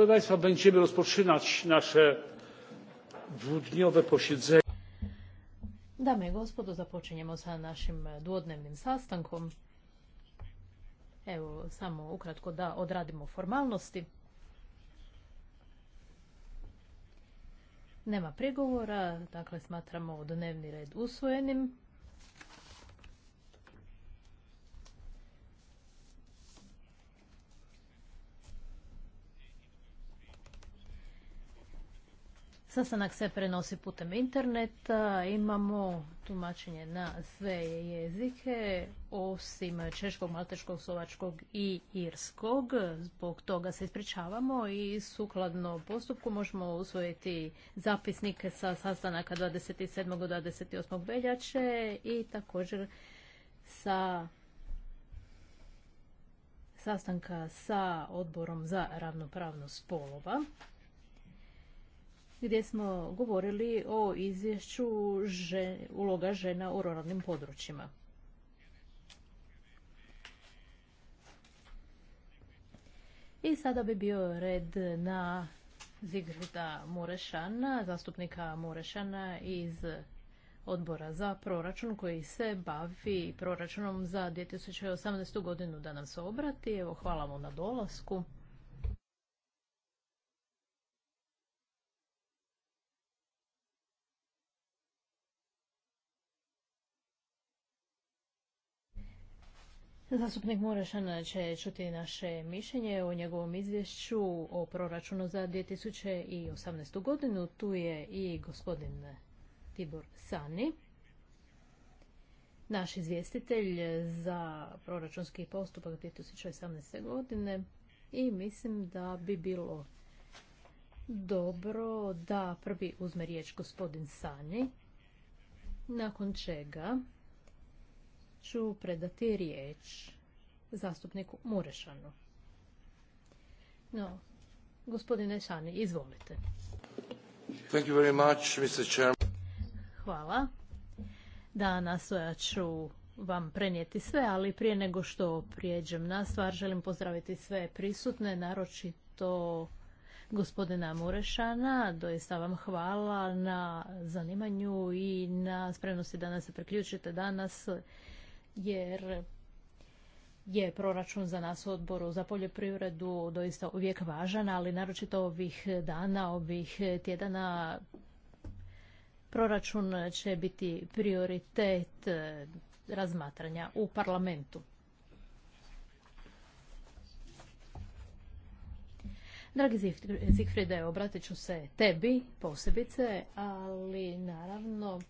Proszę Państwa, będziemy rozpoczynać nasze dwudniowe posiedzenie. Dame i gospodo, započinjemo sa našim dvodnevnim sastankom. Evo, samo ukratko da odradimo formalnosti. Nema prigovora, dakle smatramo dnevni red usvojenim. Sastanak se prenosi putem interneta, imamo tumačenje na sve jezike, osim češkog, malteškog, slovačkog i irskog. Zbog toga se ispričavamo i sukladno postupku možemo usvojiti zapisnike sa sastanaka 27. do 28. veljače i također sa sastanka sa odborom za ravnopravnost spolova gdje smo govorili o izvješću uloga žena u ruralnim područjima. I sada bi bio red na Zigrida Morešana, zastupnika Morešana iz odbora za proračun koji se bavi proračunom za 2018. godinu da nam se obrati. Evo, hvala mu na dolasku. Zastupnik Murešan će čuti naše mišljenje o njegovom izvješću o proračunu za 2018. godinu. Tu je i gospodin Tibor Sani, naš izvjestitelj za proračunski postupak 2018. godine i mislim da bi bilo dobro da prvi uzme riječ gospodin Sani, nakon čega ću predati riječ zastupniku Murešanu. No, gospodine Šani, izvolite. Thank you very much, Mr. Hvala. Da, nastojat e, ću vam prenijeti sve, ali prije nego što prijeđem na stvar, želim pozdraviti sve prisutne, naročito gospodina Murešana. Doista vam hvala na zanimanju i na spremnosti da nas se priključite danas jer je proračun za nas u odboru za poljoprivredu doista uvijek važan, ali naročito ovih dana, ovih tjedana proračun će biti prioritet eh, razmatranja u parlamentu. Dragi Zigfride, obratit ću se tebi posebice, ali naravno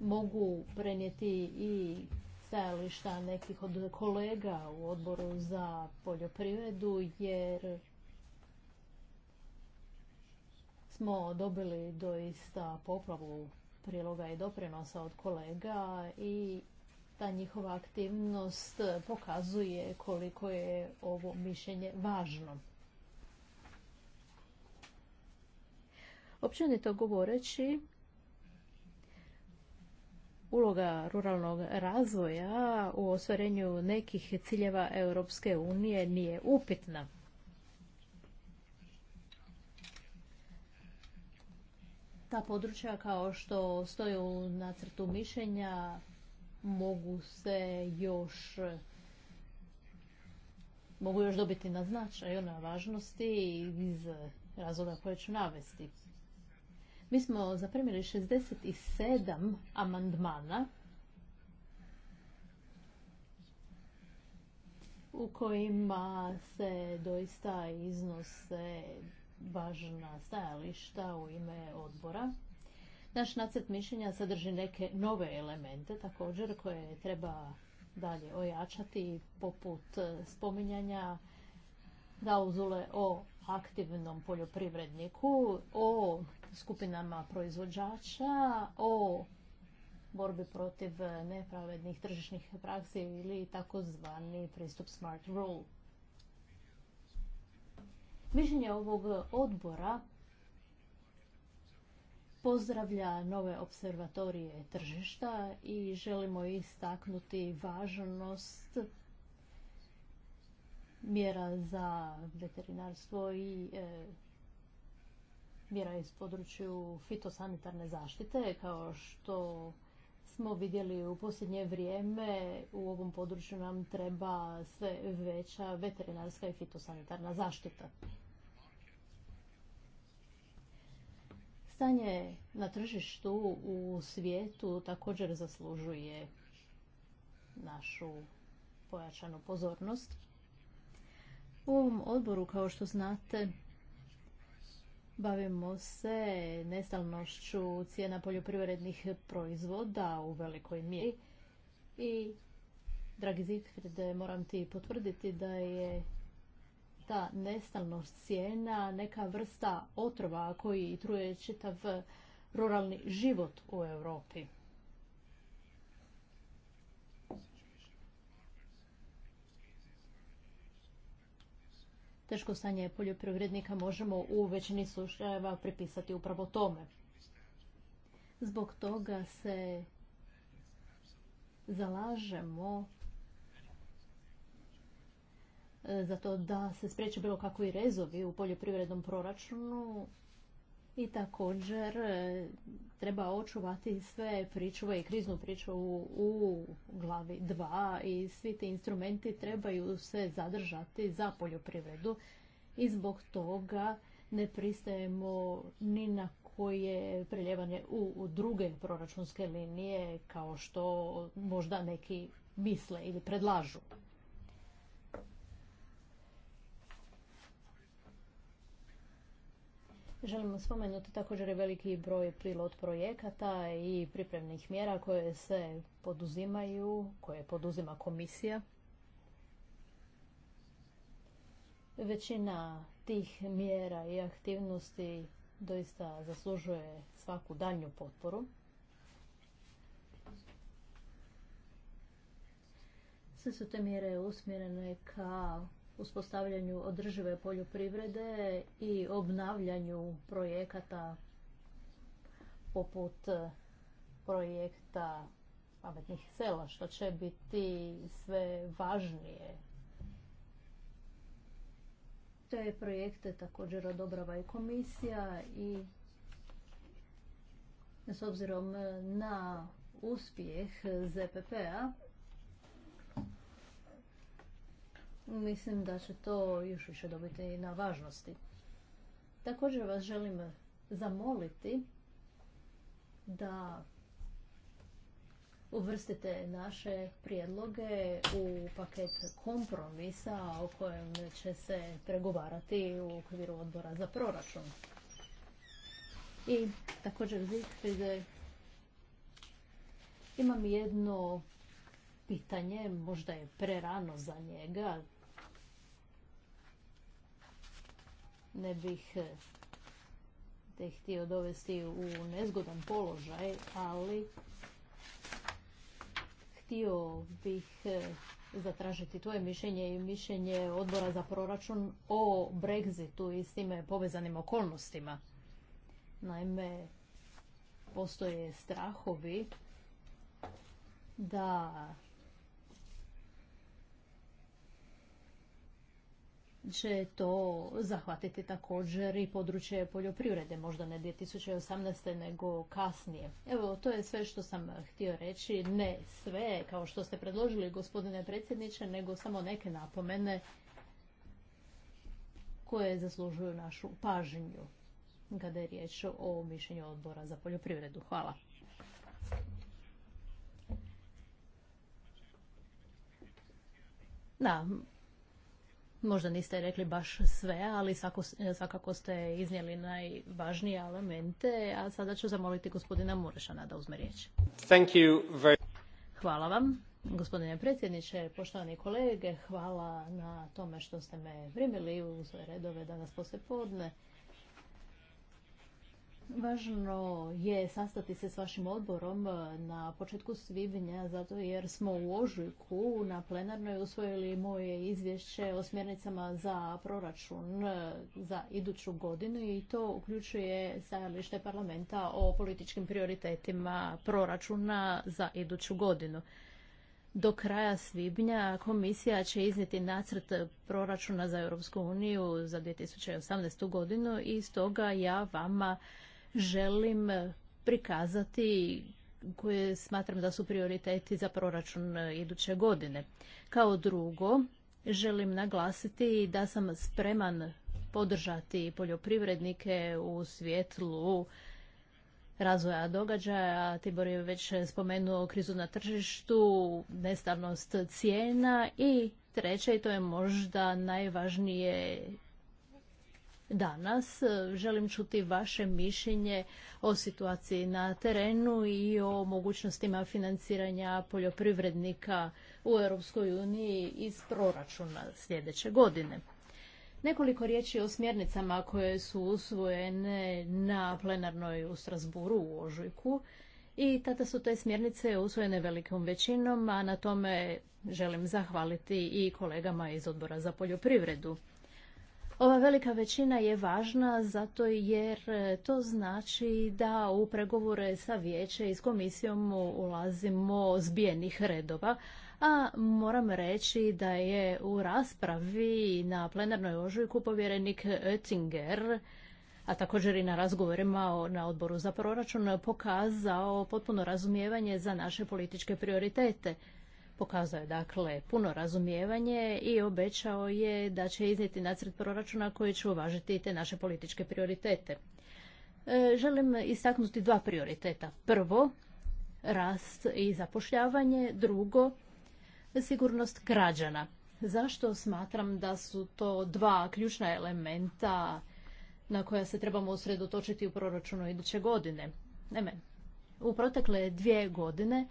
mogu prenijeti i stajališta nekih od kolega u odboru za poljoprivredu jer smo dobili doista popravu priloga i doprinosa od kolega i ta njihova aktivnost pokazuje koliko je ovo mišljenje važno. Općenito govoreći, uloga ruralnog razvoja u ostvarenju nekih ciljeva Europske unije nije upitna. Ta područja kao što stoju u nacrtu mišljenja mogu se još mogu još dobiti na značaju na važnosti iz razloga koje ću navesti. Mi smo zaprimili 67 amandmana u kojima se doista iznose važna stajališta u ime odbora. Naš nacrt mišljenja sadrži neke nove elemente također koje treba dalje ojačati poput spominjanja klauzule o aktivnom poljoprivredniku, o skupinama proizvođača, o borbi protiv nepravednih tržišnih praksi ili takozvani pristup smart rule. Mišljenje ovog odbora pozdravlja nove observatorije tržišta i želimo istaknuti važnost mjera za veterinarstvo i e, mjera iz području fitosanitarne zaštite, kao što smo vidjeli u posljednje vrijeme, u ovom području nam treba sve veća veterinarska i fitosanitarna zaštita. Stanje na tržištu u svijetu također zaslužuje našu pojačanu pozornost. U ovom odboru, kao što znate, Bavimo se nestalnošću cijena poljoprivrednih proizvoda u velikoj mjeri i Dragi Zikrid, moram ti potvrditi da je ta nestalnost cijena neka vrsta otrova koji truje čitav ruralni život u Europi. teško stanje poljoprivrednika možemo u većini slučajeva pripisati upravo tome. Zbog toga se zalažemo e, za to da se spriječe bilo kakvi rezovi u poljoprivrednom proračunu i također e, treba očuvati sve pričuve i kriznu priču u glavi 2 i svi ti instrumenti trebaju se zadržati za poljoprivredu i zbog toga ne pristajemo ni na koje preljevanje u druge proračunske linije kao što možda neki misle ili predlažu. Želim spomenuti također veliki broj pilot projekata i pripremnih mjera koje se poduzimaju, koje poduzima komisija. Većina tih mjera i aktivnosti doista zaslužuje svaku daljnju potporu. Sve su te mjere usmjerene ka uspostavljanju održive poljoprivrede i obnavljanju projekata poput e, projekta pametnih sela, što će biti sve važnije. Te projekte također odobrava i komisija i s obzirom e, na uspjeh ZPP-a Mislim da će to još više dobiti na važnosti. Također vas želim zamoliti da uvrstite naše prijedloge u paket kompromisa o kojem će se pregovarati u okviru odbora za proračun. I također imam jedno pitanje, možda je prerano za njega, ne bih eh, te htio dovesti u nezgodan položaj, ali htio bih eh, zatražiti tvoje mišljenje i mišljenje odbora za proračun o Brexitu i s time povezanim okolnostima. Naime, postoje strahovi da će to zahvatiti također i područje poljoprivrede, možda ne 2018. nego kasnije. Evo, to je sve što sam htio reći, ne sve kao što ste predložili gospodine predsjedniče, nego samo neke napomene koje zaslužuju našu pažnju kada je riječ o mišljenju odbora za poljoprivredu. Hvala. Da, Možda niste rekli baš sve, ali e, svakako ste iznijeli najvažnije elemente, a sada ću zamoliti gospodina Murešana da uzme riječ. Thank you very... Hvala vam, gospodine predsjedniče, poštovani kolege, hvala na tome što ste me primili u svoje redove danas poslijepodne. podne. Važno je sastati se s vašim odborom e, na početku svibnja, zato jer smo u ožujku na plenarnoj usvojili moje izvješće o smjernicama za proračun e, za iduću godinu i to uključuje stajalište parlamenta o političkim prioritetima proračuna za iduću godinu. Do kraja svibnja komisija će iznijeti nacrt proračuna za Europsku uniju za 2018. godinu i stoga ja vama želim prikazati koje smatram da su prioriteti za proračun iduće godine. Kao drugo, želim naglasiti da sam spreman podržati poljoprivrednike u svjetlu razvoja događaja. Tibor je već spomenuo krizu na tržištu, nestavnost cijena i treće, i to je možda najvažnije danas. E, želim čuti vaše mišljenje o situaciji na terenu i o mogućnostima financiranja poljoprivrednika u Europskoj uniji iz proračuna sljedeće godine. Nekoliko riječi o smjernicama koje su usvojene na plenarnoj u Strasburu u Ožujku i tada su te smjernice usvojene velikom većinom, a na tome želim zahvaliti i kolegama iz odbora za poljoprivredu. Ova velika većina je važna zato jer e, to znači da u pregovore sa vijeće i s komisijom ulazimo zbijenih redova, a moram reći da je u raspravi na plenarnoj ožujku povjerenik Oettinger a također i na razgovorima na odboru za proračun pokazao potpuno razumijevanje za naše političke prioritete. Pokazao je dakle puno razumijevanje i obećao je da će iznijeti nacrt proračuna koji će uvažiti te naše političke prioritete. E, želim istaknuti dva prioriteta. Prvo, rast i zapošljavanje. Drugo, sigurnost građana. Zašto smatram da su to dva ključna elementa na koja se trebamo usredotočiti u proračunu iduće godine? Naime, u protekle dvije godine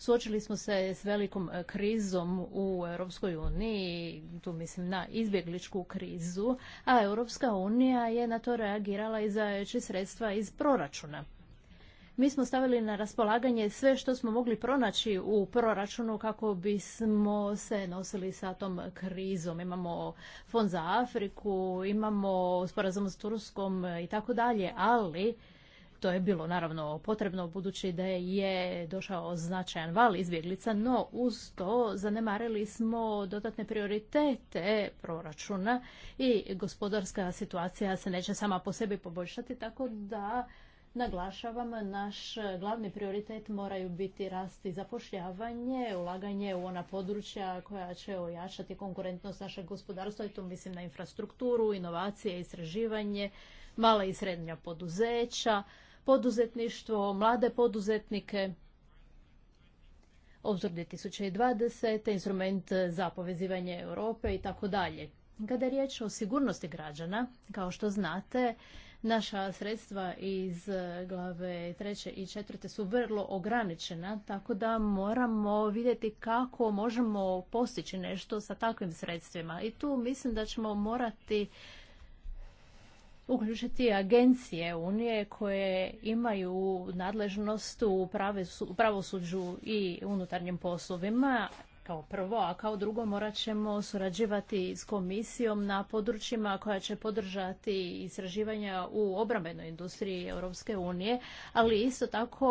Suočili smo se s velikom e, krizom u Europskoj uniji, tu mislim na izbjegličku krizu, a Europska unija je na to reagirala izajajući sredstva iz proračuna. Mi smo stavili na raspolaganje sve što smo mogli pronaći u proračunu kako bismo se nosili sa tom krizom. Imamo fond za Afriku, imamo sporazum s Turskom i tako dalje, ali to je bilo naravno potrebno budući da je došao značajan val izbjeglica, no uz to zanemarili smo dodatne prioritete proračuna i gospodarska situacija se neće sama po sebi poboljšati, tako da Naglašavam, naš glavni prioritet moraju biti rast i zapošljavanje, ulaganje u ona područja koja će ojačati konkurentnost našeg gospodarstva i tu mislim na infrastrukturu, inovacije, istraživanje, mala i srednja poduzeća, poduzetništvo, mlade poduzetnike, obzor 2020, instrument za povezivanje Europe i tako dalje. Kada je riječ o sigurnosti građana, kao što znate, naša sredstva iz glave treće i četvrte su vrlo ograničena, tako da moramo vidjeti kako možemo postići nešto sa takvim sredstvima. I tu mislim da ćemo morati uključiti agencije Unije koje imaju nadležnost u pravosuđu i unutarnjim poslovima kao prvo, a kao drugo morat ćemo surađivati s komisijom na područjima koja će podržati istraživanja u obrambenoj industriji Europske unije, ali isto tako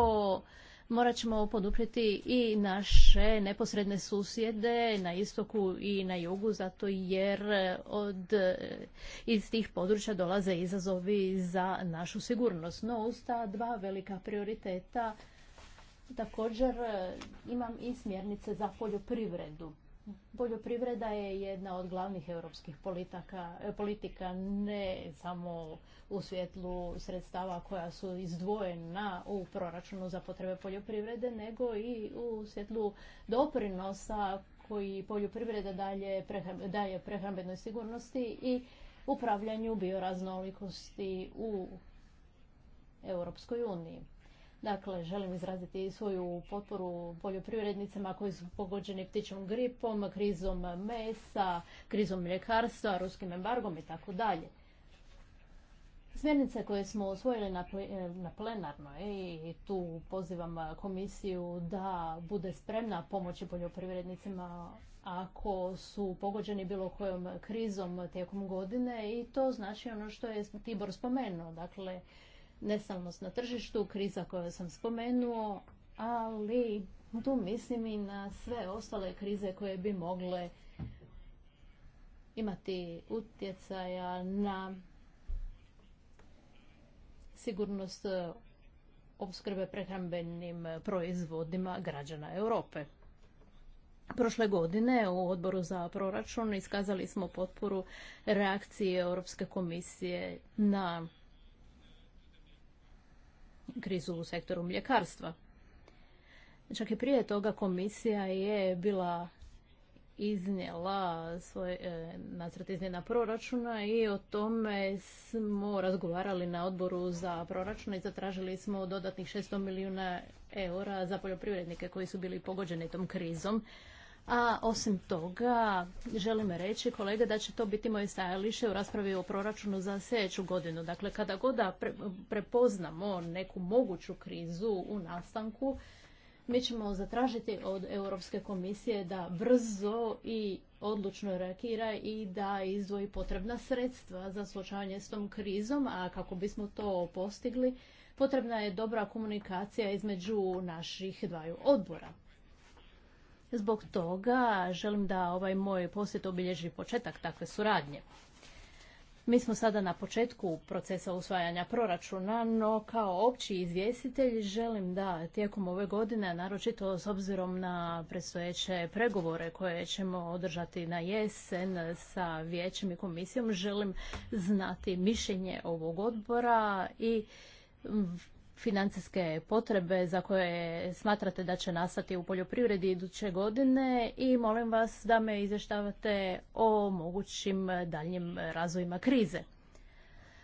morat ćemo poduprijeti i naše neposredne susjede na istoku i na jugu, zato jer od, iz tih područja dolaze izazovi za našu sigurnost. No, uz ta dva velika prioriteta također imam i smjernice za poljoprivredu. Poljoprivreda je jedna od glavnih europskih e, politika, ne samo u svjetlu sredstava koja su izdvojena u proračunu za potrebe poljoprivrede, nego i u svjetlu doprinosa koji poljoprivreda daje prehrambenoj sigurnosti i upravljanju bioraznolikosti u Europskoj uniji. Dakle, želim izraziti svoju potporu poljoprivrednicama koji su pogođeni ptičom gripom, krizom mesa, krizom mljekarstva, ruskim embargom i tako dalje. Smjernice koje smo osvojili na plenarnoj i tu pozivam komisiju da bude spremna pomoći poljoprivrednicima ako su pogođeni bilo kojom krizom tijekom godine i to znači ono što je Tibor spomenuo. Dakle, samo na tržištu, kriza koju sam spomenuo, ali tu mislim i na sve ostale krize koje bi mogle imati utjecaja na sigurnost opskrbe prehrambenim proizvodima građana Europe. Prošle godine u odboru za proračun iskazali smo potporu reakcije Europske komisije na krizu u sektoru mljekarstva. Čak i prije toga komisija je bila iznijela svoj e, nacrt izmjena proračuna i o tome smo razgovarali na odboru za proračun i zatražili smo dodatnih 600 milijuna eura za poljoprivrednike koji su bili pogođeni tom krizom. A osim toga, želim reći kolege da će to biti moje stajalište u raspravi o proračunu za sljedeću godinu. Dakle, kada god prepoznamo neku moguću krizu u nastanku, mi ćemo zatražiti od Europske komisije da brzo i odlučno reagira i da izdvoji potrebna sredstva za suočavanje s tom krizom, a kako bismo to postigli, potrebna je dobra komunikacija između naših dvaju odbora. Zbog toga želim da ovaj moj posjet obilježi početak takve suradnje. Mi smo sada na početku procesa usvajanja proračuna, no kao opći izvjestitelj želim da tijekom ove godine, naročito s obzirom na predstojeće pregovore koje ćemo održati na jesen sa vijećem i komisijom, želim znati mišljenje ovog odbora i financijske potrebe za koje smatrate da će nastati u poljoprivredi iduće godine i molim vas da me izvještavate o mogućim daljnjim razvojima krize.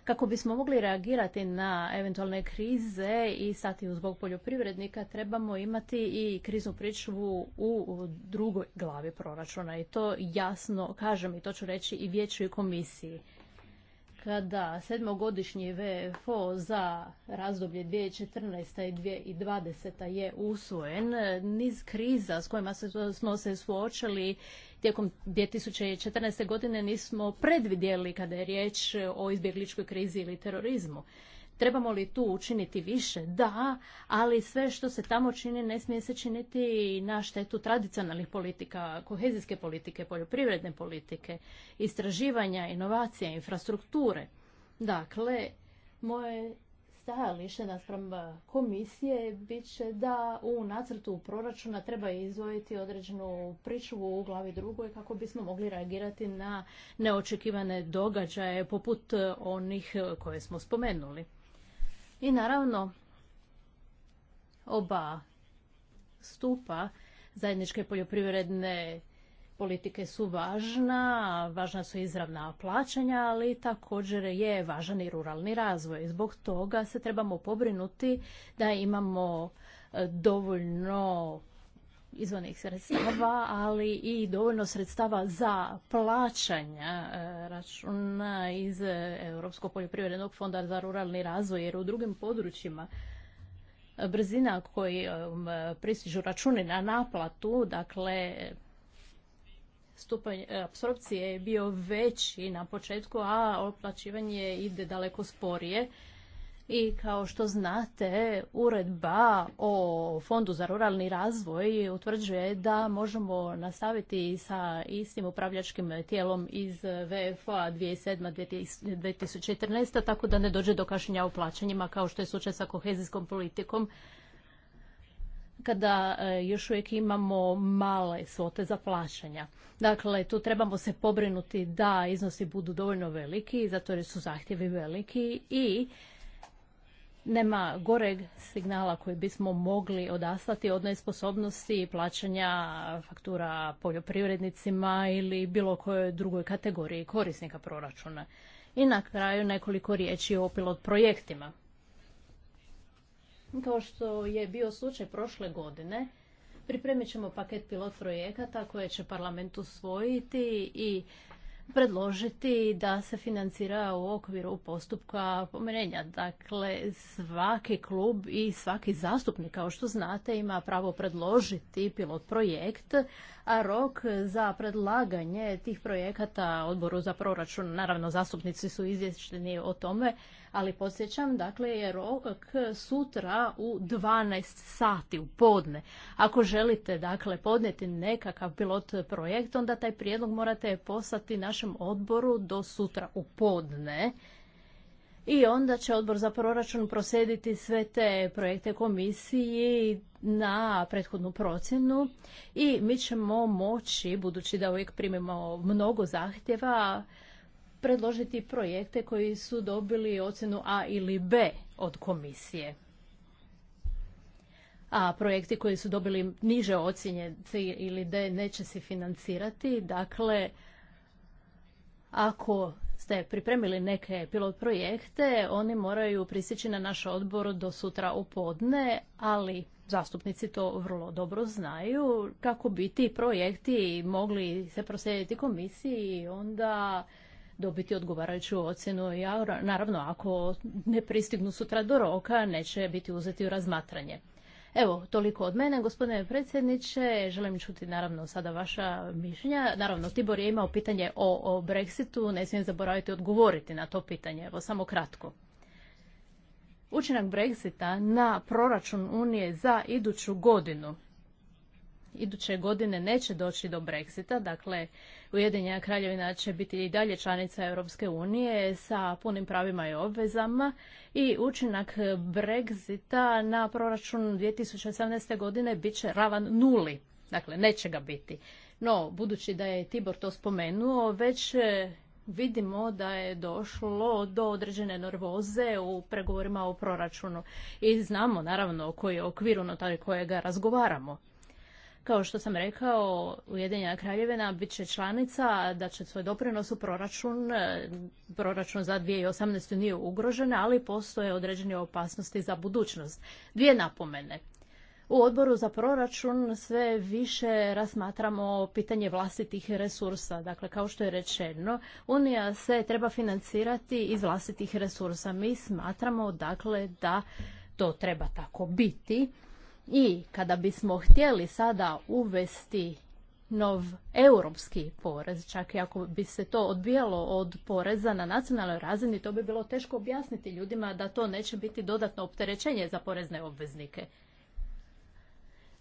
Kako bismo mogli reagirati na eventualne krize i stati uzbog poljoprivrednika, trebamo imati i kriznu pričuvu u drugoj glavi proračuna. I to jasno kažem i to ću reći i vijeću komisiji kada sedmogodišnji VFO za razdoblje 2014. i 2020. je usvojen, niz kriza s kojima smo se suočili tijekom 2014. godine nismo predvidjeli kada je riječ o izbjegličkoj krizi ili terorizmu. Trebamo li tu učiniti više? Da, ali sve što se tamo čini ne smije se činiti na štetu tradicionalnih politika, kohezijske politike, poljoprivredne politike, istraživanja, inovacija, infrastrukture. Dakle, moje stajalište naspram komisije bit će da u nacrtu proračuna treba izdvojiti određenu pričuvu u glavi drugoj kako bismo mogli reagirati na neočekivane događaje poput onih koje smo spomenuli. I naravno, oba stupa zajedničke poljoprivredne politike su važna, važna su izravna plaćanja, ali također je važan i ruralni razvoj. Zbog toga se trebamo pobrinuti da imamo e, dovoljno izvornih sredstava, ali i dovoljno sredstava za plaćanja e, računa iz e, Europskog poljoprivrednog fonda za ruralni razvoj, jer u drugim područjima e, brzina koji um, pristižu računi na naplatu, dakle stupanj apsorpcije je bio veći na početku, a oplaćivanje ide daleko sporije. I kao što znate, uredba o Fondu za ruralni razvoj utvrđuje da možemo nastaviti sa istim upravljačkim tijelom iz VFA 2007-2014, tako da ne dođe do kašnjenja u plaćanjima kao što je slučaj sa kohezijskom politikom kada e, još uvijek imamo male svote za plaćanja. Dakle, tu trebamo se pobrinuti da iznosi budu dovoljno veliki, zato jer su zahtjevi veliki i nema goreg signala koji bismo mogli odaslati od nesposobnosti plaćanja faktura poljoprivrednicima ili bilo kojoj drugoj kategoriji korisnika proračuna. I na kraju nekoliko riječi o pilot projektima. Kao što je bio slučaj prošle godine, pripremit ćemo paket pilot projekata koje će parlament usvojiti i predložiti da se financira u okviru postupka pomirenja. Dakle, svaki klub i svaki zastupnik, kao što znate, ima pravo predložiti pilot projekt, a rok za predlaganje tih projekata odboru za proračun, naravno zastupnici su izvješteni o tome, ali podsjećam, dakle, je rok sutra u 12 sati u podne. Ako želite, dakle, podnijeti nekakav pilot projekt, onda taj prijedlog morate poslati našem odboru do sutra u podne. I onda će odbor za proračun prosediti sve te projekte komisiji na prethodnu procjenu i mi ćemo moći, budući da uvijek primimo mnogo zahtjeva, predložiti projekte koji su dobili ocjenu A ili B od komisije. A projekti koji su dobili niže ocjenje C ili D neće se financirati. Dakle, ako ste pripremili neke pilot projekte, oni moraju prisići na naš odbor do sutra u podne, ali zastupnici to vrlo dobro znaju, kako bi ti projekti mogli se proslijediti komisiji i onda dobiti odgovarajuću ocjenu. Ja, naravno, ako ne pristignu sutra do roka, neće biti uzeti u razmatranje. Evo, toliko od mene, gospodine predsjedniče. Želim čuti, naravno, sada vaša mišljenja. Naravno, Tibor je imao pitanje o, o Brexitu. Ne smijem zaboraviti odgovoriti na to pitanje. Evo, samo kratko. Učinak Brexita na proračun Unije za iduću godinu iduće godine neće doći do Brexita, dakle Ujedinjena kraljevina će biti i dalje članica Europske unije sa punim pravima i obvezama i učinak Brexita na proračun 2018. godine bit će ravan nuli, dakle neće ga biti. No, budući da je Tibor to spomenuo, već e, vidimo da je došlo do određene nervoze u pregovorima o proračunu i znamo naravno koji je okvir unutar kojega razgovaramo. Kao što sam rekao, Ujedinjena Kraljevina bit će članica, da će svoj doprinos u proračun, e, proračun za 2018. nije ugrožen, ali postoje određene opasnosti za budućnost. Dvije napomene. U odboru za proračun sve više rasmatramo pitanje vlastitih resursa. Dakle, kao što je rečeno, Unija se treba financirati iz vlastitih resursa. Mi smatramo, dakle, da to treba tako biti i kada bismo htjeli sada uvesti nov europski porez, čak i ako bi se to odbijalo od poreza na nacionalnoj razini, to bi bilo teško objasniti ljudima da to neće biti dodatno opterećenje za porezne obveznike.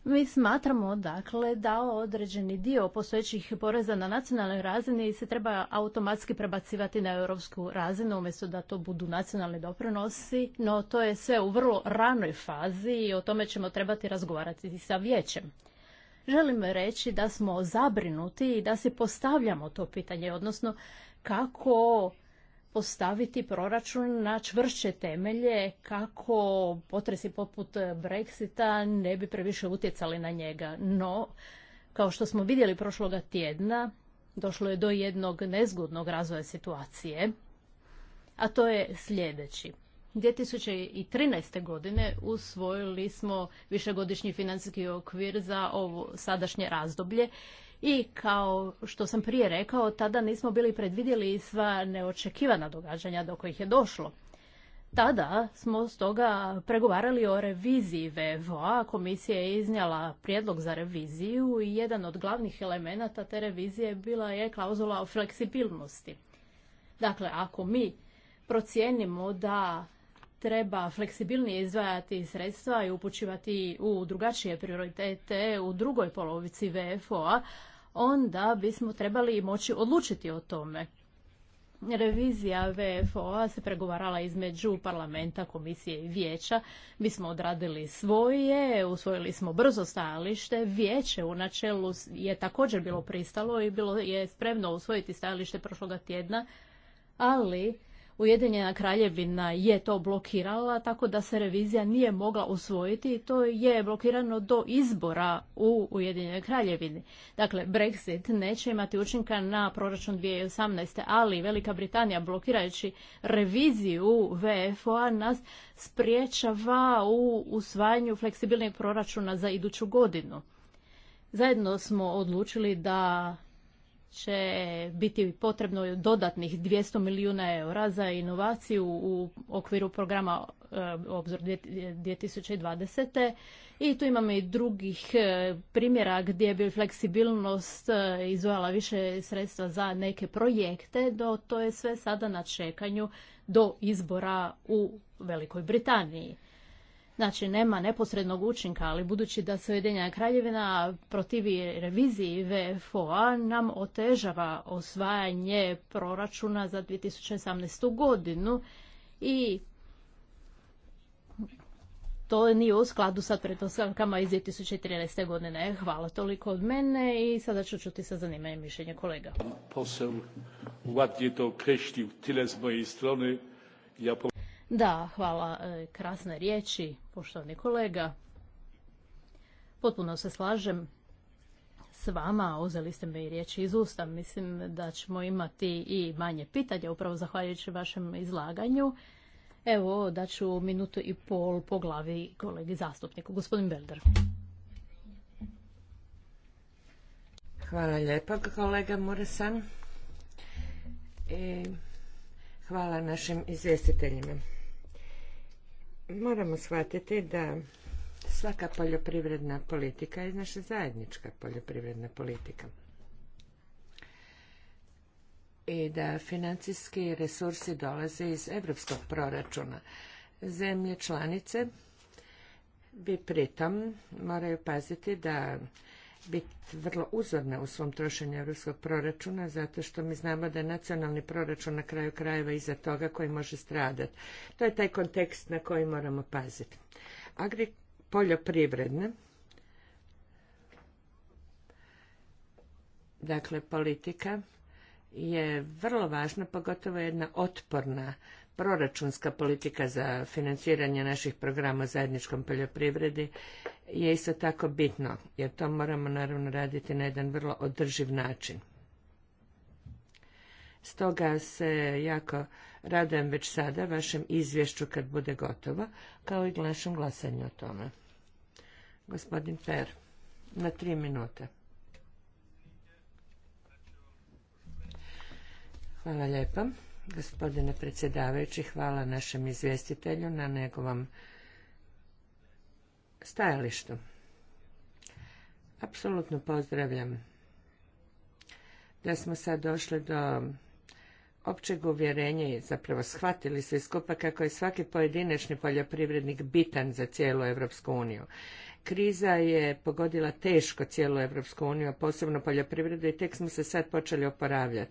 Mi smatramo dakle da određeni dio postojećih poreza na nacionalnoj razini se treba automatski prebacivati na europsku razinu umjesto da to budu nacionalni doprinosi, no to je sve u vrlo ranoj fazi i o tome ćemo trebati razgovarati sa vijećem. Želim reći da smo zabrinuti i da se postavljamo to pitanje, odnosno kako postaviti proračun na čvršće temelje kako potresi poput Brexita ne bi previše utjecali na njega. No, kao što smo vidjeli prošloga tjedna, došlo je do jednog nezgodnog razvoja situacije, a to je sljedeći. 2013. godine usvojili smo višegodišnji financijski okvir za ovo sadašnje razdoblje i kao što sam prije rekao, tada nismo bili predvidjeli sva neočekivana događanja do kojih je došlo. Tada smo stoga pregovarali o reviziji VFOA, komisija je iznjala prijedlog za reviziju i jedan od glavnih elemenata te revizije bila je klauzula o fleksibilnosti. Dakle, ako mi procijenimo da treba fleksibilnije izdvajati sredstva i upućivati u drugačije prioritete u drugoj polovici VFO-a, onda bismo trebali moći odlučiti o tome. Revizija VFO-a se pregovarala između parlamenta, komisije i vijeća. Mi smo odradili svoje, usvojili smo brzo stajalište. Vijeće u načelu je također bilo pristalo i bilo je spremno usvojiti stajalište prošloga tjedna, ali Ujedinjena kraljevina je to blokirala tako da se revizija nije mogla usvojiti i to je blokirano do izbora u Ujedinjenoj kraljevini. Dakle, Brexit neće imati učinka na proračun 2018. ali Velika Britanija blokirajući reviziju VFO-a nas spriječava u usvajanju fleksibilnih proračuna za iduću godinu. Zajedno smo odlučili da će biti potrebno dodatnih 200 milijuna eura za inovaciju u okviru programa e, Obzor 2020. I tu imamo i drugih e, primjera gdje bi fleksibilnost e, izvojala više sredstva za neke projekte, do to je sve sada na čekanju do izbora u Velikoj Britaniji. Znači, nema neposrednog učinka, ali budući da se Ujedinjena kraljevina protivi reviziji VFO-a, nam otežava osvajanje proračuna za 2018. godinu i to nije u skladu sa pretpostavkama iz 2013. godine. Hvala toliko od mene i sada ću čuti sa zanimanjem mišljenje kolega. Posel to da, hvala. E, krasne riječi, poštovani kolega. Potpuno se slažem s vama, uzeli ste mi riječi iz usta. Mislim da ćemo imati i manje pitanja, upravo zahvaljujući vašem izlaganju. Evo, da ću minutu i pol po glavi kolegi zastupniku. Gospodin Belder. Hvala lijepa, kolega Muresan. I hvala našim izvjestiteljima. Moramo shvatiti da svaka poljoprivredna politika je naša zajednička poljoprivredna politika. I da financijski resursi dolaze iz europskog proračuna. Zemlje članice bi pritom moraju paziti da biti vrlo uzorna u svom trošenju europskog proračuna, zato što mi znamo da je nacionalni proračun na kraju krajeva iza toga koji može stradati. To je taj kontekst na koji moramo paziti. Agri poljoprivredne dakle politika, je vrlo važna, pogotovo jedna otporna proračunska politika za financiranje naših programa zajedničkom poljoprivredi je isto tako bitno, jer to moramo naravno raditi na jedan vrlo održiv način. Stoga se jako radujem već sada vašem izvješću kad bude gotovo, kao i našem glasanju o tome. Gospodin Per, na tri minute. Hvala lijepa. Gospodine predsjedavajući, hvala našem izvjestitelju na njegovom stajalištu. Apsolutno pozdravljam da smo sad došli do općeg uvjerenja i zapravo shvatili svi skupa kako je svaki pojedinačni poljoprivrednik bitan za cijelu Europsku uniju Kriza je pogodila teško cijelu Europsku uniju, a posebno poljoprivredu i tek smo se sad počeli oporavljati.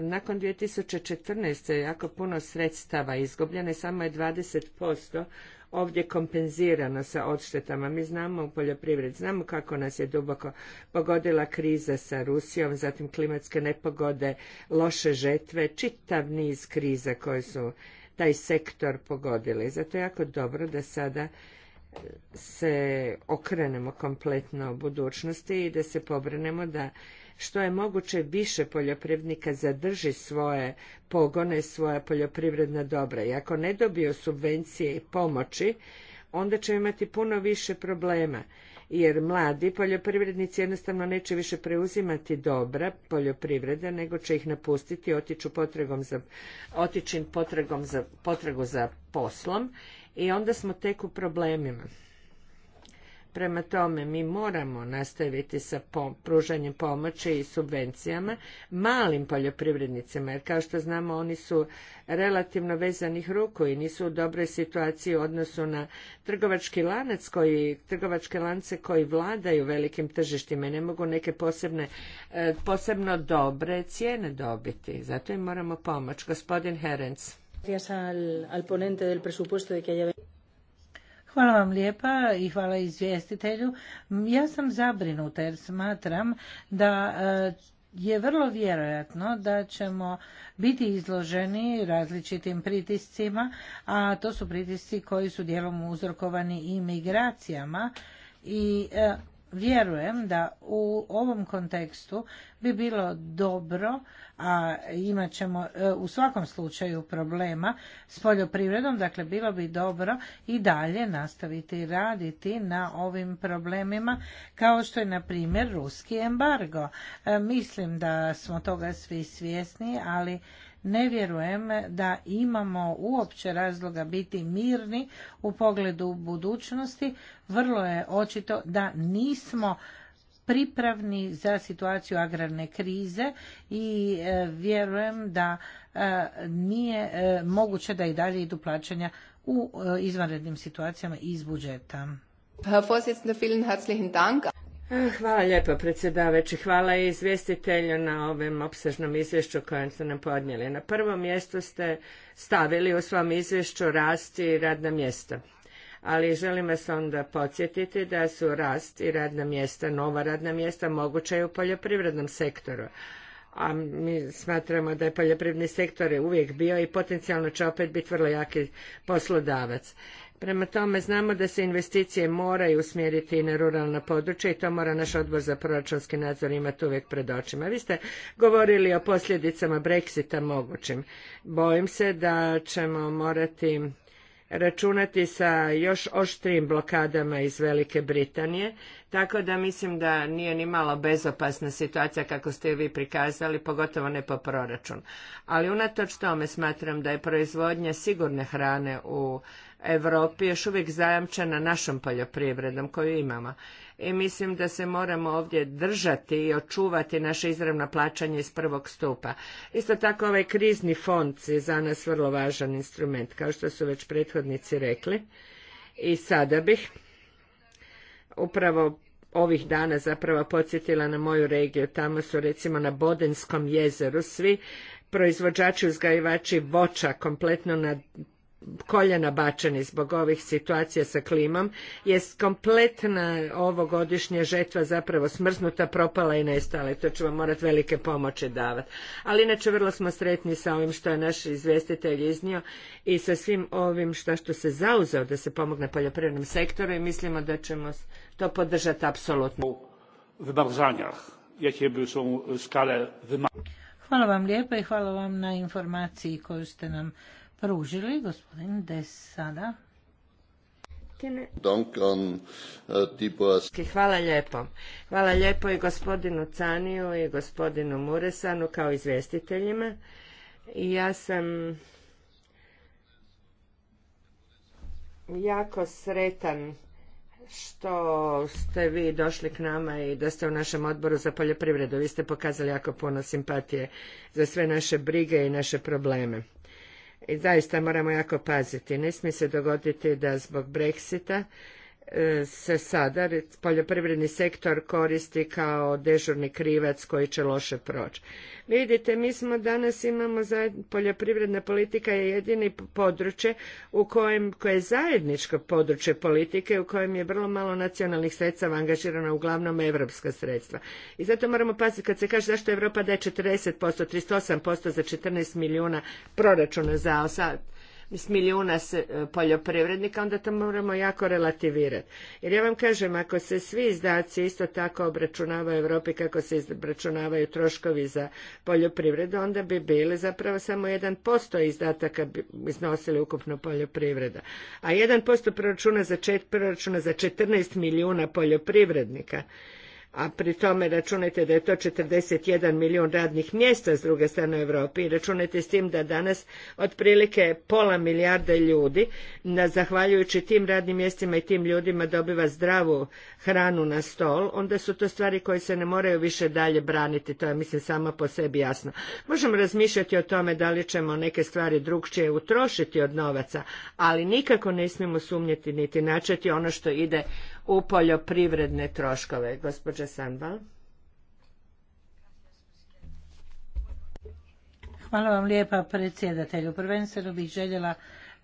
Nakon 2014. je jako puno sredstava izgubljeno samo je 20% ovdje kompenzirano sa odštetama. Mi znamo u poljoprivredi, znamo kako nas je duboko pogodila kriza sa Rusijom, zatim klimatske nepogode, loše žetve, čitav niz kriza koje su taj sektor pogodili. Zato je jako dobro da sada se okrenemo kompletno u budućnosti i da se pobrinemo da što je moguće više poljoprivrednika zadrži svoje pogone, svoja poljoprivredna dobra. I ako ne dobiju subvencije i pomoći, onda će imati puno više problema. Jer mladi poljoprivrednici jednostavno neće više preuzimati dobra poljoprivreda, nego će ih napustiti, otići potragom za, otići potragom za, potragu za poslom i onda smo tek u problemima. Prema tome, mi moramo nastaviti sa pružanjem pomoći i subvencijama malim poljoprivrednicima, jer kao što znamo oni su relativno vezanih ruku i nisu u dobroj situaciji u odnosu na trgovački lanac koji, trgovačke lance koji vladaju velikim tržištima i ne mogu neke e, posebno dobre cijene dobiti. Zato im moramo pomoći. Gospodin Herenc. Hvala vam lijepa i hvala izvjestitelju. Ja sam zabrinuta jer smatram da e, je vrlo vjerojatno da ćemo biti izloženi različitim pritiscima, a to su pritisci koji su dijelom uzrokovani i migracijama e, i vjerujem da u ovom kontekstu bi bilo dobro a imat ćemo e, u svakom slučaju problema s poljoprivredom, dakle bilo bi dobro i dalje nastaviti raditi na ovim problemima kao što je na primjer ruski embargo. E, mislim da smo toga svi svjesni, ali ne vjerujem da imamo uopće razloga biti mirni u pogledu budućnosti. Vrlo je očito da nismo pripravni za situaciju agrarne krize i e, vjerujem da e, nije e, moguće da i dalje idu plaćanja u izvanrednim situacijama iz budžeta. Hvala lijepo predsjedavajući. Hvala i izvjestitelju na ovom opsežnom izvješću kojem ste nam podnijeli. Na prvo mjesto ste stavili u svom izvješću rasti radna mjesta ali želim vas onda podsjetiti da su rast i radna mjesta, nova radna mjesta moguća i u poljoprivrednom sektoru. A mi smatramo da je poljoprivredni sektor uvijek bio i potencijalno će opet biti vrlo jaki poslodavac. Prema tome znamo da se investicije moraju usmjeriti i na ruralna područja i to mora naš odbor za proračunski nadzor imati uvijek pred očima. Vi ste govorili o posljedicama Brexita mogućim. Bojim se da ćemo morati računati sa još oštrijim blokadama iz Velike Britanije, tako da mislim da nije ni malo bezopasna situacija kako ste vi prikazali, pogotovo ne po proračun. Ali unatoč tome smatram da je proizvodnja sigurne hrane u Europi još uvijek zajamčena našom poljoprivredom koju imamo. I mislim da se moramo ovdje držati i očuvati naše izravno plaćanje iz prvog stupa. Isto tako ovaj krizni fond je za nas vrlo važan instrument, kao što su već prethodnici rekli. I sada bih upravo ovih dana zapravo podsjetila na moju regiju. Tamo su recimo na Bodenskom jezeru svi proizvođači, uzgajivači voća kompletno na koljena bačeni zbog ovih situacija sa klimom je kompletna ovogodišnja žetva zapravo smrznuta, propala i nestala i to ćemo morati velike pomoći davati. Ali inače vrlo smo sretni sa ovim što je naš izvjestitelj iznio i sa svim ovim što, što se zauzeo da se pomogne poljoprivrednom sektoru i mislimo da ćemo to podržati apsolutno. Hvala vam lijepa i hvala vam na informaciji koju ste nam pružili, gospodin Des sada. Eh, hvala lijepo. Hvala lijepo i gospodinu Caniju i gospodinu Muresanu kao izvjestiteljima. I ja sam jako sretan što ste vi došli k nama i da ste u našem odboru za poljoprivredu. Vi ste pokazali jako puno simpatije za sve naše brige i naše probleme. I zaista moramo jako paziti. Ne smije se dogoditi da zbog Brexita E, se sada poljoprivredni sektor koristi kao dežurni krivac koji će loše proći. Vidite, mi smo danas imamo poljoprivredna politika je jedini područje u kojem, koje je zajedničko područje politike u kojem je vrlo malo nacionalnih sredstava angažirano, uglavnom evropska sredstva. I zato moramo paziti kad se kaže zašto Europa daje 40%, 38% za 14 milijuna proračuna za s milijuna e, poljoprivrednika, onda to moramo jako relativirati. Jer ja vam kažem, ako se svi izdaci isto tako obračunavaju u Europi kako se obračunavaju troškovi za poljoprivredu, onda bi bili zapravo samo 1% izdataka bi iznosili ukupno poljoprivreda. A 1% proračuna za, proračuna za 14 milijuna poljoprivrednika a pri tome računajte da je to 41 milijun radnih mjesta s druge strane u Europi i računajte s tim da danas otprilike pola milijarde ljudi na, zahvaljujući tim radnim mjestima i tim ljudima dobiva zdravu hranu na stol, onda su to stvari koje se ne moraju više dalje braniti, to je mislim samo po sebi jasno. Možemo razmišljati o tome da li ćemo neke stvari drugčije utrošiti od novaca, ali nikako ne smijemo sumnjeti niti načeti ono što ide u poljoprivredne troškove. Gospođa Sandbal. Hvala vam lijepa predsjedatelju. Prvenstveno bih željela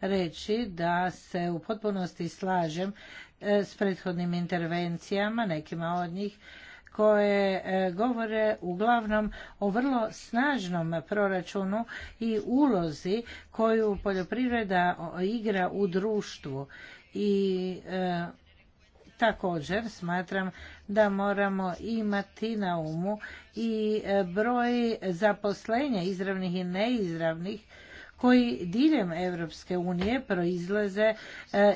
reći da se u potpunosti slažem e, s prethodnim intervencijama, nekima od njih, koje e, govore uglavnom o vrlo snažnom proračunu i ulozi koju poljoprivreda igra u društvu i e, Također smatram da moramo imati na umu i e, broj zaposlenja izravnih i neizravnih koji diljem Europske unije proizlaze e,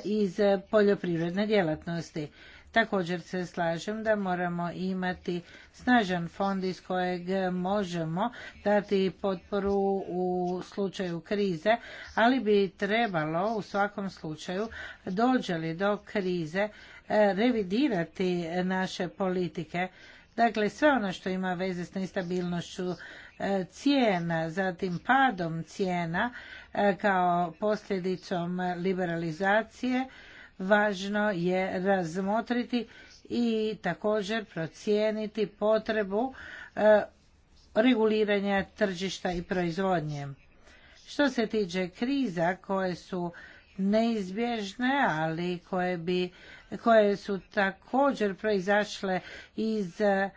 iz poljoprivredne djelatnosti. Također se slažem da moramo imati snažan fond iz kojeg možemo dati potporu u slučaju krize, ali bi trebalo u svakom slučaju dođeli do krize E, revidirati naše politike. Dakle, sve ono što ima veze s nestabilnošću e, cijena, zatim padom cijena e, kao posljedicom liberalizacije, važno je razmotriti i također procijeniti potrebu reguliranja tržišta i proizvodnje. Što se tiče kriza koje su neizbježne, ali koje bi koje su također proizašle iz e,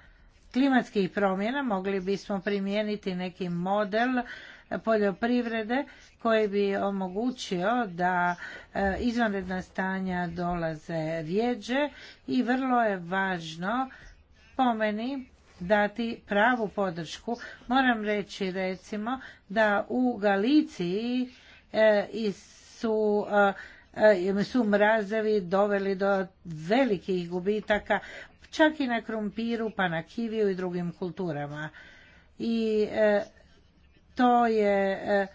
klimatskih promjena mogli bismo primijeniti neki model e, poljoprivrede koji bi omogućio da e, izvanredna stanja dolaze rijeđe i vrlo je važno po meni dati pravu podršku. Moram reći recimo da u Galiciji su E, su mrazevi doveli do velikih gubitaka, čak i na krumpiru, pa na kiviju i drugim kulturama. I e, to je e,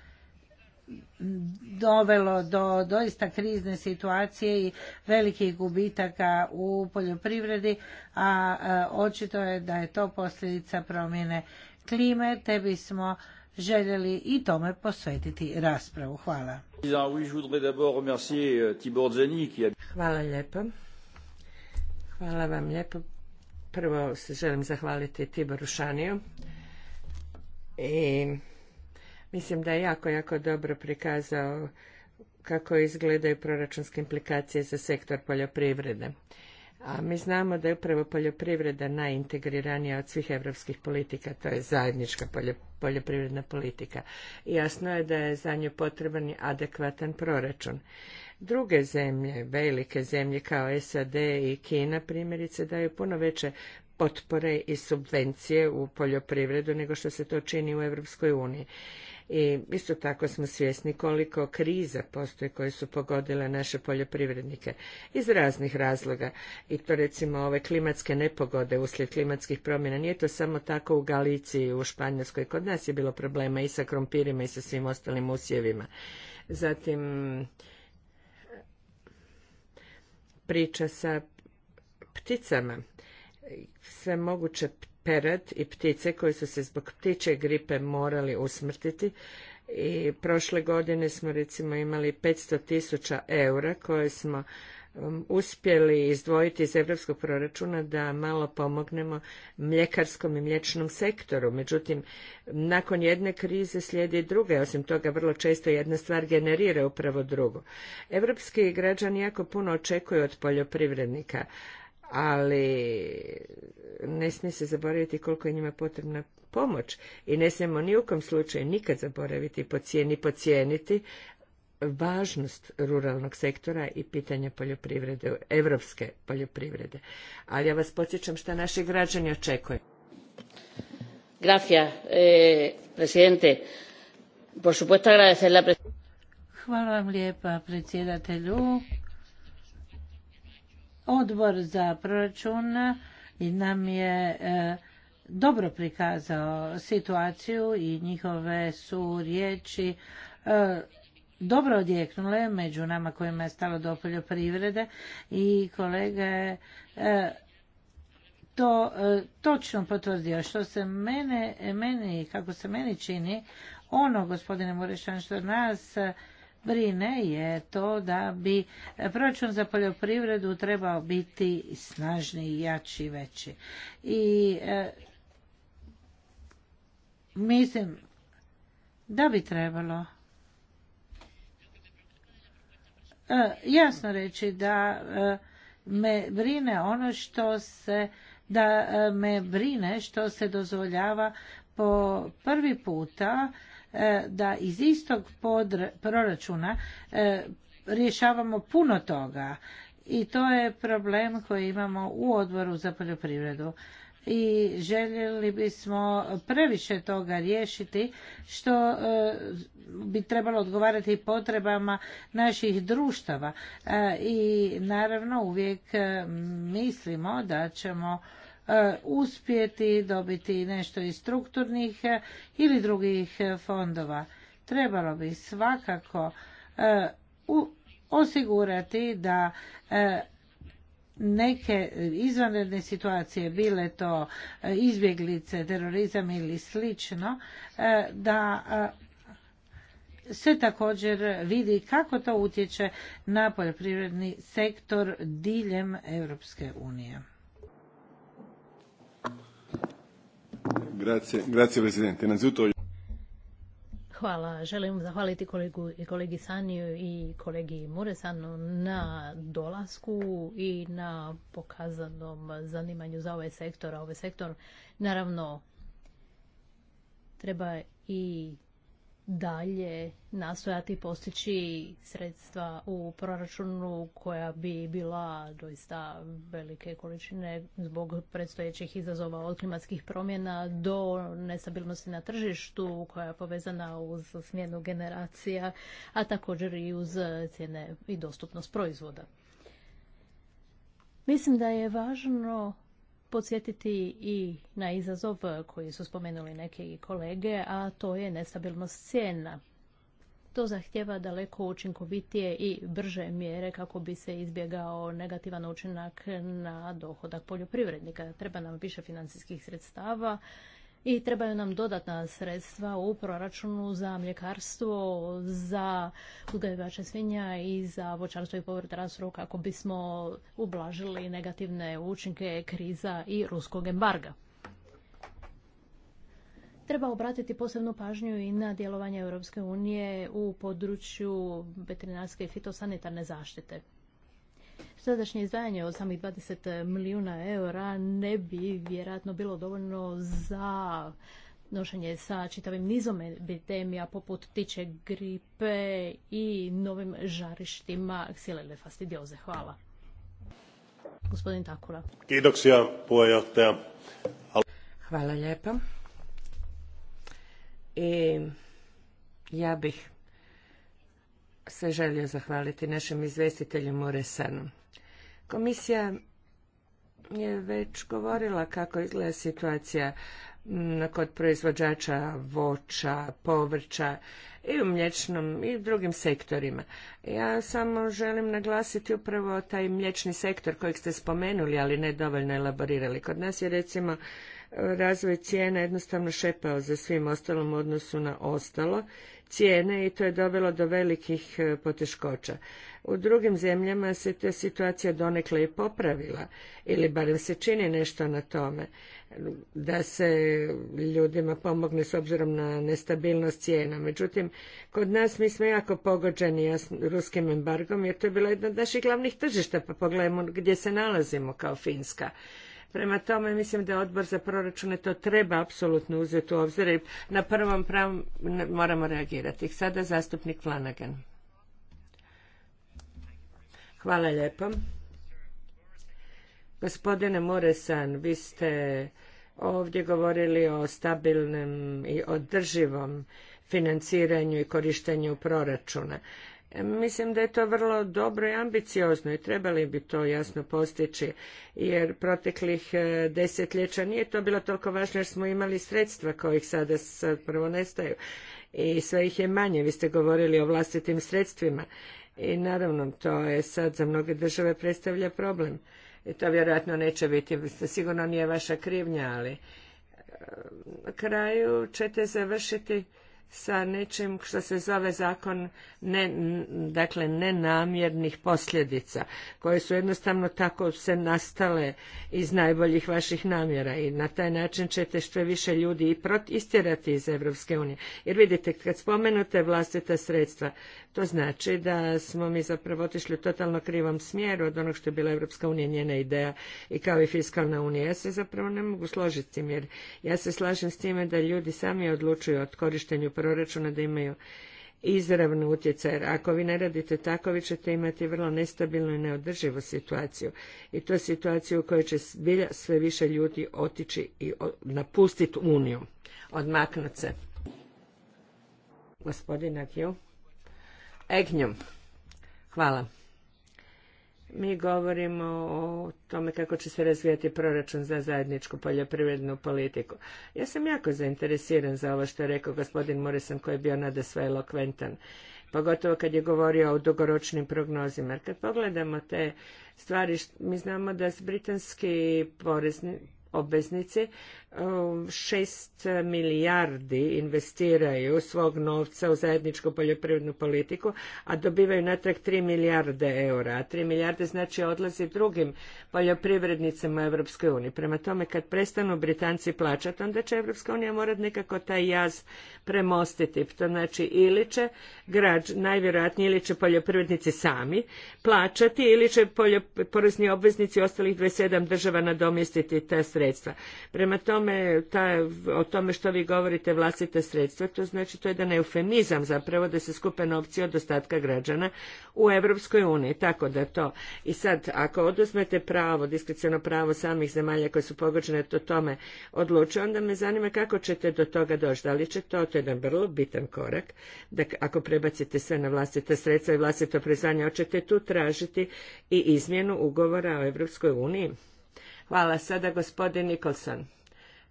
dovelo do doista krizne situacije i velikih gubitaka u poljoprivredi, a očito je da je to posljedica promjene klime, te bismo željeli i tome posvetiti raspravu. Hvala. Euh, Hvala lijepo. Hvala vam lijepo. Prvo se želim zahvaliti Tiboru Šaniju. I mislim da je jako, jako dobro prikazao kako izgledaju proračunske implikacije za sektor poljoprivrede. A mi znamo da je upravo poljoprivreda najintegriranija od svih europskih politika, to je zajednička poljoprivredna politika. I jasno je da je za nju potreban adekvatan proračun. Druge zemlje, velike zemlje kao SAD i Kina primjerice daju puno veće potpore i subvencije u poljoprivredu nego što se to čini u Europskoj uniji. I isto tako smo svjesni koliko kriza postoje koje su pogodile naše poljoprivrednike iz raznih razloga. I to recimo ove klimatske nepogode uslijed klimatskih promjena. Nije to samo tako u Galiciji, u Španjolskoj. Kod nas je bilo problema i sa krompirima i sa svim ostalim usjevima. Zatim priča sa pticama. Sve moguće perad i ptice koji su se zbog ptiče gripe morali usmrtiti i prošle godine smo recimo imali 500 tisuća eura koje smo um, uspjeli izdvojiti iz europskog proračuna da malo pomognemo mljekarskom i mliječnom sektoru. Međutim, nakon jedne krize slijedi druga. Osim toga, vrlo često jedna stvar generira upravo drugu. Europski građani jako puno očekuju od poljoprivrednika ali ne smije se zaboraviti koliko je njima potrebna pomoć i ne smijemo ni u kom slučaju nikad zaboraviti pocijeni pocijeniti važnost ruralnog sektora i pitanja poljoprivrede, evropske poljoprivrede. Ali ja vas podsjećam šta naši građani očekuju. Eh, Hvala vam lijepa predsjedatelju. Odbor za proračun nam je e, dobro prikazao situaciju i njihove su riječi e, dobro odjeknule među nama kojima je stalo do poljoprivrede i kolega je e, to točno potvrdio. Što se mene, meni, kako se meni čini, ono, gospodine Murešan, što nas brine je to da bi proračun za poljoprivredu trebao biti snažniji, jači, veći. I e, mislim da bi trebalo e, jasno reći da e, me brine ono što se da me brine što se dozvoljava po prvi puta E, da iz istog proračuna e, rješavamo puno toga i to je problem koji imamo u odboru za poljoprivredu i željeli bismo previše toga riješiti što e, bi trebalo odgovarati potrebama naših društava i naravno uvijek mislimo da ćemo E, uspjeti dobiti nešto iz strukturnih e, ili drugih e, fondova. Trebalo bi svakako osigurati da neke izvanredne situacije, bile to izbjeglice, terorizam ili slično, da se također vidi kako to utječe na poljoprivredni sektor diljem Europske unije. Hvala. Želim zahvaliti kolegu, kolegi Saniju i kolegi Muresanu na dolasku i na pokazanom zanimanju za ovaj sektor. ovaj sektor, naravno, treba i dalje nastojati postići sredstva u proračunu koja bi bila doista velike količine zbog predstojećih izazova od klimatskih promjena do nestabilnosti na tržištu koja je povezana uz smjenu generacija, a također i uz cijene i dostupnost proizvoda. Mislim da je važno podsjetiti i na izazov koji su spomenuli neki kolege, a to je nestabilnost cijena. To zahtjeva daleko učinkovitije i brže mjere kako bi se izbjegao negativan učinak na dohodak poljoprivrednika. Treba nam više financijskih sredstava i trebaju nam dodatna sredstva u proračunu za mljekarstvo, za uzgajivače svinja i za voćarstvo i povrtarstvo kako bismo ublažili negativne učinke kriza i ruskog embarga. Treba obratiti posebnu pažnju i na djelovanje Europske unije u području veterinarske i fitosanitarne zaštite sadašnje izdajanje od samih 20 milijuna eura ne bi vjerojatno bilo dovoljno za nošenje sa čitavim nizom epidemija poput tiče gripe i novim žarištima ksilele fastidioze. Hvala. Gospodin Takula. Kiitoksia, puheenjohtaja. Hvala lijepa. I ja bih se želio zahvaliti našem izvestitelju Resanu. Komisija je već govorila kako izgleda situacija mm, kod proizvođača voća, povrća i u mlječnom i u drugim sektorima. Ja samo želim naglasiti upravo taj mlječni sektor kojeg ste spomenuli, ali ne dovoljno elaborirali. Kod nas je recimo razvoj cijena jednostavno šepao za svim ostalom u odnosu na ostalo cijene i to je dovelo do velikih e, poteškoća. U drugim zemljama se ta situacija donekle i popravila ili barem se čini nešto na tome da se ljudima pomogne s obzirom na nestabilnost cijena. Međutim, kod nas mi smo jako pogođeni ruskim embargom jer to je bilo jedno od naših glavnih tržišta, pa pogledajmo gdje se nalazimo kao Finska. Prema tome, mislim da odbor za proračune to treba apsolutno uzeti u obzir i na prvom pravom moramo reagirati. Sada zastupnik Flanagan. Hvala lijepo. Gospodine Muresan, vi ste ovdje govorili o stabilnom i održivom financiranju i korištenju proračuna. Mislim da je to vrlo dobro i ambiciozno i trebali bi to jasno postići jer proteklih e, desetljeća nije to bilo toliko važno jer smo imali sredstva kojih sada prvo nestaju i sve ih je manje. Vi ste govorili o vlastitim sredstvima i naravno to je sad za mnoge države predstavlja problem. I to vjerojatno neće biti, sigurno nije vaša krivnja, ali e, na kraju ćete završiti sa nečim što se zove zakon ne, dakle nenamjernih posljedica koje su jednostavno tako se nastale iz najboljih vaših namjera i na taj način ćete što više ljudi i protistjerati iz Europske unije. Jer vidite kad spomenute vlastita sredstva to znači da smo mi zapravo otišli u totalno krivom smjeru od onog što je bila Europska unija njena ideja i kao i fiskalna unija. Ja se zapravo ne mogu složiti s tim jer ja se slažem s time da ljudi sami odlučuju od korištenju proračuna da imaju izravnu utjecaj. Ako vi ne radite tako, vi ćete imati vrlo nestabilnu i neodrživu situaciju. I to je situaciju u kojoj će bilja sve više ljudi otići i napustiti Uniju. Odmaknuti se. Gospodina Egnjom. Hvala. Mi govorimo o tome kako će se razvijati proračun za zajedničku poljoprivrednu politiku. Ja sam jako zainteresiran za ovo što je rekao gospodin Morrison koji je bio nada sve elokventan pogotovo kad je govorio o dugoročnim prognozima. kad pogledamo te stvari, mi znamo da britanski porezni obveznici Um, šest milijardi investiraju svog novca u zajedničku poljoprivrednu politiku, a dobivaju natrag tri milijarde eura. A tri milijarde znači odlazi drugim poljoprivrednicama Europskoj uniji. Prema tome, kad prestanu Britanci plaćati, onda će Europska unija morati nekako taj jaz premostiti. To znači ili će građ, najvjerojatnije ili će poljoprivrednici sami plaćati ili će porezni obveznici ostalih 27 država nadomjestiti ta sredstva. Prema tome, me o tome što vi govorite vlastite sredstva, to znači to je jedan eufemizam zapravo da se skupe novci od ostatka građana u Europskoj uniji. Tako da to. I sad, ako oduzmete pravo, diskreciono pravo samih zemalja koje su pogođene to tome odluče, onda me zanima kako ćete do toga doći. Da li će to, to je jedan vrlo bitan korak, da ako prebacite sve na vlastite sredstva i vlastito priznanje, hoćete tu tražiti i izmjenu ugovora o Europskoj uniji? Hvala. Sada gospodin Nikolson.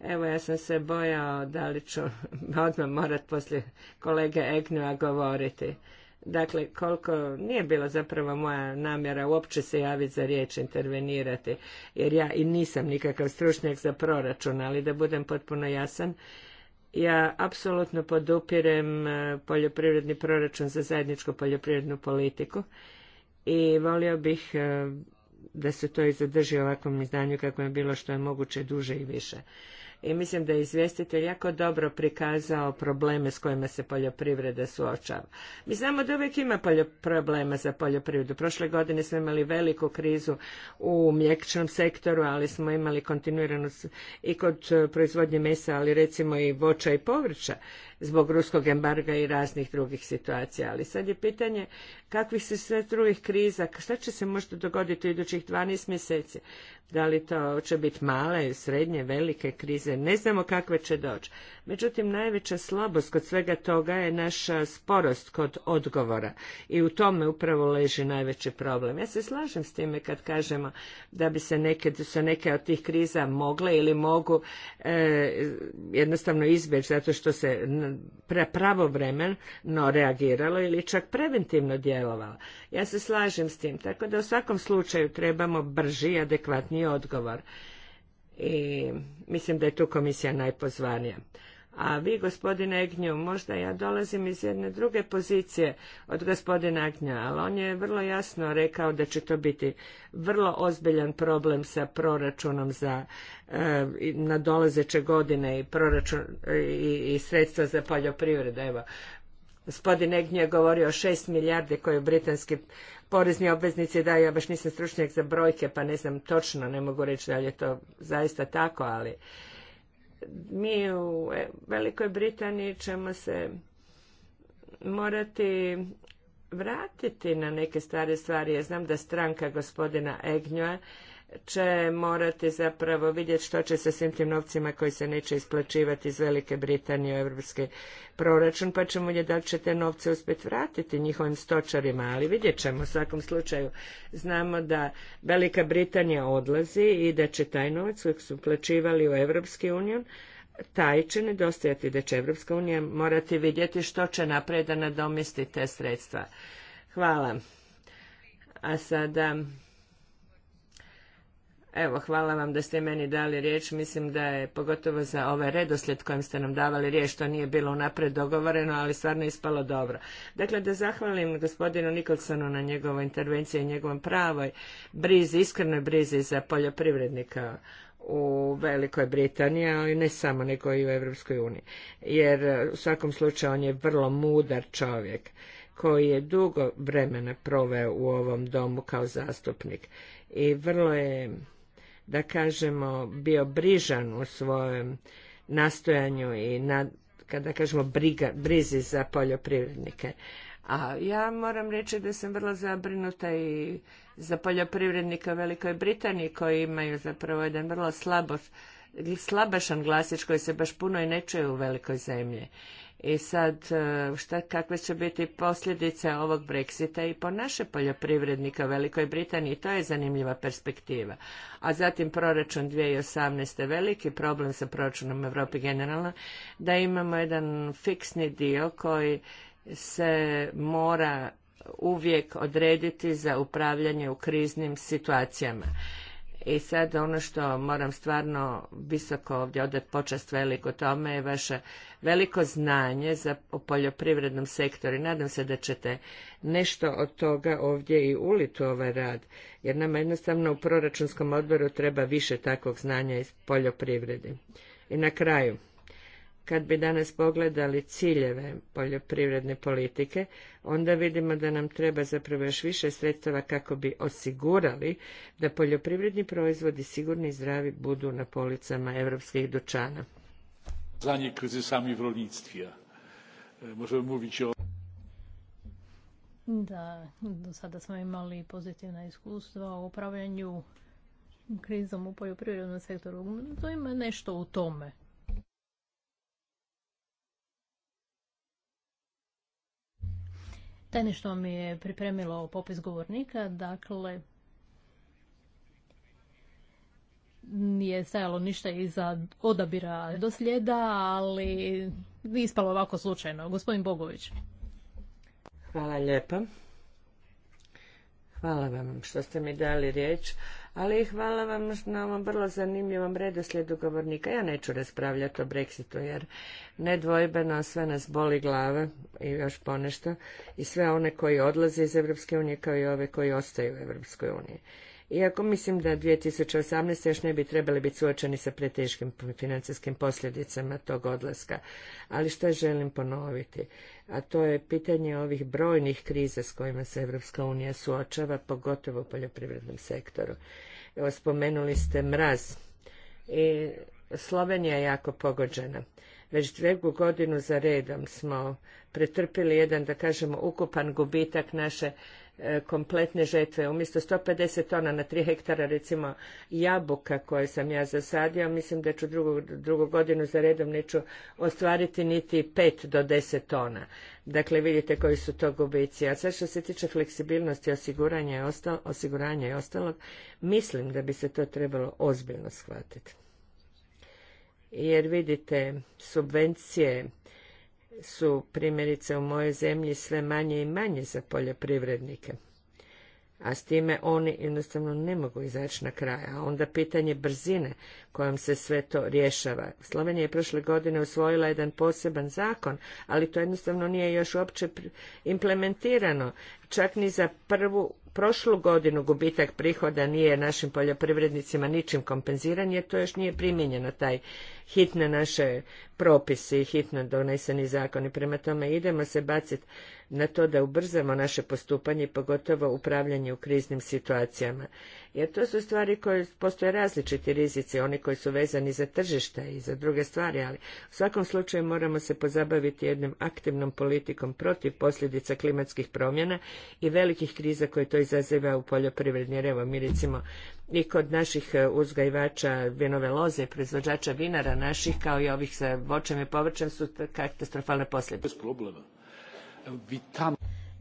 Evo, ja sam se bojao da li ću odmah morat poslije kolege Egnua govoriti. Dakle, koliko nije bila zapravo moja namjera uopće se javiti za riječ, intervenirati, jer ja i nisam nikakav stručnjak za proračun, ali da budem potpuno jasan, ja apsolutno podupirem e, poljoprivredni proračun za zajedničku poljoprivrednu politiku i volio bih e, da se to i zadrži ovakvom izdanju kako je bilo što je moguće duže i više i mislim da je izvjestitelj jako dobro prikazao probleme s kojima se poljoprivreda suočava. Mi znamo da uvijek ima problema za poljoprivredu. Prošle godine smo imali veliku krizu u mliječnom sektoru, ali smo imali kontinuirano i kod e, proizvodnje mesa, ali recimo i voća i povrća zbog ruskog embarga i raznih drugih situacija. Ali sad je pitanje kakvih se sve drugih kriza, šta će se možda dogoditi u idućih 12 mjeseci? Da li to će biti male, srednje, velike krize? Ne znamo kakve će doći. Međutim, najveća slabost kod svega toga je naša sporost kod odgovora i u tome upravo leži najveći problem. Ja se slažem s time kad kažemo da bi se neke, da se neke od tih kriza mogle ili mogu e, jednostavno izbjeći zato što se pravovremeno reagiralo ili čak preventivno djelovalo. Ja se slažem s tim, tako da u svakom slučaju trebamo brži i adekvatniji odgovor. I mislim da je tu komisija najpozvanija. A vi, gospodine Egnju, možda ja dolazim iz jedne druge pozicije od gospodina Egnja, ali on je vrlo jasno rekao da će to biti vrlo ozbiljan problem sa proračunom za e, nadolazeće godine i, proračun, e, i, sredstva za poljoprivredu. Evo, gospodin Egnju je govorio o šest milijarde koje britanski porezni obveznici daju, ja baš nisam stručnjak za brojke, pa ne znam točno, ne mogu reći da li je to zaista tako, ali mi u Velikoj Britaniji ćemo se morati vratiti na neke stare stvari. Ja znam da stranka gospodina Egnjoa će morati zapravo vidjeti što će sa svim tim novcima koji se neće isplaćivati iz Velike Britanije u Evropski proračun, pa ćemo vidjeti da li će te novce uspjeti vratiti njihovim stočarima, ali vidjet ćemo u svakom slučaju. Znamo da Velika Britanija odlazi i da će taj novac kojeg su uplaćivali u Evropski unijon, taj će nedostajati, da će Evropska unija morati vidjeti što će naprijed da nadomjesti te sredstva. Hvala. A sada Evo, hvala vam da ste meni dali riječ. Mislim da je pogotovo za ovaj redoslijed kojim ste nam davali riječ, to nije bilo unaprijed dogovoreno, ali stvarno ispalo dobro. Dakle, da zahvalim gospodinu Nikolsonu na njegovoj intervenciji i njegovom pravoj brizi, iskrenoj brizi za poljoprivrednika u Velikoj Britaniji, ali ne samo, nego i u Evropskoj uniji. Jer u svakom slučaju on je vrlo mudar čovjek koji je dugo vremena proveo u ovom domu kao zastupnik i vrlo je da kažemo, bio brižan u svojem nastojanju i kada kažemo brizi za poljoprivrednike. A ja moram reći da sam vrlo zabrinuta i za poljoprivrednike u Velikoj Britaniji koji imaju zapravo jedan vrlo slabo, slabašan glasić koji se baš puno i ne čuje u velikoj zemlji. I sad, e, šta, kakve će biti posljedice ovog Brexita i po naše poljoprivrednike u Velikoj Britaniji, to je zanimljiva perspektiva. A zatim proračun 2018. veliki problem sa proračunom Europi generalno, da imamo jedan fiksni dio koji se mora uvijek odrediti za upravljanje u kriznim situacijama. I sad ono što moram stvarno visoko ovdje odat počast veliko tome je vaše veliko znanje za, o poljoprivrednom sektoru. I nadam se da ćete nešto od toga ovdje i uliti u ovaj rad. Jer nama jednostavno u proračunskom odboru treba više takvog znanja iz poljoprivredi. I na kraju, kad bi danas pogledali ciljeve poljoprivredne politike, onda vidimo da nam treba zapravo još više sredstava kako bi osigurali da poljoprivredni proizvodi sigurni i zdravi budu na policama europskih dućana. E, da, do sada smo imali pozitivna iskustva u upravljanju krizom u poljoprivrednom sektoru. To ima nešto u tome. što mi je pripremilo popis govornika, dakle nije stajalo ništa iza odabira do slijeda, ali ispalo ovako slučajno. Gospodin Bogović. Hvala lijepa. Hvala vam što ste mi dali riječ ali hvala vam na ovom vrlo zanimljivom redoslijedu govornika. Ja neću raspravljati o Brexitu jer nedvojbeno sve nas boli glava i još ponešto i sve one koji odlaze iz Europske unije kao i ove koji ostaju u Europskoj uniji iako mislim da 2018. još ne bi trebali biti suočeni sa preteškim financijskim posljedicama tog odlaska. Ali što želim ponoviti? A to je pitanje ovih brojnih kriza s kojima se Evropska unija suočava, pogotovo u poljoprivrednom sektoru. Evo, spomenuli ste mraz. I Slovenija je jako pogođena. Već dvegu godinu za redom smo pretrpili jedan, da kažemo, ukupan gubitak naše E, kompletne žetve. Umjesto 150 tona na 3 hektara recimo jabuka koje sam ja zasadio, mislim da ću drugu, godinu za redom neću ostvariti niti 5 do 10 tona. Dakle, vidite koji su to gubici. A sve što se tiče fleksibilnosti osiguranja i, osiguranja i ostalog, mislim da bi se to trebalo ozbiljno shvatiti. Jer vidite, subvencije su primjerice u mojoj zemlji sve manje i manje za poljoprivrednike. A s time oni jednostavno ne mogu izaći na kraj. A onda pitanje brzine kojom se sve to rješava. Slovenija je prošle godine usvojila jedan poseban zakon, ali to jednostavno nije još uopće implementirano. Čak ni za prvu prošlu godinu gubitak prihoda nije našim poljoprivrednicima ničim kompenziran jer to još nije primijenjeno taj hitne naše propisi i hitno doneseni zakoni. Prema tome idemo se baciti na to da ubrzamo naše postupanje, pogotovo upravljanje u kriznim situacijama. Jer to su stvari koje postoje različiti rizici, oni koji su vezani za tržište i za druge stvari, ali u svakom slučaju moramo se pozabaviti jednom aktivnom politikom protiv posljedica klimatskih promjena i velikih kriza koje to izaziva u poljoprivredni. Jer evo mi recimo i kod naših e, uzgajivača vinove loze proizvođača vinara naših kao i ovih sa voćem i povrćem su katastrofalne posljedice.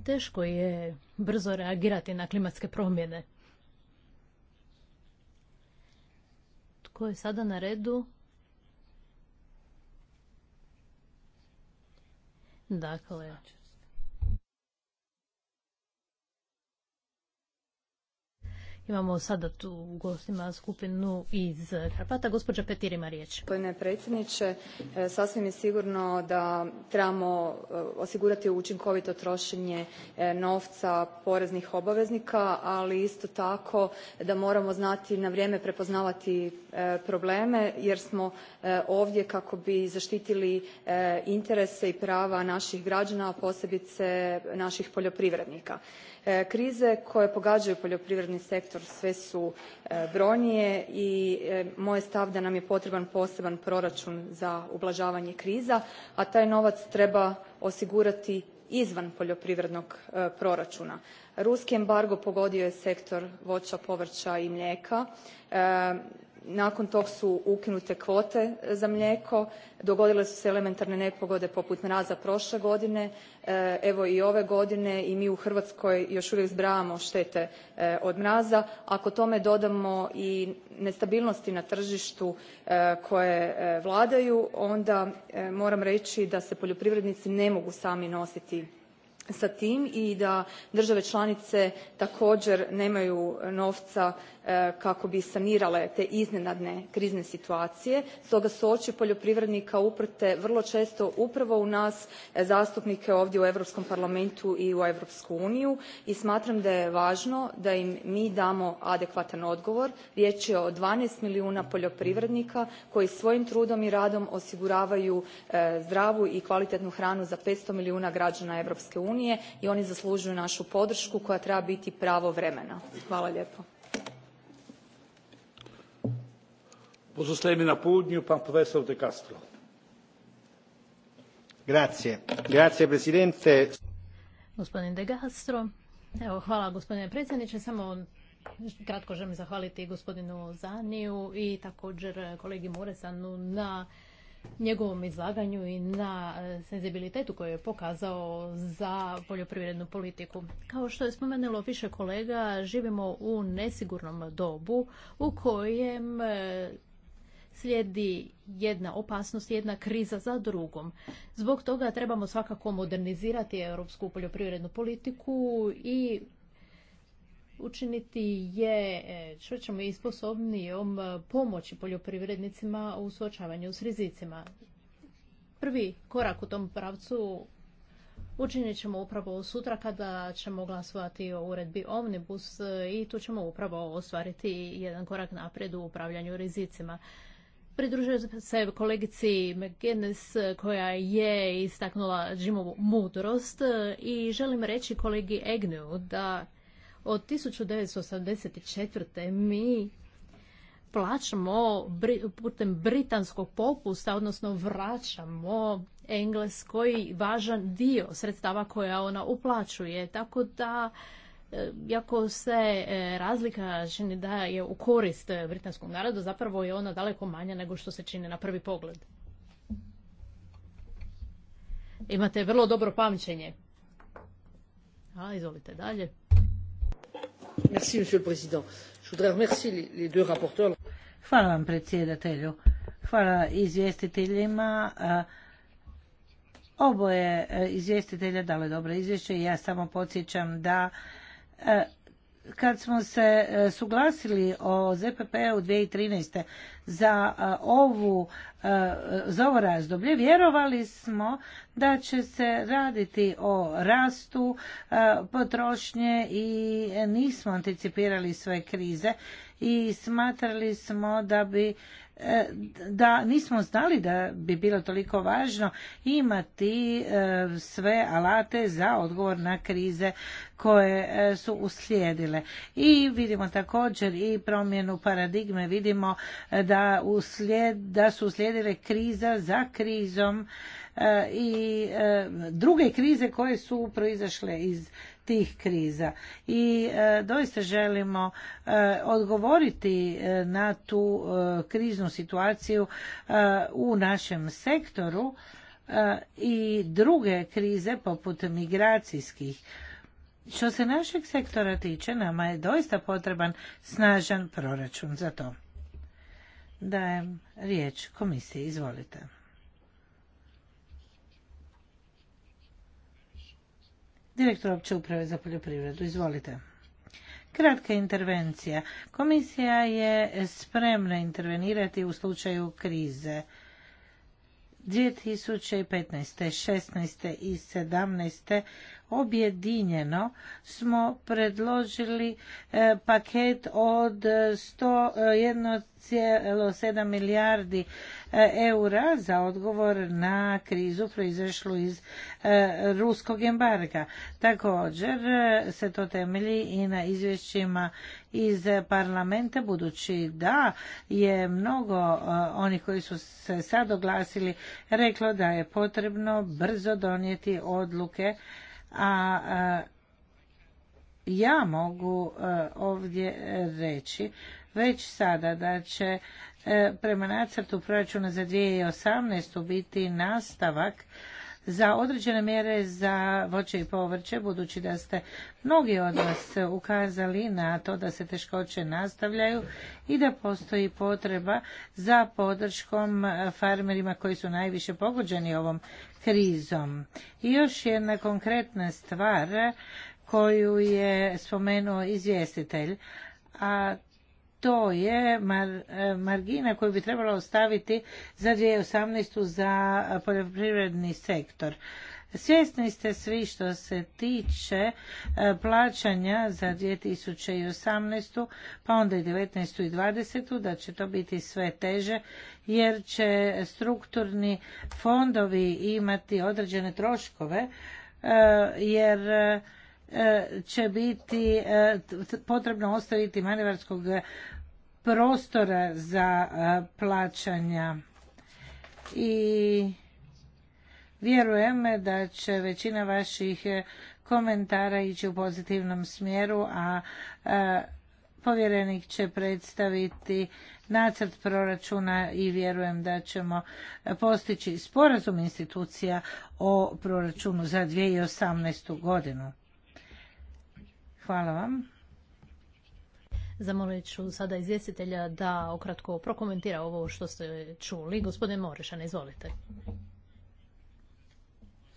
Teško je brzo reagirati na klimatske promjene. Tko je sada na redu? Dakle, Imamo sada tu gostima skupinu iz Karpata. Gospođa Petir ima riječ. Gospodine predsjedniče, e, sasvim je sigurno da trebamo e, osigurati učinkovito trošenje e, novca poreznih obaveznika, ali isto tako da moramo znati na vrijeme prepoznavati probleme jer smo ovdje kako bi zaštitili interese i prava naših građana, a posebice naših poljoprivrednika. Krize koje pogađaju poljoprivredni sektor sektor sve su e, brojnije i e, moj je stav da nam je potreban poseban proračun za ublažavanje kriza a taj novac treba osigurati izvan poljoprivrednog e, proračuna. ruski embargo pogodio je sektor voća povrća i mlijeka nakon tog su ukinute kvote za mlijeko dogodile su se elementarne nepogode poput mraza prošle godine e, evo i ove godine i mi u hrvatskoj još uvijek zbrajamo štete e, od mraza. ako tome dodamo i nestabilnosti na tržištu e, koje vladaju onda moram reći da se poljoprivrednici ne mogu sami nositi sa tim i da države članice također nemaju novca E, kako bi sanirale te iznenadne krizne situacije stoga su oči poljoprivrednika uprte vrlo često upravo u nas e, zastupnike ovdje u europskom parlamentu i u europsku uniju i smatram da je važno da im mi damo adekvatan odgovor. riječ je o 12 milijuna poljoprivrednika koji svojim trudom i radom osiguravaju e, zdravu i kvalitetnu hranu za 500 milijuna građana europske unije i oni zaslužuju našu podršku koja treba biti pravovremena. hvala lijepo. Pozostajemy na Pan profesor De Castro. hvala gospodine predsjedniče. Samo kratko želim zahvaliti gospodinu Zaniju i također kolegi Moresanu na njegovom izlaganju i na e, senzibilitetu koji je pokazao za poljoprivrednu politiku. Kao što je spomenulo više kolega, živimo u nesigurnom dobu u kojem e, slijedi jedna opasnost, jedna kriza za drugom. Zbog toga trebamo svakako modernizirati europsku poljoprivrednu politiku i učiniti je e, ćemo i sposobnijom e, pomoći poljoprivrednicima u suočavanju s rizicima. Prvi korak u tom pravcu učinit ćemo upravo sutra kada ćemo glasovati o uredbi Omnibus e, i tu ćemo upravo ostvariti jedan korak naprijed u upravljanju rizicima. Pridružujem se kolegici McGinnis koja je istaknula Jimovu mudrost i želim reći kolegi Egneu da od 1984. mi plaćamo putem britanskog popusta, odnosno vraćamo Engleskoj važan dio sredstava koja ona uplaćuje. Tako da iako se e, razlika čini da je u korist e, britanskom narodu, zapravo je ona daleko manja nego što se čini na prvi pogled. Imate vrlo dobro pamćenje. A, izvolite dalje. Merci, monsieur président. Je voudrais remercier les deux rapporteurs. Hvala vam predsjedatelju. Hvala izvjestiteljima. Oboje e, izvjestitelja dale dobro izvješće i ja samo podsjećam da E, kad smo se e, suglasili o ZPP-u 2013. za e, ovu za ovo razdoblje vjerovali smo da će se raditi o rastu potrošnje i nismo anticipirali sve krize i smatrali smo da bi E, da nismo znali da bi bilo toliko važno imati e, sve alate za odgovor na krize koje e, su uslijedile. I vidimo također i promjenu paradigme, vidimo da, uslijed, da su uslijedile kriza za krizom i druge krize koje su proizašle iz tih kriza. I e, doista želimo e, odgovoriti e, na tu kriznu situaciju u našem sektoru i druge krize poput migracijskih. Što se našeg sektora tiče, nama je doista potreban snažan proračun za to. Dajem riječ komisiji, izvolite. direktor opće uprave za poljoprivredu. Izvolite. Kratka intervencija. Komisija je spremna intervenirati u slučaju krize. 2015. 16. i 17. objedinjeno smo predložili e, paket od 101,7 e, milijardi E, eura za odgovor na krizu proizašlu iz e, ruskog embarga. Također e, se to temelji i na izvješćima iz parlamenta budući da je mnogo onih koji su se sad oglasili reklo da je potrebno brzo donijeti odluke a ja mogu ovdje reći već sada da će E, prema nacrtu proračuna za 2018. biti nastavak za određene mjere za voće i povrće, budući da ste mnogi od vas ukazali na to da se teškoće nastavljaju i da postoji potreba za podrškom farmerima koji su najviše pogođeni ovom krizom. I još jedna konkretna stvar koju je spomenuo izvjestitelj, a to je e, margina koju bi trebalo ostaviti za 2018. za poljoprivredni sektor. Svjesni ste svi što se tiče e, plaćanja za 2018. pa onda i 19. i 20. da će to biti sve teže jer će strukturni fondovi imati određene troškove e, jer E, će biti e, potrebno ostaviti manevarskog prostora za e, plaćanja i vjerujem da će većina vaših komentara ići u pozitivnom smjeru a povjerenik će predstaviti nacrt proračuna i vjerujem da ćemo postići sporazum institucija o proračunu za 2018. godinu Hvala vam. Zamolit ću sada izvjestitelja da okratko prokomentira ovo što ste čuli. Gospodin Morešan, izvolite.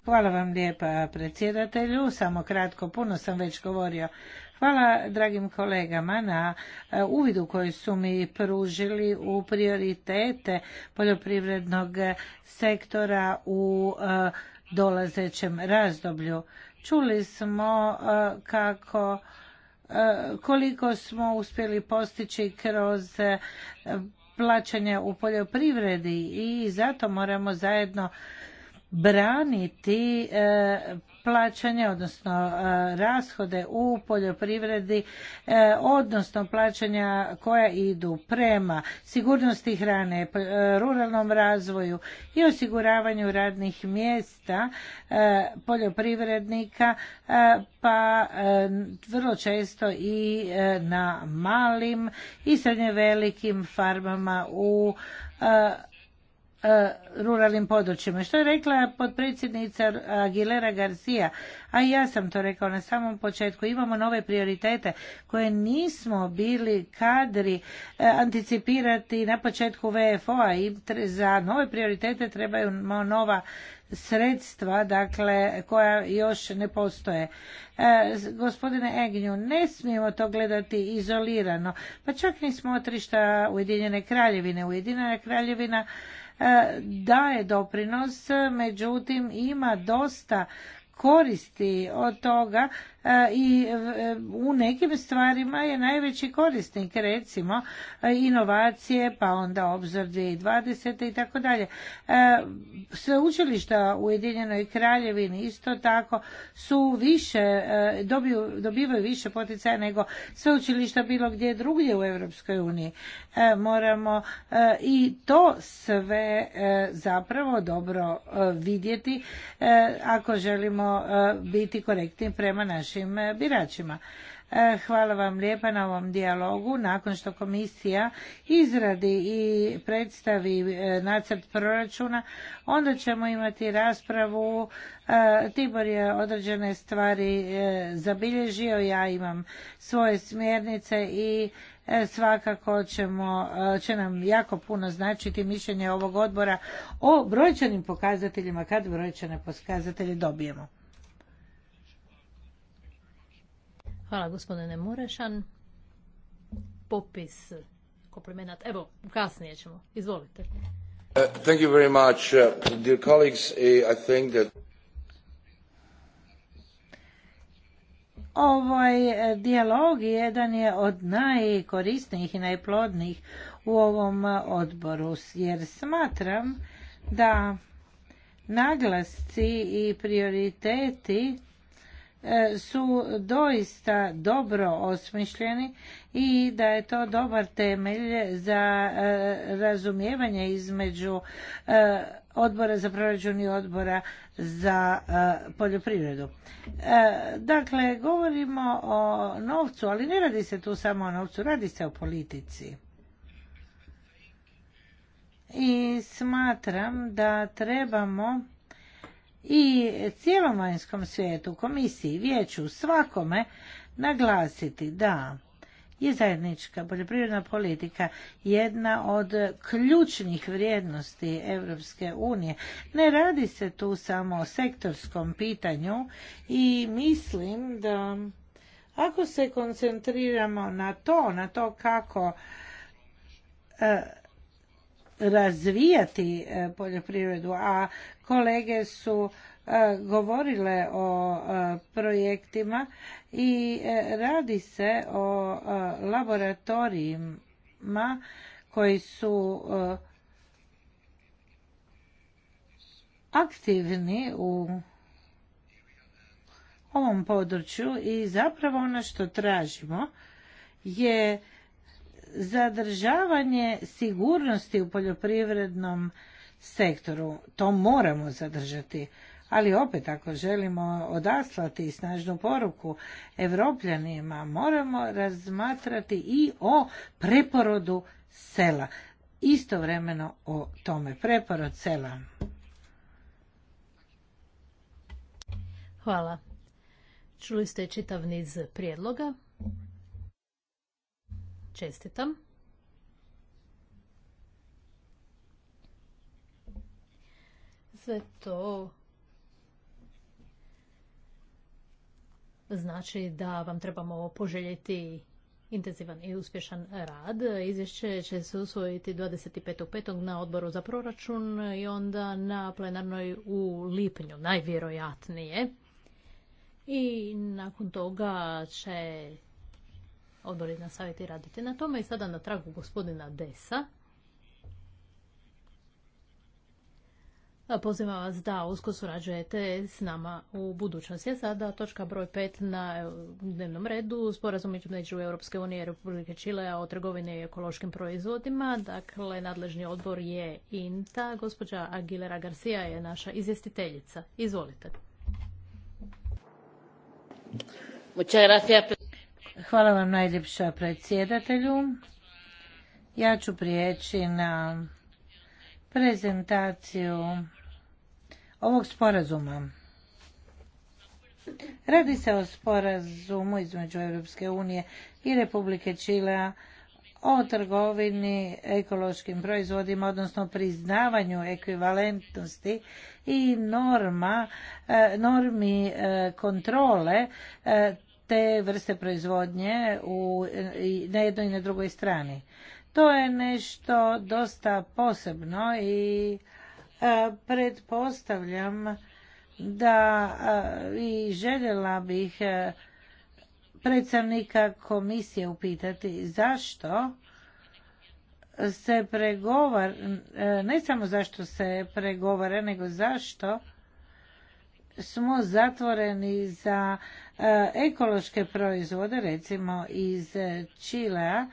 Hvala vam lijepa predsjedatelju. Samo kratko, puno sam već govorio. Hvala dragim kolegama na e, uvidu koji su mi pružili u prioritete poljoprivrednog sektora u e, dolazećem razdoblju. Čuli smo e, kako e, koliko smo uspjeli postići kroz e, plaćanje u poljoprivredi i zato moramo zajedno braniti e, plaćanje, odnosno e, rashode u poljoprivredi, e, odnosno plaćanja koja idu prema sigurnosti hrane, ruralnom razvoju i osiguravanju radnih mjesta poljoprivrednika, pa vrlo često i na malim i srednje velikim farmama u E, ruralnim područjima. Što je rekla potpredsjednica Aguilera Garcia, a ja sam to rekao na samom početku, imamo nove prioritete koje nismo bili kadri e, anticipirati na početku VFO-a i za nove prioritete trebaju nova sredstva dakle koja još ne postoje. E, gospodine Egnju, ne smijemo to gledati izolirano, pa čak ni smotrišta Ujedinjene kraljevine. Ujedinjena kraljevina E, daje doprinos, međutim ima dosta koristi od toga E, i e, u nekim stvarima je najveći korisnik recimo e, inovacije pa onda obzor 2020 i tako dalje. Sveučilišta u Ujedinjenoj Kraljevini isto tako su više dobiju, dobivaju više poticaja nego sveučilišta bilo gdje drugdje u Europskoj uniji. Moramo i to sve zapravo dobro vidjeti ako želimo biti korektni prema našim našim e, biračima. E, hvala vam lijepa na ovom dijalogu. Nakon što komisija izradi i predstavi e, nacrt proračuna, onda ćemo imati raspravu. Tibor je određene stvari zabilježio, ja imam svoje smjernice i svakako ćemo, će nam jako puno značiti mišljenje ovog odbora o brojčanim pokazateljima kad brojčane pokazatelje dobijemo. Hvala gospodine Murešan. Popis komplimenat. Evo, kasnije ćemo. Izvolite. Uh, thank you very much, uh, dear colleagues. Uh, I think that... Ovaj dijalog jedan je od najkorisnijih i najplodnijih u ovom odboru, jer smatram da naglasci i prioriteti E, su doista dobro osmišljeni i da je to dobar temelj za e, razumijevanje između e, odbora za proračun i odbora za poljoprivredu. Dakle, govorimo o novcu, ali ne radi se tu samo o novcu, radi se o politici. I smatram da trebamo i cijelom vanjskom svijetu, komisiji, vijeću, svakome naglasiti da je zajednička poljoprivredna politika jedna od ključnih vrijednosti Europske unije. Ne radi se tu samo o sektorskom pitanju i mislim da ako se koncentriramo na to, na to kako e, razvijati e, poljoprivredu, a kolege su e, govorile o e, projektima i radi se o laboratorijima koji su aktivni u ovom području i zapravo ono što tražimo je zadržavanje sigurnosti u poljoprivrednom sektoru. To moramo zadržati. Ali opet ako želimo odaslati snažnu poruku Evropljanima, moramo razmatrati i o preporodu sela. Istovremeno o tome. Preporod sela. Hvala. Čuli ste čitav niz prijedloga. Čestitam. Sve to znači da vam trebamo poželjeti intenzivan i uspješan rad. Izvješće će se usvojiti 25.5. na odboru za proračun i onda na plenarnoj u lipnju, najvjerojatnije. I nakon toga će odbori na savjeti radite na tome. I sada na tragu gospodina Desa. Pozivam vas da usko surađujete s nama u budućnosti. sada točka broj 5 na e, dnevnom redu. Sporazum između Europske unije i Republike Čilea o trgovini i ekološkim proizvodima. Dakle, nadležni odbor je INTA. Gospođa Aguilera Garcia je naša izvjestiteljica. Izvolite. Muchas Hvala vam najljepša predsjedatelju. Ja ću prijeći na prezentaciju ovog sporazuma. Radi se o sporazumu između Europske unije i Republike Čilea o trgovini ekološkim proizvodima, odnosno priznavanju ekvivalentnosti i norma, e, normi e, kontrole e, te vrste proizvodnje u, na jednoj i na drugoj strani. To je nešto dosta posebno i e, pretpostavljam da e, i željela bih e, predstavnika komisije upitati zašto se pregovara, ne samo zašto se pregovara, nego zašto smo zatvoreni za e, ekološke proizvode, recimo iz Čilea,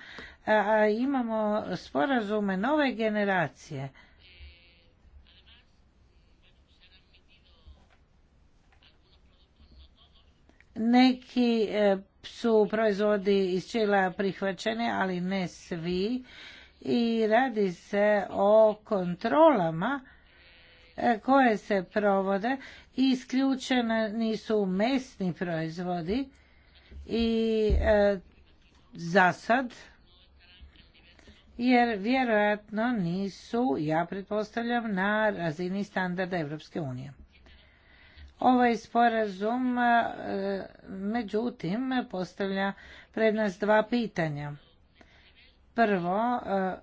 a imamo sporazume nove generacije. Neki e, su proizvodi iz Čilea prihvaćeni, ali ne svi. I radi se o kontrolama e, koje se provode isključeni nisu mesni proizvodi i zasad, e, za sad jer vjerojatno nisu, ja pretpostavljam, na razini standarda Europske unije. Ovaj sporazum, e, međutim, postavlja pred nas dva pitanja. Prvo, e,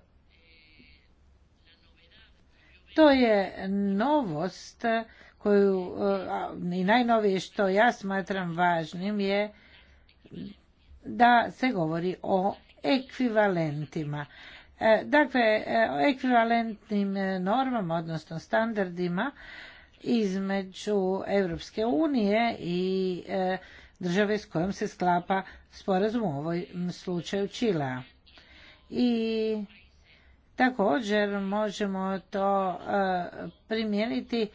to je novost koju e, i najnovije što ja smatram važnim je da se govori o ekvivalentima. E, dakle, e, o ekvivalentnim normama, odnosno standardima između Europske unije i države s kojom se sklapa sporazum u ovom slučaju Čila. I također možemo to primijeniti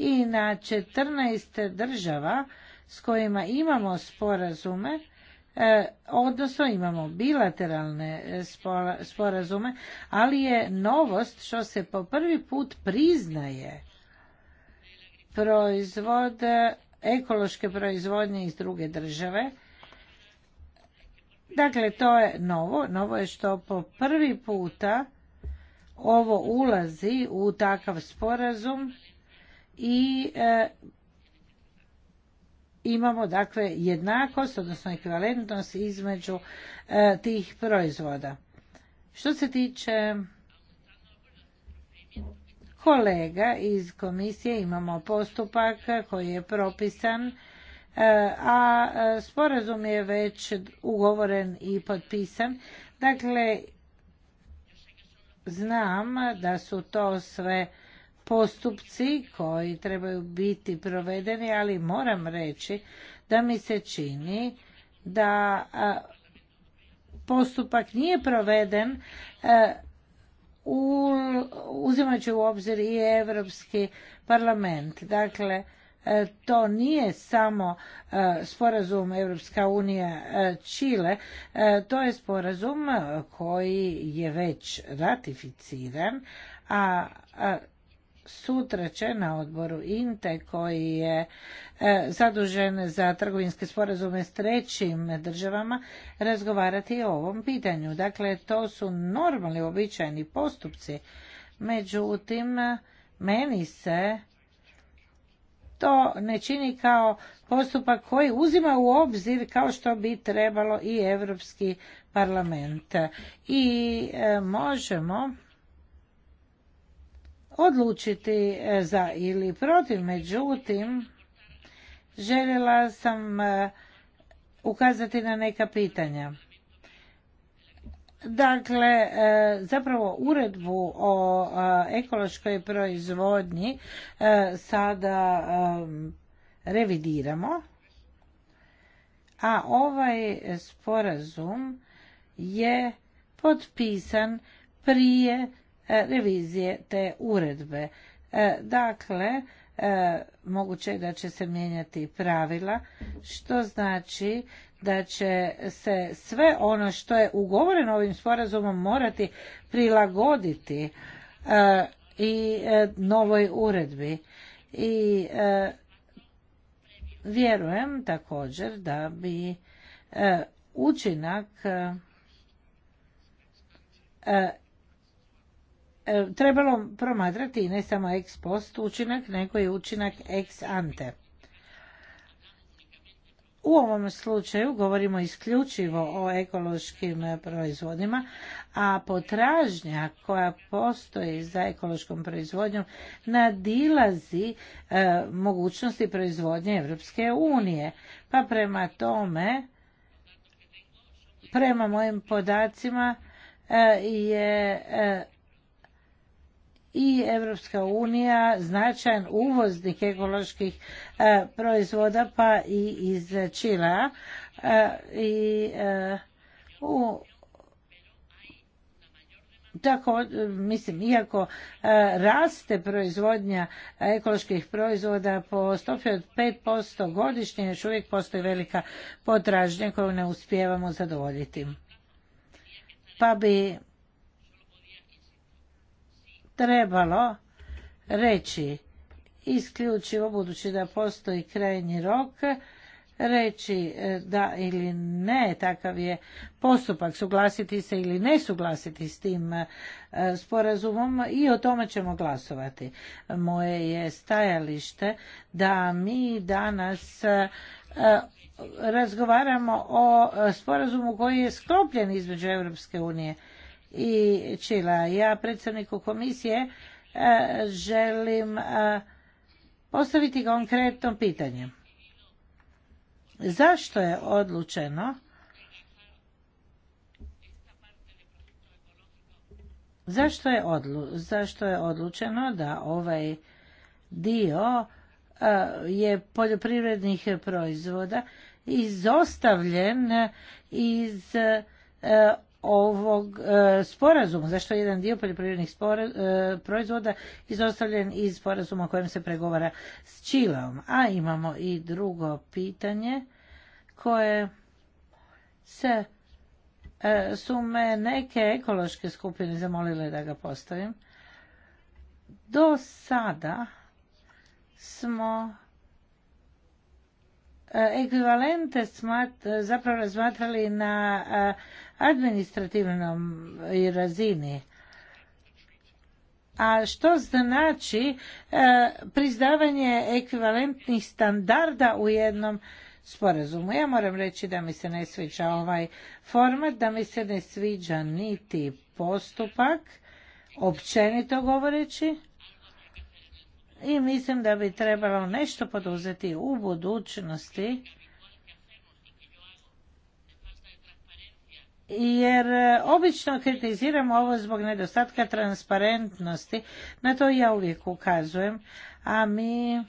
i na 14 država s kojima imamo sporazume, e, odnosno imamo bilateralne e, sporazume, ali je novost što se po prvi put priznaje proizvod e, ekološke proizvodnje iz druge države. Dakle, to je novo. Novo je što po prvi puta ovo ulazi u takav sporazum i e, imamo dakle jednakost, odnosno ekvivalentnost između e, tih proizvoda. Što se tiče kolega iz komisije imamo postupak koji je propisan, e, a sporazum je već ugovoren i potpisan. Dakle, znam da su to sve postupci koji trebaju biti provedeni, ali moram reći da mi se čini da postupak nije proveden uzimajući u obzir i Europski parlament. Dakle, to nije samo sporazum Europska unija Čile, to je sporazum koji je već ratificiran, a sutra će na odboru INTE koji je e, zadužen za trgovinske sporazume s trećim državama razgovarati o ovom pitanju. Dakle, to su normalni, običajni postupci. Međutim, meni se to ne čini kao postupak koji uzima u obzir kao što bi trebalo i Europski parlament. I e, možemo odlučiti e, za ili protiv. Međutim, željela sam e, ukazati na neka pitanja. Dakle, e, zapravo uredbu o ekološkoj proizvodnji sada revidiramo, a ovaj sporazum je potpisan prije E, revizije te uredbe. E, dakle, e, moguće je da će se mijenjati pravila, što znači da će se sve ono što je ugovoreno ovim sporazumom morati prilagoditi i novoj uredbi. I vjerujem također da bi učinak E, trebalo promatrati ne samo ex post učinak, nego i učinak ex ante. U ovom slučaju govorimo isključivo o ekološkim proizvodima, a potražnja koja postoji za ekološkom proizvodnjom nadilazi e, mogućnosti proizvodnje Europske unije. Pa prema tome, prema mojim podacima e, je i Europska unija značajan uvoznik ekoloških e, proizvoda pa i iz Čila e, i e, u tako mislim iako raste proizvodnja ekoloških proizvoda po stopi od 5% godišnje još uvijek postoji velika potražnja koju ne uspijevamo zadovoljiti pa bi trebalo reći isključivo budući da postoji krajnji rok reći e, da ili ne takav je postupak suglasiti se ili ne suglasiti s tim e, sporazumom i o tome ćemo glasovati moje je stajalište da mi danas e, razgovaramo o sporazumu koji je sklopljen između Europske unije i Čila. Ja predsjedniku komisije e, želim e, postaviti konkretno pitanje. Zašto je odlučeno Zašto je, zašto je odlučeno da ovaj dio e, je poljoprivrednih proizvoda izostavljen iz ovog e, sporazuma, zašto jedan dio poljoprivrednih e, proizvoda izostavljen iz sporazuma kojem se pregovara s Čileom. A imamo i drugo pitanje koje se e, su me neke ekološke skupine zamolile da ga postavim. Do sada smo e, ekvivalente smat, zapravo razmatrali na administrativnom razini. A što znači e, prizdavanje ekvivalentnih standarda u jednom sporazumu. Ja moram reći da mi se ne sviđa ovaj format, da mi se ne sviđa niti postupak, općenito govoreći. I mislim da bi trebalo nešto poduzeti u budućnosti jer e, obično kritiziramo ovo zbog nedostatka transparentnosti, na to ja uvijek ukazujem, a mi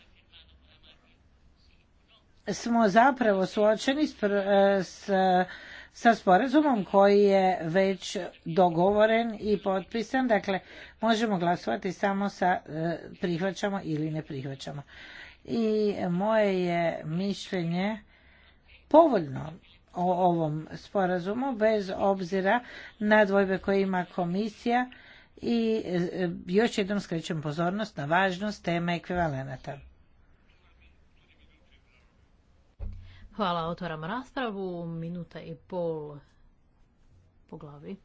smo zapravo suočeni s, e, sa sporazumom koji je već dogovoren i potpisan, dakle možemo glasovati samo sa e, prihvaćamo ili ne prihvaćamo. I moje je mišljenje povoljno o ovom sporazumu bez obzira na dvojbe koje ima komisija i e, još jednom skrećem pozornost na važnost tema ekvivalenata. Hvala, otvaram raspravu. Minuta i pol po glavi.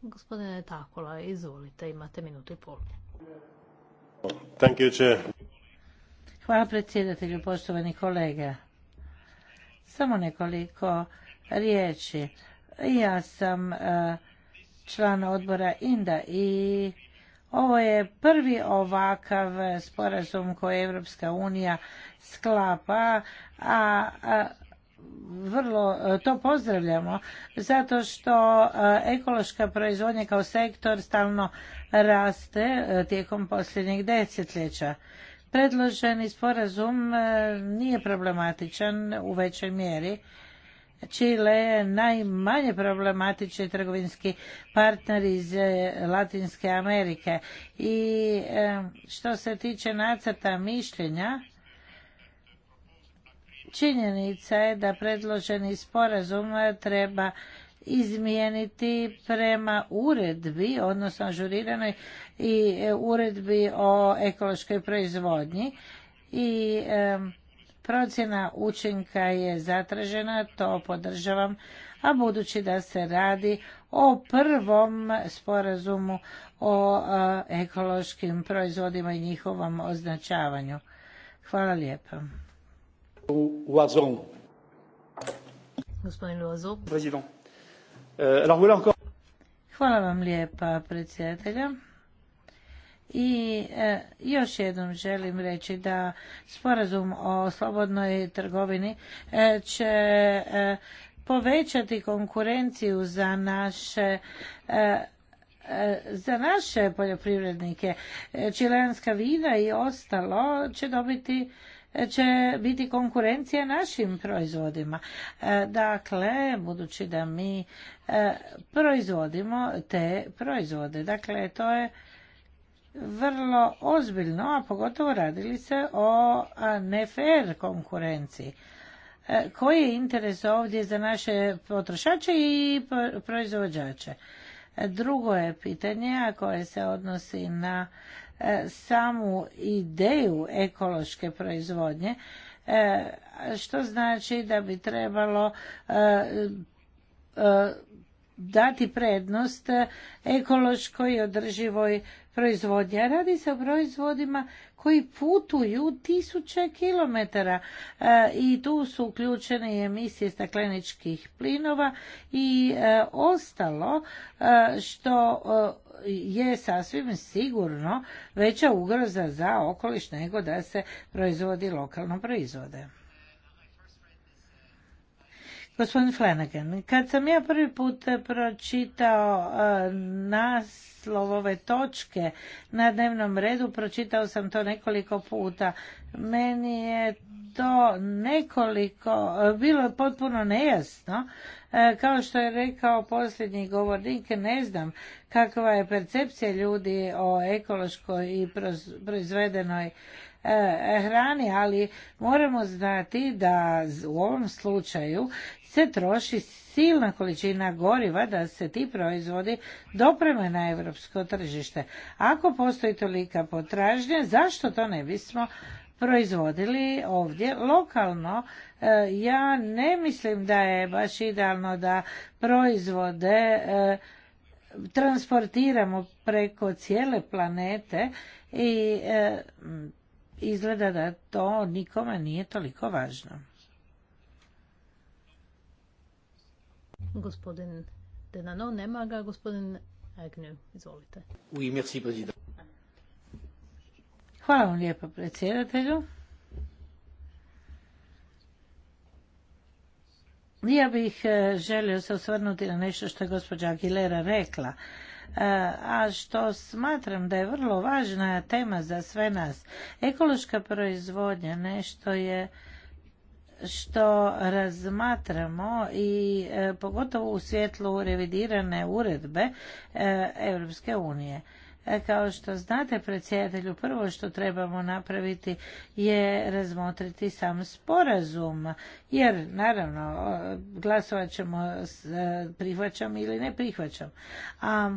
Gospodine Takola, izvolite, imate minutu i pol. Thank you, Hvala predsjedatelju, poštovani kolega. Samo nekoliko riječi. Ja sam e, član odbora Inda i ovo je prvi ovakav sporazum koji Evropska unija sklapa, a vrlo e, to pozdravljamo zato što e, ekološka proizvodnja kao sektor stalno raste tijekom posljednjih desetljeća predloženi sporazum e, nije problematičan u većoj mjeri. Čile je najmanje problematični trgovinski partner iz e, Latinske Amerike. I e, što se tiče nacrta mišljenja, činjenica je da predloženi sporazum treba izmijeniti prema uredbi, odnosno ažuriranoj i e, uredbi o ekološkoj proizvodnji i procjena učinka je zatražena, to podržavam, a budući da se radi o prvom sporazumu o e, ekološkim proizvodima i njihovom označavanju. Hvala lijepa. Gospodin Prezident. Eh, Hvala vam lijepa predsjedatelja. I eh, još jednom želim reći da sporazum o slobodnoj trgovini eh, će povećati konkurenciju za naše za naše poljoprivrednike. Čilenska vina i ostalo će dobiti će biti konkurencija našim proizvodima. E, dakle, budući da mi e, proizvodimo te proizvode. Dakle, to je vrlo ozbiljno, a pogotovo radili se o nefer konkurenciji. E, koji je interes ovdje za naše potrošače i proizvođače? Drugo je pitanje, koje se odnosi na E, samu ideju ekološke proizvodnje, e, što znači da bi trebalo e, dati prednost ekološkoj i održivoj proizvodnji. radi se o proizvodima koji putuju tisuće kilometara i tu su uključene i emisije stakleničkih plinova i ostalo što je sasvim sigurno veća ugroza za okoliš nego da se proizvodi lokalno proizvode. Gospodin Flanagan, kad sam ja prvi put pročitao e, naslov ove točke na dnevnom redu, pročitao sam to nekoliko puta. Meni je to nekoliko, e, bilo je potpuno nejasno. E, kao što je rekao posljednji govornik, ne znam kakva je percepcija ljudi o ekološkoj i proizvedenoj E, e, hrani, ali moramo znati da u ovom slučaju se troši silna količina goriva da se ti proizvodi dopreme na europsko tržište. Ako postoji tolika potražnja, zašto to ne bismo proizvodili ovdje lokalno. E, ja ne mislim da je baš idealno da proizvode transportiramo preko cijele planete i izgleda da to nikome nije toliko važno. Gospodin Denano, nema ga. Gospodin Agnew, izvolite. Oui, Hvala vam lijepo predsjedatelju. Ja bih eh, želio se osvrnuti na nešto što je gospođa Aguilera rekla. E, a što smatram da je vrlo važna tema za sve nas. Ekološka proizvodnja nešto je što razmatramo i e, pogotovo u svjetlu revidirane uredbe e, Europske unije. Kao što znate, predsjedatelju, prvo što trebamo napraviti je razmotriti sam sporazum, jer naravno glasovat ćemo s prihvaćam ili ne prihvaćam. A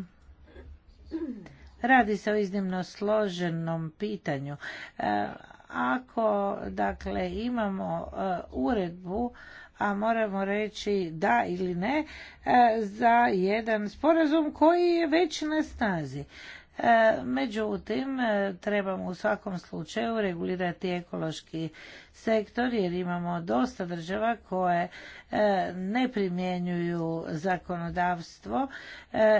Radi se o iznimno složenom pitanju. E, ako dakle imamo e, uredbu, a moramo reći da ili ne e, za jedan sporazum koji je već na snazi. Međutim, trebamo u svakom slučaju regulirati ekološki sektor jer imamo dosta država koje ne primjenjuju zakonodavstvo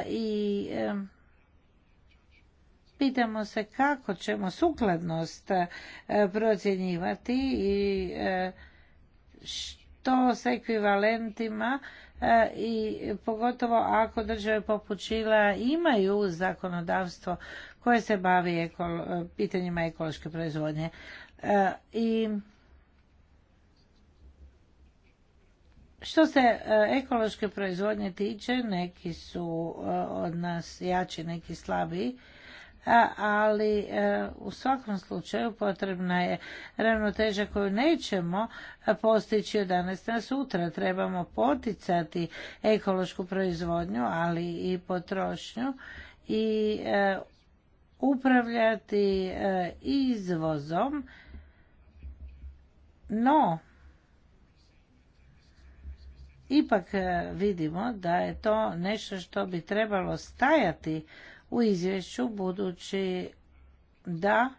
i Pitamo se kako ćemo sukladnost e, procjenjivati i e, što s ekvivalentima e, i pogotovo ako države poput Čila imaju zakonodavstvo koje se bavi pitanjima ekološke proizvodnje. I Što se ekološke proizvodnje tiče, neki su od nas jači, neki slabiji ali e, u svakom slučaju potrebna je ravnoteža koju nećemo postići od danas na sutra. Trebamo poticati ekološku proizvodnju, ali i potrošnju i e, upravljati e, izvozom, no ipak vidimo da je to nešto što bi trebalo stajati u izvješću budući da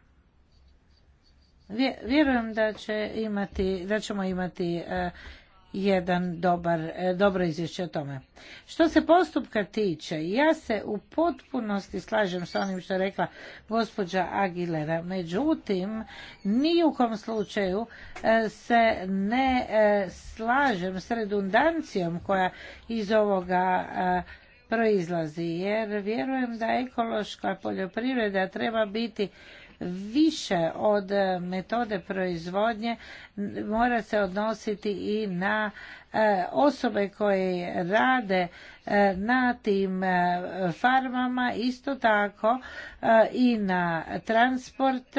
vjerujem da će imati da ćemo imati e, jedan dobar, e, dobro izvješće o tome. Što se postupka tiče, ja se u potpunosti slažem s onim što je rekla gospođa Aguilera. Međutim, ni u kom slučaju e, se ne slažem s redundancijom koja iz ovoga proizlazi jer vjerujem da ekološka poljoprivreda treba biti više od metode proizvodnje mora se odnositi i na e, osobe koje rade e, na tim e, farmama isto tako i na transport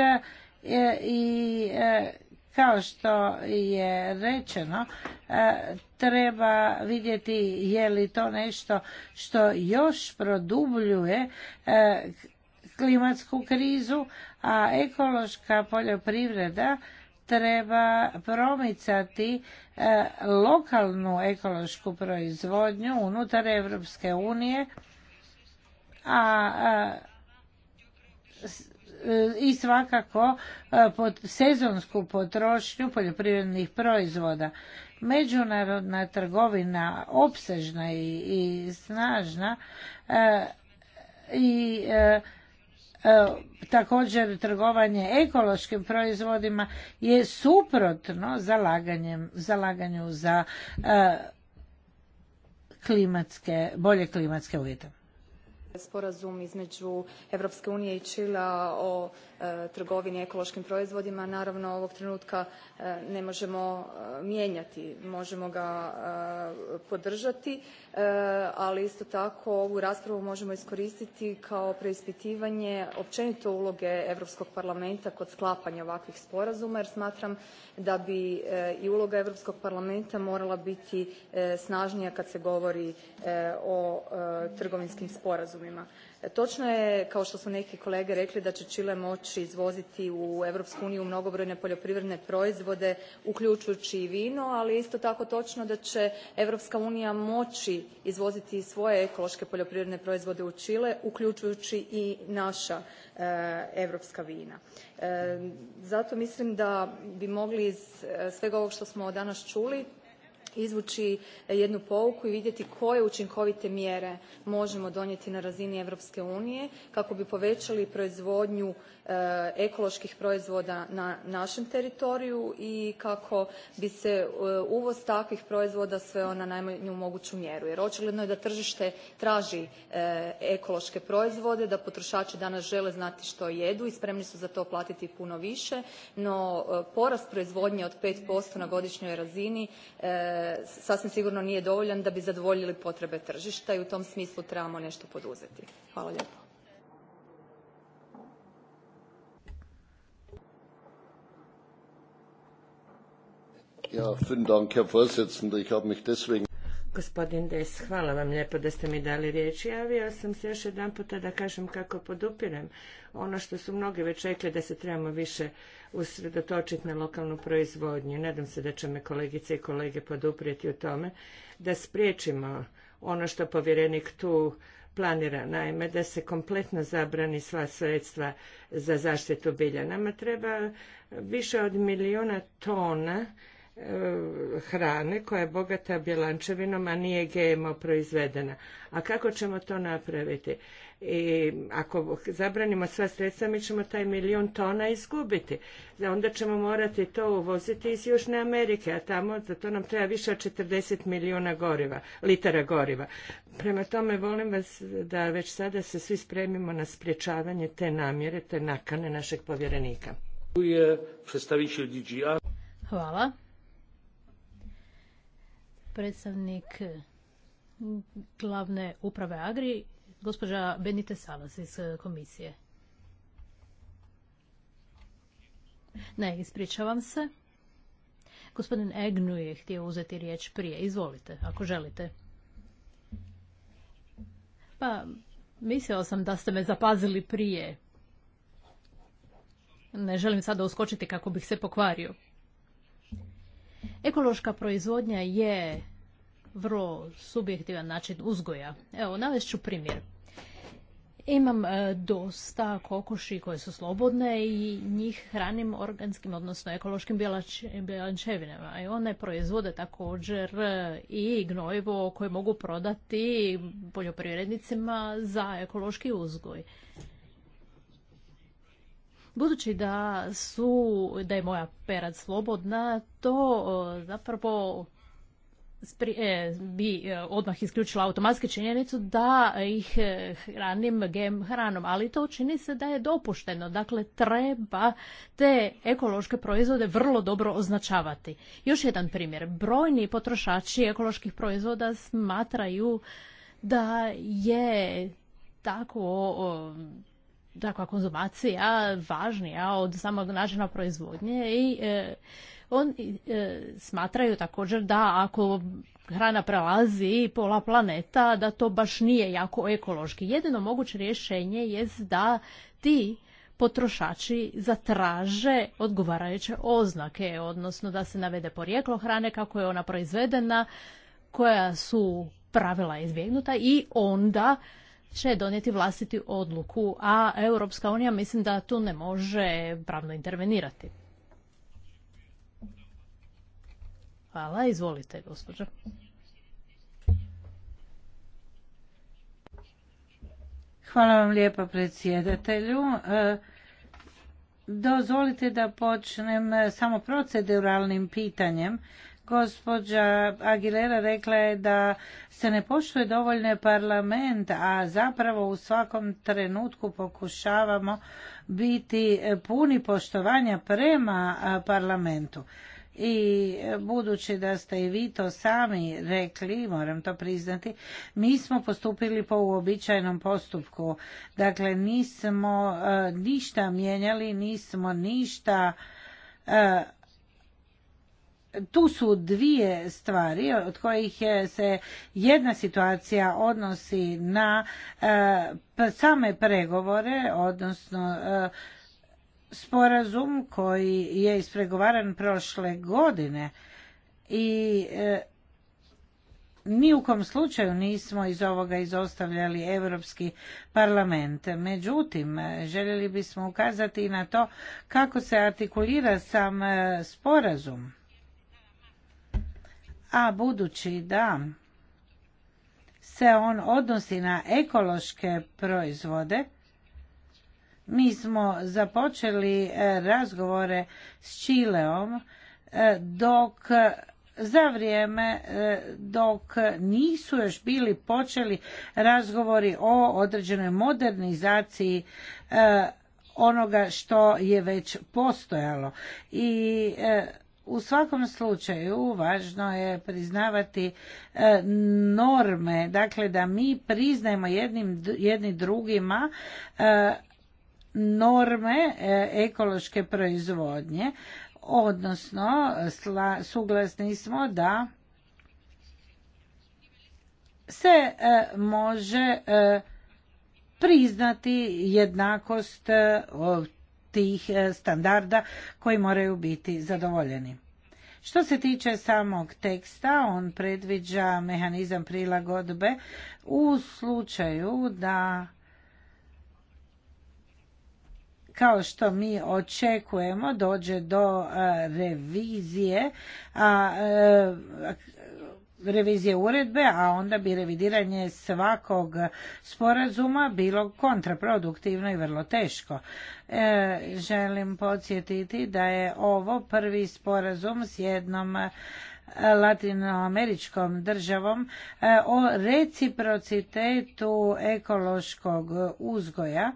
i kao što je rečeno, e, treba vidjeti je li to nešto što još produbljuje e, klimatsku krizu, a ekološka poljoprivreda treba promicati e, lokalnu ekološku proizvodnju unutar Europske unije, a E, i svakako e, pod sezonsku potrošnju poljoprivrednih proizvoda. Međunarodna trgovina opsežna i, snažna e, i također trgovanje ekološkim proizvodima je suprotno zalaganju za klimatske, bolje klimatske uvjete sporazum između Europske unije i Čila o E, trgovini ekološkim proizvodima naravno ovog trenutka e, ne možemo e, mijenjati možemo ga podržati ali isto tako ovu raspravu možemo iskoristiti kao preispitivanje općenito uloge europskog parlamenta kod sklapanja ovakvih sporazuma jer smatram da bi i uloga europskog parlamenta morala biti snažnija kad se govori o trgovinskim sporazumima. E, točno je, kao što su neki kolege rekli, da će Čile moći izvoziti u Europsku uniju mnogobrojne poljoprivredne proizvode, uključujući i vino, ali je isto tako točno da će Europska unija moći izvoziti i svoje ekološke poljoprivredne proizvode u Čile, uključujući i naša europska vina. E, zato mislim da bi mogli iz e, svega ovog što smo danas čuli izvući e, jednu pouku i vidjeti koje učinkovite mjere možemo donijeti na razini europske unije kako bi povećali proizvodnju e, ekoloških proizvoda na našem teritoriju i kako bi se e, uvoz takvih proizvoda sveo na najmanju moguću mjeru jer očigledno je da tržište traži ekološke proizvode da potrošači danas žele znati što jedu i spremni su za to platiti puno više no porast proizvodnje od posto na godišnjoj razini sasvim sigurno nije dovoljan da bi zadovoljili potrebe tržišta i u tom smislu trebamo nešto poduzeti. Hvala lijepo. Herr Ich habe Gospodin Des, hvala vam lijepo da ste mi dali riječ. Javio sam se još jedan puta da kažem kako podupirem ono što su mnogi već rekli da se trebamo više usredotočiti na lokalnu proizvodnju. Nadam se da će me kolegice i kolege poduprijeti u tome da spriječimo ono što povjerenik tu planira, naime da se kompletno zabrani sva sredstva za zaštitu bilja. Nama treba više od milijuna tona E, hrane koja je bogata bjelančevinom, a nije GMO proizvedena. A kako ćemo to napraviti? I ako zabranimo sva sredstva, mi ćemo taj milijun tona izgubiti. Onda ćemo morati to uvoziti iz Južne Amerike, a tamo za to nam treba više od 40 milijuna goriva, litara goriva. Prema tome, volim vas da već sada se svi spremimo na sprječavanje te namjere, te nakane našeg povjerenika. Hvala predstavnik glavne uprave Agri, gospođa Benite Salas iz eh, komisije. Ne, ispričavam se. Gospodin Egnu je htio uzeti riječ prije. Izvolite, ako želite. Pa, mislio sam da ste me zapazili prije. Ne želim sada uskočiti kako bih se pokvario. Ekološka proizvodnja je vrlo subjektivan način uzgoja. Evo, navest ću primjer. Imam e, dosta kokoši koje su slobodne i njih hranim organskim, odnosno ekološkim bjelančevinama. I one proizvode također e, i gnojivo koje mogu prodati poljoprivrednicima za ekološki uzgoj. Budući da su, da je moja perad slobodna, to zapravo e, bi e, odmah isključila automatski činjenicu da ih e, hranim GM hranom, ali to čini se da je dopušteno. Dakle, treba te ekološke proizvode vrlo dobro označavati. Još jedan primjer. Brojni potrošači ekoloških proizvoda smatraju da je tako takva dakle, konzumacija važnija od samog načina proizvodnje i e, oni e, smatraju također da ako hrana prelazi pola planeta, da to baš nije jako ekološki. Jedino moguće rješenje jest da ti potrošači zatraže odgovarajuće oznake, odnosno da se navede porijeklo hrane, kako je ona proizvedena, koja su pravila izbjegnuta i onda će donijeti vlastiti odluku, a Europska unija mislim da tu ne može pravno intervenirati. Hvala, izvolite gospođa. Hvala vam lijepa predsjedatelju. E, dozvolite da počnem samo proceduralnim pitanjem Gospođa Aguilera rekla je da se ne poštuje dovoljno parlament, a zapravo u svakom trenutku pokušavamo biti puni poštovanja prema parlamentu. I budući da ste i vi to sami rekli, moram to priznati, mi smo postupili po uobičajenom postupku. Dakle, nismo ništa mijenjali, nismo ništa tu su dvije stvari od kojih se jedna situacija odnosi na e, pa same pregovore, odnosno e, sporazum koji je ispregovaran prošle godine i e, ni u kom slučaju nismo iz ovoga izostavljali Europski parlament. Međutim, željeli bismo ukazati i na to kako se artikulira sam sporazum a budući da se on odnosi na ekološke proizvode, mi smo započeli e, razgovore s Čileom e, dok za vrijeme e, dok nisu još bili počeli razgovori o određenoj modernizaciji onoga što je već postojalo i u svakom slučaju važno je priznavati e, norme, dakle da mi priznajemo jednim, jedni drugima e, norme e, ekološke proizvodnje, odnosno suglasni smo da se može priznati jednakost tih e, standarda koji moraju biti zadovoljeni. Što se tiče samog teksta, on predviđa mehanizam prilagodbe u slučaju da kao što mi očekujemo dođe do e, revizije a e, revizije uredbe, a onda bi revidiranje svakog sporazuma bilo kontraproduktivno i vrlo teško. E, želim podsjetiti da je ovo prvi sporazum s jednom e, latinoameričkom državom e, o reciprocitetu ekološkog uzgoja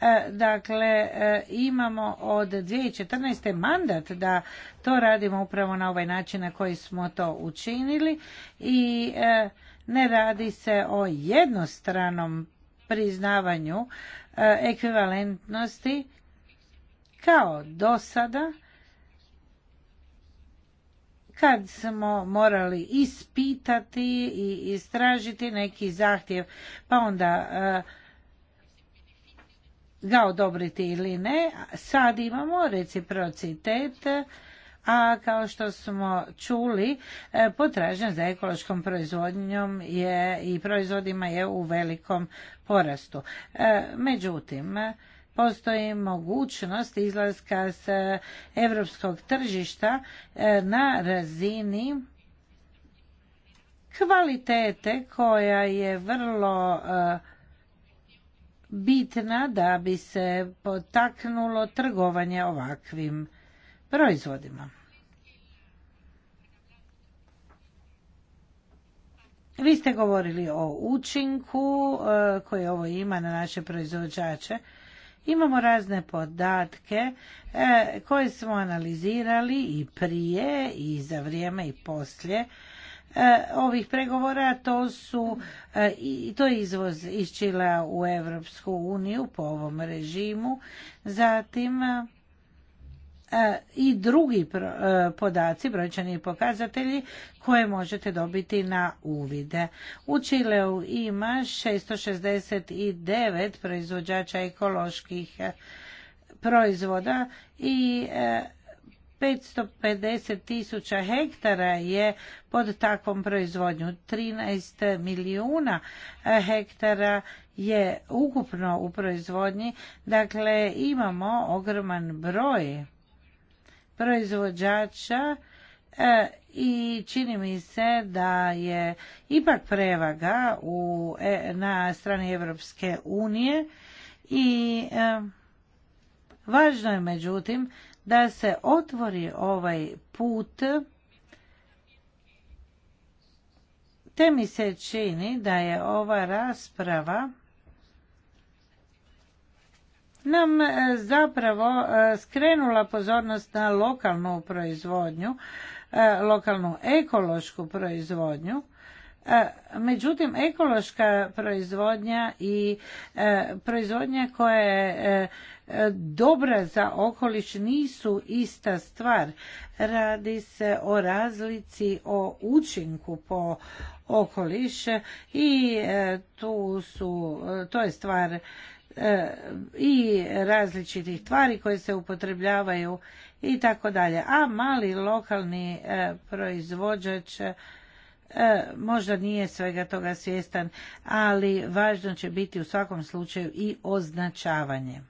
E, dakle, e, imamo od 2014. mandat da to radimo upravo na ovaj način na koji smo to učinili i e, ne radi se o jednostranom priznavanju ekvivalentnosti kao do sada kad smo morali ispitati i istražiti neki zahtjev pa onda ga odobriti ili ne. Sad imamo reciprocitet, a kao što smo čuli, e, potražnja za ekološkom proizvodnjom je i proizvodima je u velikom porastu. E, međutim, postoji mogućnost izlaska s europskog tržišta e, na razini kvalitete koja je vrlo bitna da bi se potaknulo trgovanje ovakvim proizvodima. Vi ste govorili o učinku e, koje ovo ima na naše proizvođače. Imamo razne podatke e, koje smo analizirali i prije i za vrijeme i poslije E, ovih pregovora to su e, i to je izvoz iz Čilea u Europsku uniju po ovom režimu zatim e, i drugi podaci, brojčani pokazatelji koje možete dobiti na uvide. U Čileu ima 669 proizvođača ekoloških proizvoda i 550 tisuća hektara je pod takvom proizvodnju. 13 milijuna e, hektara je ukupno u proizvodnji. Dakle, imamo ogroman broj proizvođača e, i čini mi se da je ipak prevaga u, e, na strani Evropske unije i važno je međutim da se otvori ovaj put te mi se čini da je ova rasprava nam e, zapravo e, skrenula pozornost na lokalnu proizvodnju, e, lokalnu ekološku proizvodnju. Međutim, ekološka proizvodnja i proizvodnja koja je dobra za okoliš nisu ista stvar. Radi se o razlici, o učinku po okoliš i e, tu su, e, to je stvar e, i različitih tvari koje se upotrebljavaju i tako dalje. A mali lokalni proizvođač možda nije svega toga svjestan, ali važno će biti u svakom slučaju i označavanje.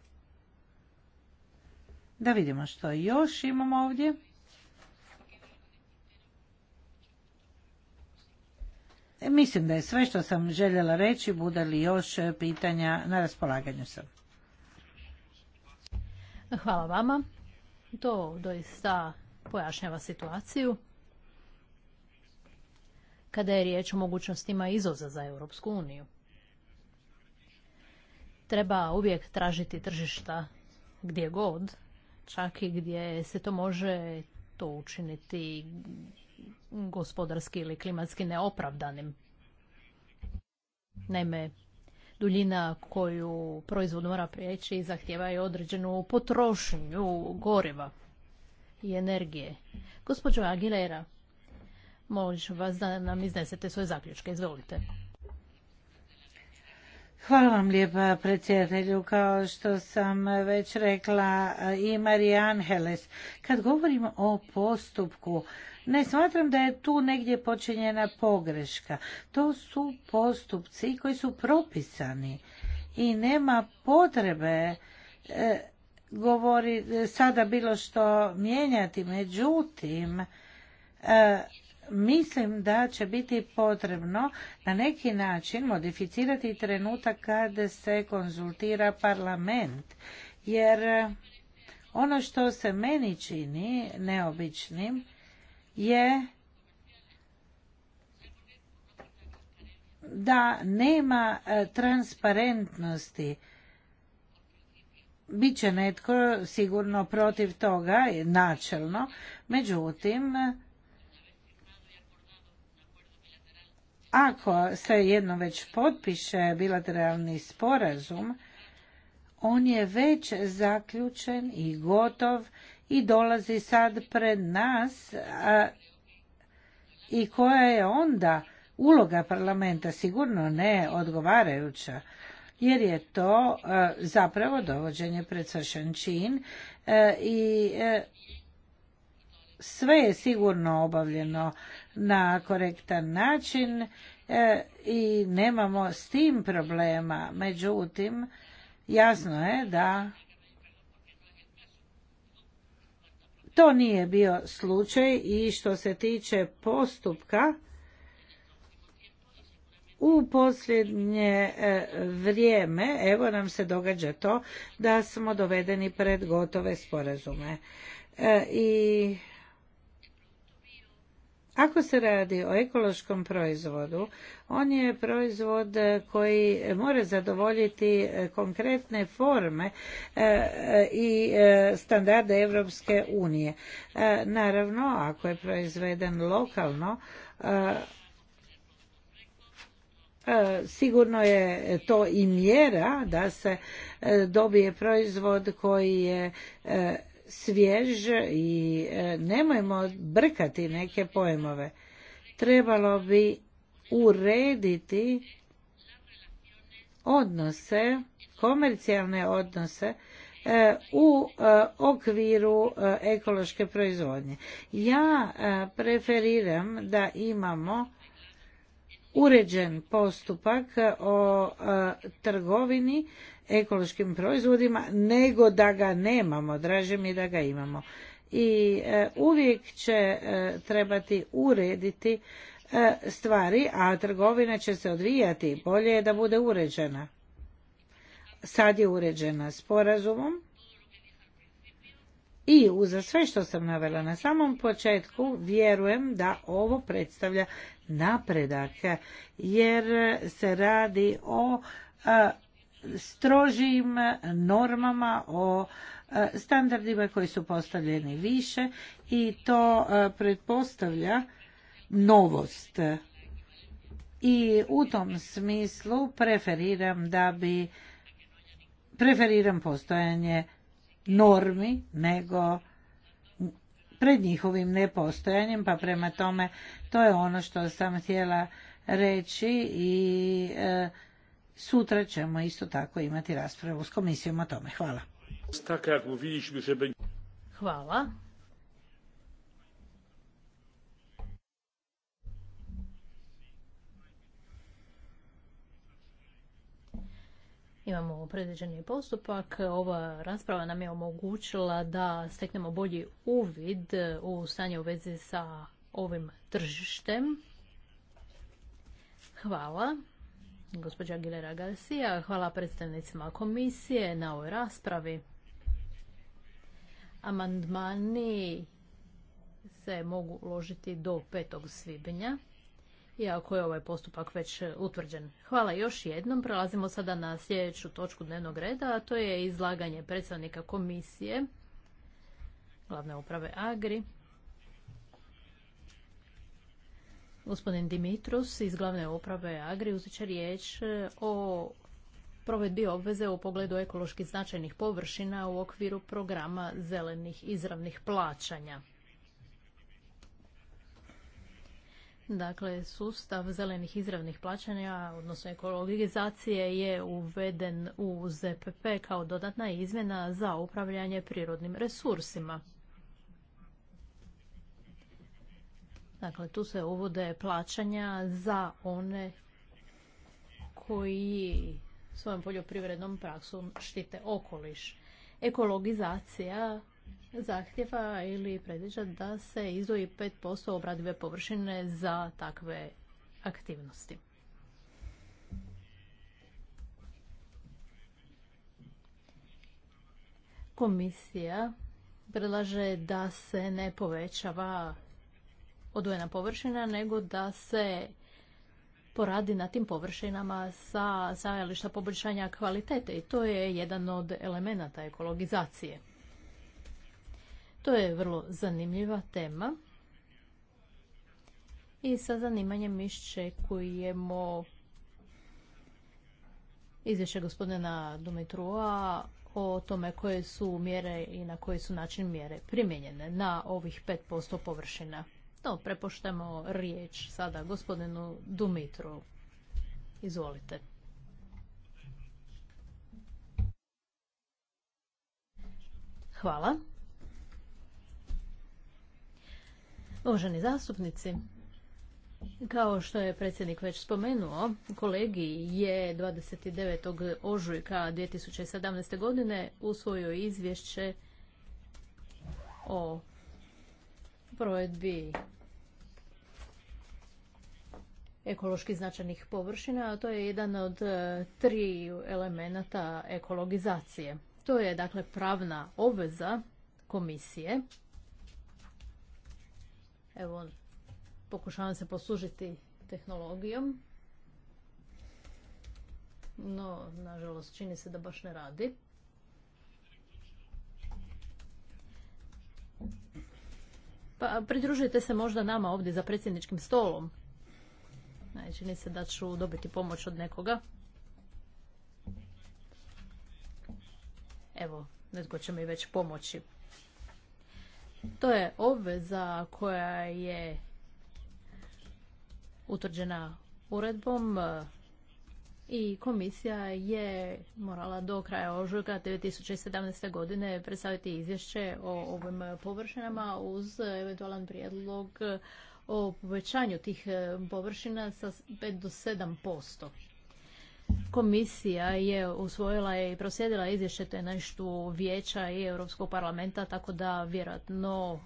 Da vidimo što još imamo ovdje. E, mislim da je sve što sam željela reći, bude li još pitanja na raspolaganju sam. Hvala vama. To doista pojašnjava situaciju. Kada je riječ o mogućnostima izoza za Europsku uniju. Treba uvijek tražiti tržišta gdje god čak i gdje se to može to učiniti gospodarski ili klimatski neopravdanim. Naime, duljina koju proizvod mora prijeći zahtjeva i određenu potrošnju goriva i energije. Gospođo Aguilera, molim vas da nam iznesete svoje zaključke. Izvolite. Hvala vam lijepa predsjedatelju. Kao što sam već rekla e, i Marijan Angeles, kad govorim o postupku, ne smatram da je tu negdje počinjena pogreška. To su postupci koji su propisani i nema potrebe e, govori e, sada bilo što mijenjati. Međutim, mislim da će biti potrebno na neki način modificirati trenutak kada se konzultira parlament jer ono što se meni čini neobičnim je da nema e, transparentnosti Biće netko sigurno protiv toga načelno međutim ako se jedno već potpiše bilateralni sporazum, on je već zaključen i gotov i dolazi sad pred nas i koja je onda uloga parlamenta sigurno ne odgovarajuća jer je to e, zapravo dovođenje pred svršen čin e, i e, sve je sigurno obavljeno na korektan način e, i nemamo s tim problema. Međutim, jasno je da to nije bio slučaj i što se tiče postupka, u posljednje e, vrijeme evo nam se događa to da smo dovedeni pred gotove sporazume. E, I ako se radi o ekološkom proizvodu, on je proizvod koji mora zadovoljiti konkretne forme e, i e, standarde Europske unije. E, naravno, ako je proizveden lokalno, sigurno je to i mjera da se dobije proizvod koji je svjež i e, nemojmo brkati neke pojmove. Trebalo bi urediti odnose, komercijalne odnose e, u e, okviru ekološke proizvodnje. Ja preferiram da imamo uređen postupak e, o e, trgovini ekološkim proizvodima nego da ga nemamo draže mi da ga imamo i e, uvijek će trebati urediti stvari a trgovina će se odvijati bolje je da bude uređena sad je uređena sporazumom i uza sve što sam navela na samom početku, vjerujem da ovo predstavlja napredak, jer se radi o strožim normama, o standardima koji su postavljeni više i to pretpostavlja novost. I u tom smislu preferiram da bi preferiram postojanje normi nego pred njihovim nepostojanjem pa prema tome to je ono što sam htjela reći i e, sutra ćemo isto tako imati raspravu s komisijom o tome. Hvala. Hvala. Imamo predviđeni postupak. Ova rasprava nam je omogućila da steknemo bolji uvid u stanje u vezi sa ovim tržištem. Hvala gospođa Aguilera Garcia. Hvala predstavnicima komisije na ovoj raspravi. Amandmani se mogu uložiti do 5. svibnja iako je ovaj postupak već e, utvrđen. Hvala još jednom. Prelazimo sada na sljedeću točku dnevnog reda, a to je izlaganje predstavnika komisije glavne uprave Agri. Gospodin Dimitrus iz glavne uprave Agri uzet će riječ e, o provedbi obveze u pogledu ekološki značajnih površina u okviru programa zelenih izravnih plaćanja. Dakle, sustav zelenih izravnih plaćanja, odnosno ekologizacije, je uveden u ZPP kao dodatna izmjena za upravljanje prirodnim resursima. Dakle, tu se uvode plaćanja za one koji svojom poljoprivrednom praksom štite okoliš. Ekologizacija zahtjeva ili predviđa da se izdvoji 5% obradive površine za takve aktivnosti. Komisija predlaže da se ne povećava odvojena površina, nego da se poradi na tim površinama sa stajališta poboljšanja kvalitete i to je jedan od elemenata ekologizacije. To je vrlo zanimljiva tema. I sa zanimanjem iščekujemo izvješće gospodina Dumitrua o tome koje su mjere i na koji su način mjere primijenjene na ovih 5% površina. no prepuštamo riječ sada gospodinu Dumitru. Izvolite. Hvala. Uvaženi zastupnici, kao što je predsjednik već spomenuo, kolegi je 29. ožujka 2017. godine usvojio izvješće o provedbi ekološki značajnih površina, a to je jedan od e, tri elemenata ekologizacije. To je dakle pravna obveza komisije Evo, pokušavam se poslužiti tehnologijom. No, nažalost, čini se da baš ne radi. Pa pridružite se možda nama ovdje za predsjedničkim stolom. Znači, čini se da ću dobiti pomoć od nekoga. Evo, netko će mi već pomoći. To je obveza koja je utvrđena uredbom e, i komisija je morala do kraja ožujka 2017. godine predstaviti izvješće o ovim površinama uz eventualan prijedlog o povećanju tih površina sa 5 do 7 posto. Komisija je usvojila i prosjedila izvješće nešto vijeća i Europskog parlamenta, tako da vjerojatno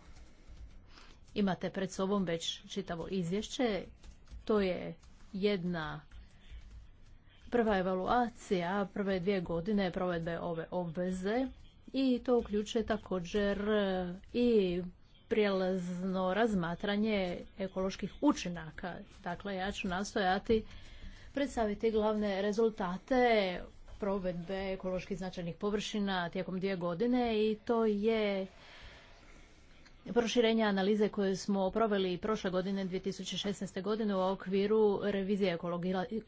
imate pred sobom već čitavo izvješće. To je jedna prva evaluacija prve dvije godine provedbe ove obveze i to uključuje također i prijelazno razmatranje ekoloških učinaka. Dakle, ja ću nastojati predstaviti glavne rezultate provedbe ekološki značajnih površina tijekom dvije godine i to je proširenje analize koje smo proveli prošle godine 2016. godine u okviru revizije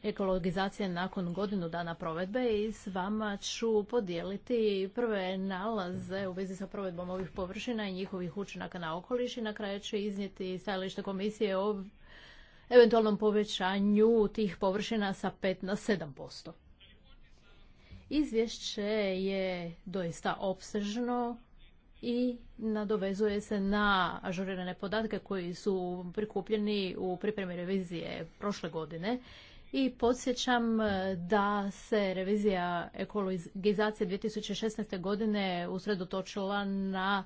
ekologizacije nakon godinu dana provedbe i s vama ću podijeliti prve nalaze u vezi sa provedbom ovih površina i njihovih učinaka na okoliš i na kraju ću iznijeti stajalište komisije o eventualnom povećanju tih površina sa 5 na 7%. Izvješće je doista opsežno i nadovezuje se na ažurirane podatke koji su prikupljeni u pripremi revizije prošle godine i podsjećam da se revizija ekologizacije 2016. godine usredotočila na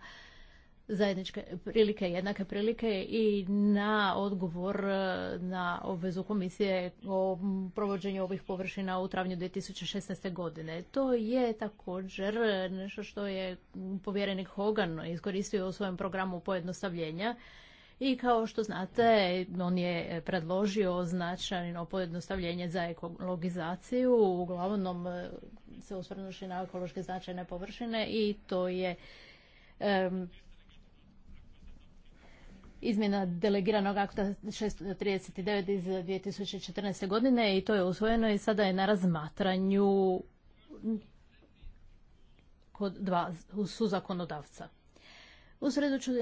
zajedničke prilike, jednake prilike i na odgovor e, na obvezu komisije o provođenju ovih površina u travnju 2016. godine. To je također nešto što je povjerenik Hogan iskoristio u svojem programu pojednostavljenja i kao što znate, on je predložio značajno pojednostavljenje za ekologizaciju, uglavnom e, se osvrnuši na ekološke značajne površine i to je izmjena delegiranog akta 639 iz 2014. godine i to je usvojeno i sada je na razmatranju kod dva suzakonodavca.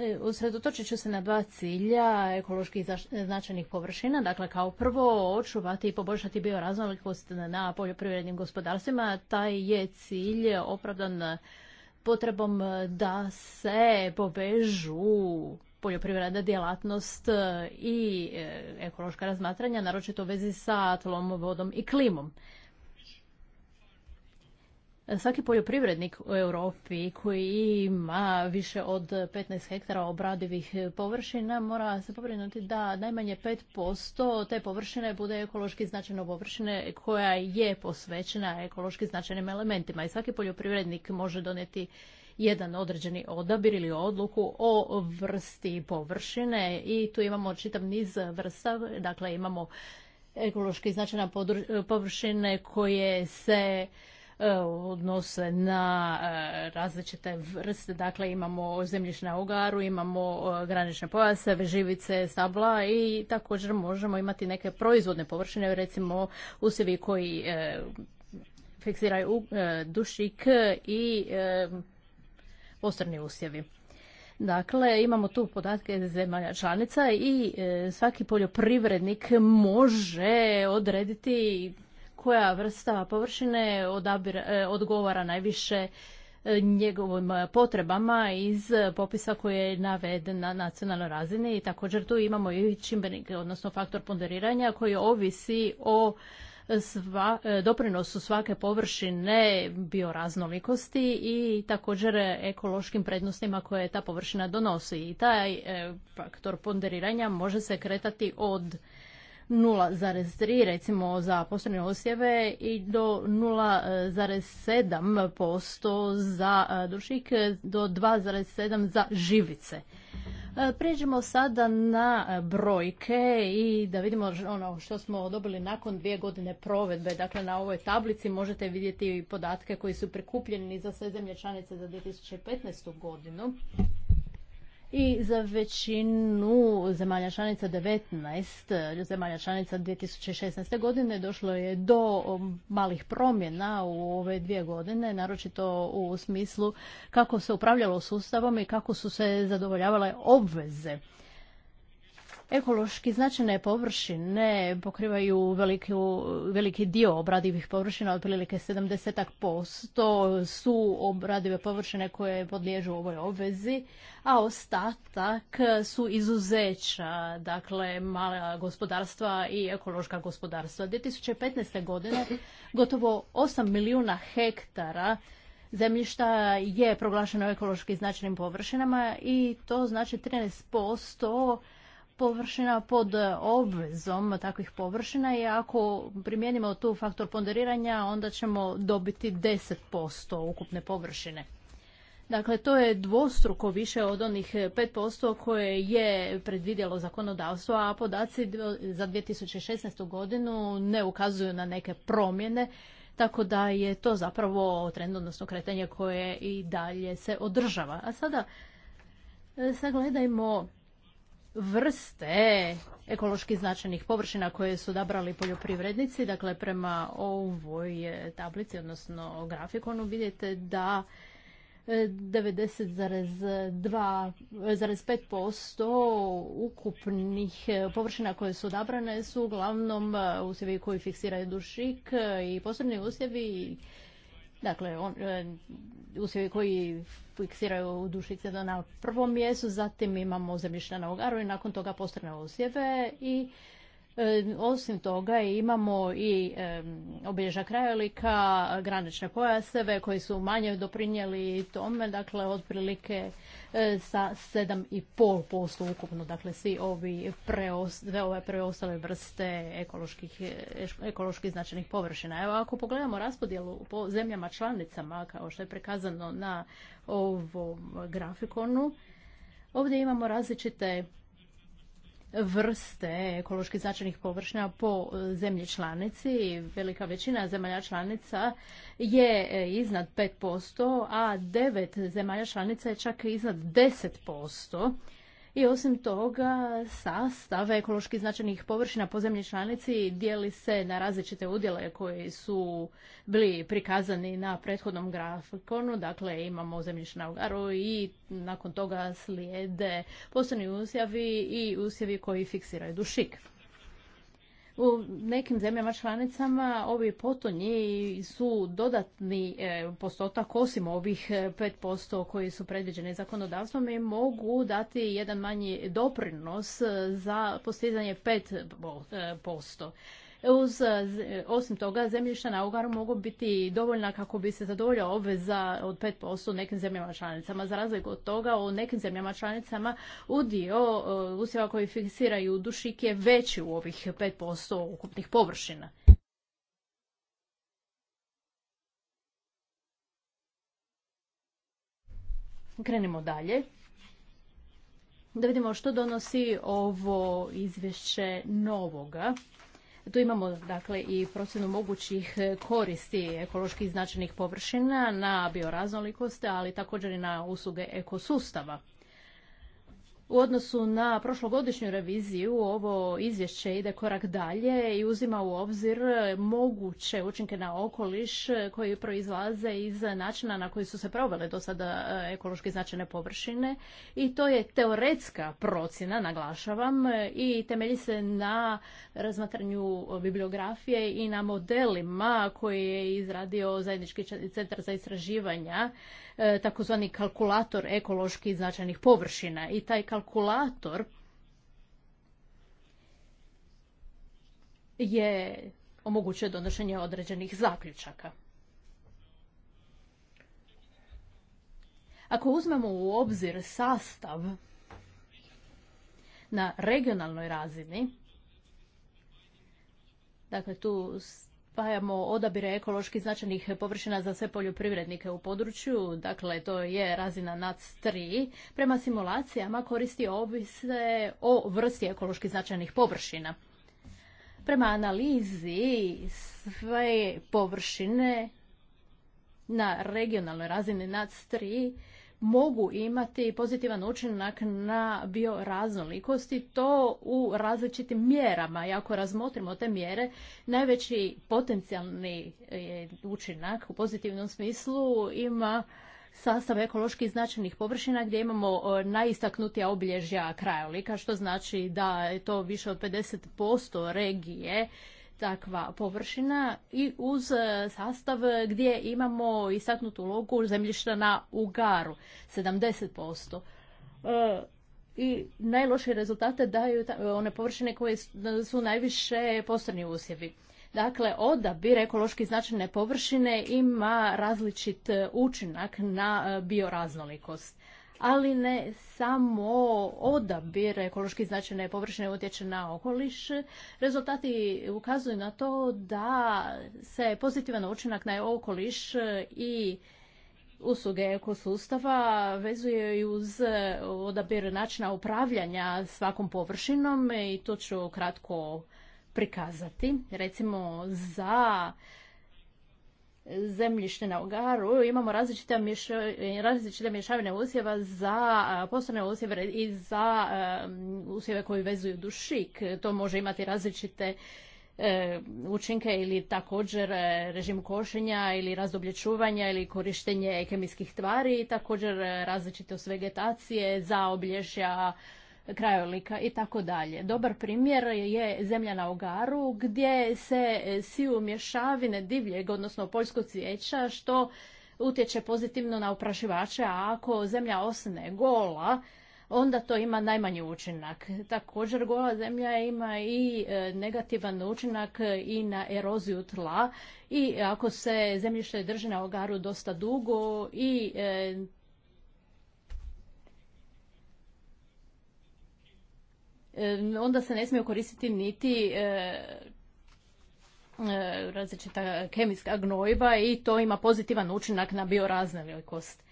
E, usredotočit ću se na dva cilja ekoloških značajnih površina. Dakle, kao prvo očuvati i poboljšati bioraznolikost na poljoprivrednim gospodarstvima. Taj je cilj opravdan potrebom da se povežu poljoprivredna djelatnost e, i e, ekološka razmatranja, naročito u vezi sa tlom, vodom i klimom. Svaki poljoprivrednik u Europi koji ima više od 15 hektara obradivih površina mora se pobrinuti da najmanje 5% te površine bude ekološki značajno površine koja je posvećena ekološki značajnim elementima. I svaki poljoprivrednik može donijeti jedan određeni odabir ili odluku o vrsti površine i tu imamo čitav niz vrsta, dakle imamo ekološki značajne površine koje se e, odnose na e, različite vrste. Dakle, imamo zemljišne na imamo e, granične pojase, živice, stabla i također možemo imati neke proizvodne površine, recimo usjevi koji fiksiraju dušik i postrni usjevi. Dakle, imamo tu podatke zemalja članica i e, svaki poljoprivrednik može odrediti koja vrsta površine e, odgovara najviše e, njegovim potrebama iz popisa koji je naveden na nacionalnoj razini i također tu imamo i čimbenik, odnosno faktor ponderiranja koji ovisi o sva, e, doprinosu svake površine bioraznolikosti i također ekološkim prednostima koje ta površina donosi. I taj e, faktor ponderiranja može se kretati od 0,3 recimo za postojne osjeve i do 0,7% za e, dušik, do 2,7 za živice. E, prijeđemo sada na e, brojke i da vidimo ono što smo dobili nakon dvije godine provedbe. Dakle, na ovoj tablici možete vidjeti i podatke koji su prikupljeni za sve zemlje članice za 2015. godinu i za većinu zemalja članica 19, zemalja članica 2016. godine došlo je do malih promjena u ove dvije godine, naročito u smislu kako se upravljalo sustavom i kako su se zadovoljavale obveze ekološki značajne površine pokrivaju veliki, veliki dio obradivih površina, otprilike 70% su obradive površine koje podliježu ovoj obvezi, a ostatak su izuzeća, dakle mala gospodarstva i ekološka gospodarstva. 2015. godine gotovo 8 milijuna hektara zemljišta je proglašeno ekološki značajnim površinama i to znači 13% površina pod e, obvezom takvih površina i ako primijenimo tu faktor ponderiranja onda ćemo dobiti 10% ukupne površine. Dakle, to je dvostruko više od onih 5% koje je predvidjelo zakonodavstvo, a podaci za 2016. godinu ne ukazuju na neke promjene, tako da je to zapravo trend, odnosno kretanje koje i dalje se održava. A sada e, sagledajmo vrste ekološki značajnih površina koje su odabrali poljoprivrednici. Dakle, prema ovoj e, tablici, odnosno grafikonu, vidite da 90,5% e, ukupnih e, površina koje su odabrane su uglavnom usjevi koji fiksiraju dušik i posebni usjevi Dakle, on, e, usjevi koji fiksiraju dušice na prvom mjestu, zatim imamo zemljište na ugaru i nakon toga postrne usjeve i e, osim toga imamo i e, obilježa krajolika, granične pojaseve koji su manje doprinijeli tome, dakle otprilike E, sa 7,5% ukupno. Dakle, svi ovi ove preostale vrste ekoloških, e, ekološki značajnih površina. Evo, ako pogledamo raspodjelu po zemljama članicama, kao što je prikazano na ovom grafikonu, ovdje imamo različite vrste ekološki značajnih površina po zemlji članici. Velika većina zemalja članica je iznad 5%, a devet zemalja članica je čak iznad 10%. I osim toga, sastav ekološki značajnih površina po zemlji članici dijeli se na različite udjele koji su bili prikazani na prethodnom grafikonu. Dakle, imamo zemljišna ugaru i nakon toga slijede posebni usjavi i usjevi koji fiksiraju dušik. U nekim zemljama članicama ovi potonji su dodatni e, postotak osim ovih 5% e, koji su predviđeni zakonodavstvom i mogu dati jedan manji doprinos e, za postizanje 5%. Uz, e, e, osim toga, zemljišta na ugaru mogu biti dovoljna kako bi se zadovoljila obveza od 5% u nekim zemljama članicama. Za razliku od toga, u nekim zemljama članicama dio e, usjeva koji fiksiraju dušik je veći u ovih 5% ukupnih površina. Krenimo dalje. Da vidimo što donosi ovo izvješće novoga. Tu imamo dakle i procjenu mogućih e, koristi ekološki značajnih površina na bioraznolikost, ali također i na usluge ekosustava. U odnosu na prošlogodišnju reviziju, ovo izvješće ide korak dalje i uzima u obzir moguće učinke na okoliš koji proizlaze iz načina na koji su se provele do sada e, ekološki značajne površine. I to je teoretska procjena, naglašavam, i temelji se na razmatranju bibliografije i na modelima koje je izradio Zajednički centar za istraživanja E, takozvani kalkulator ekološki značajnih površina i taj kalkulator je omogućuje donošenje određenih zaključaka. Ako uzmemo u obzir sastav na regionalnoj razini, dakle tu spajamo odabire ekološki značajnih površina za sve poljoprivrednike u području, dakle to je razina NAC3, prema simulacijama koristi ovise o vrsti ekološki značajnih površina. Prema analizi sve površine na regionalnoj razini nac mogu imati pozitivan učinak na bioraznolikost i to u različitim mjerama. I ako razmotrimo te mjere, najveći potencijalni e, učinak u pozitivnom smislu ima sastav ekološki značajnih površina gdje imamo e, najistaknutija obilježja krajolika, što znači da je to više od 50% regije takva površina i uz e, sastav gdje imamo istaknutu logu zemljišta na ugaru, 70%. E, I najlošije rezultate daju one površine koje su najviše postorni usjevi. Dakle, odabir ekološki značajne površine ima različit učinak na e, bioraznolikost ali ne samo odabir ekološki značajne površine utječe na okoliš. Rezultati ukazuju na to da se pozitivan učinak na okoliš i usluge ekosustava vezuje i uz odabir načina upravljanja svakom površinom i to ću kratko prikazati. Recimo za zemljište na Ogaru imamo različite mješavine, usjeva za poslovne usjeve i za usjeve koji vezuju dušik. To može imati različite e, učinke ili također e, režim košenja ili razdoblje čuvanja ili korištenje kemijskih tvari i također e, različitost vegetacije za oblježja krajolika i tako dalje. Dobar primjer je zemlja na Ogaru gdje se e, siju mješavine divljeg, odnosno poljskog cvijeća, što utječe pozitivno na oprašivače, a ako zemlja osne gola, onda to ima najmanji učinak. Također gola zemlja ima i e, negativan učinak i na eroziju tla i ako se zemljište drži na ogaru dosta dugo i e, E, onda se ne smije koristiti niti e, e, različita kemijska gnojiva i to ima pozitivan učinak na bioraznolikost.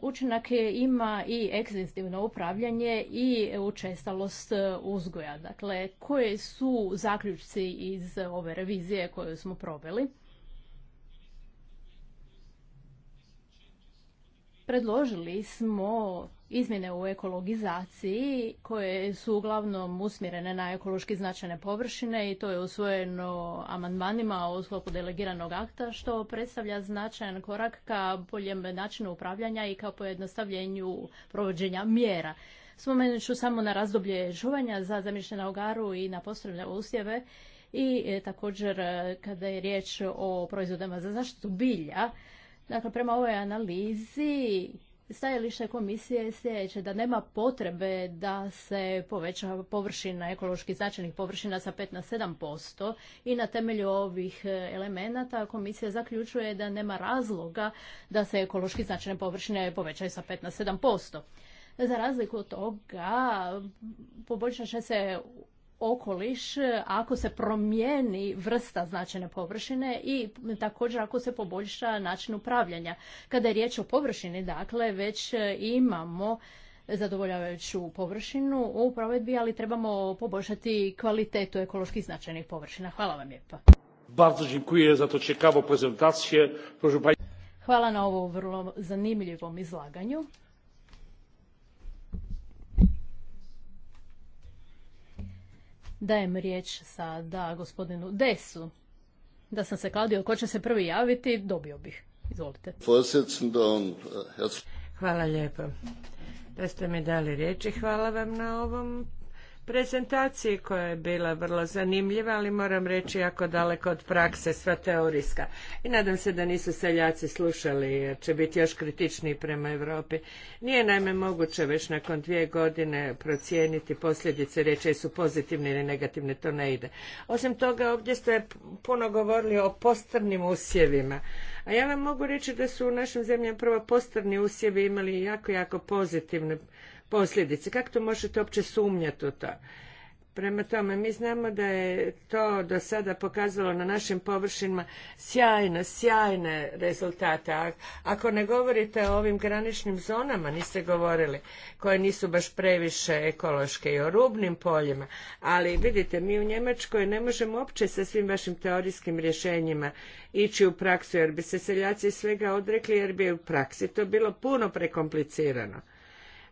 Učinak ima i ekstenzivno upravljanje i učestalost uzgoja. Dakle, koje su zaključci iz ove revizije koju smo proveli? Predložili smo izmjene u ekologizaciji koje su uglavnom usmjerene na ekološki značajne površine i to je usvojeno amandmanima u sklopu delegiranog akta što predstavlja značajan korak ka boljem načinu upravljanja i ka pojednostavljenju provođenja mjera. Spomenut ću samo na razdoblje žuvanja za zamišljena ogaru i na postrojne usjeve i e, također e, kada je riječ o proizvodama za zaštitu bilja. Dakle, prema ovoj analizi stajalište komisije je sljedeće, da nema potrebe da se poveća površina, ekološki značajnih površina sa 5 na 7% i na temelju ovih e, elemenata komisija zaključuje da nema razloga da se ekološki značajne površine povećaju sa 5 na 7%. Za razliku od toga, poboljšat će se okoliš e, ako se promijeni vrsta značajne površine i također ako se poboljša način upravljanja. Kada je riječ o površini, dakle, već e, imamo zadovoljavajuću površinu u provedbi, ali trebamo poboljšati kvalitetu ekološki značajnih površina. Hvala vam lijepa. Bardzo dziękuję za to prezentację. Hvala na ovom vrlo zanimljivom izlaganju. Dajem riječ sada gospodinu Desu. Da sam se kladio ko će se prvi javiti, dobio bih. Izvolite. Eh, hvala lijepo da ste mi dali riječi. Hvala vam na ovom prezentaciji koja je bila vrlo zanimljiva, ali moram reći jako daleko od prakse, sva teorijska. I nadam se da nisu seljaci slušali, jer će biti još kritičniji prema Europi. Nije najme moguće već nakon dvije godine procijeniti posljedice, reći su pozitivne ili negativne, to ne ide. Osim toga, ovdje ste puno govorili o postrnim usjevima. A ja vam mogu reći da su u našim zemljama prvo postrni usjevi imali jako, jako pozitivne posljedice. Kako to možete uopće sumnjati u to? Prema tome, mi znamo da je to do sada pokazalo na našim površinama sjajne, sjajne rezultate. ako ne govorite o ovim graničnim zonama, niste govorili, koje nisu baš previše ekološke i o rubnim poljima, ali vidite, mi u Njemačkoj ne možemo uopće sa svim vašim teorijskim rješenjima ići u praksu, jer bi se seljaci svega odrekli, jer bi u praksi to bilo puno prekomplicirano.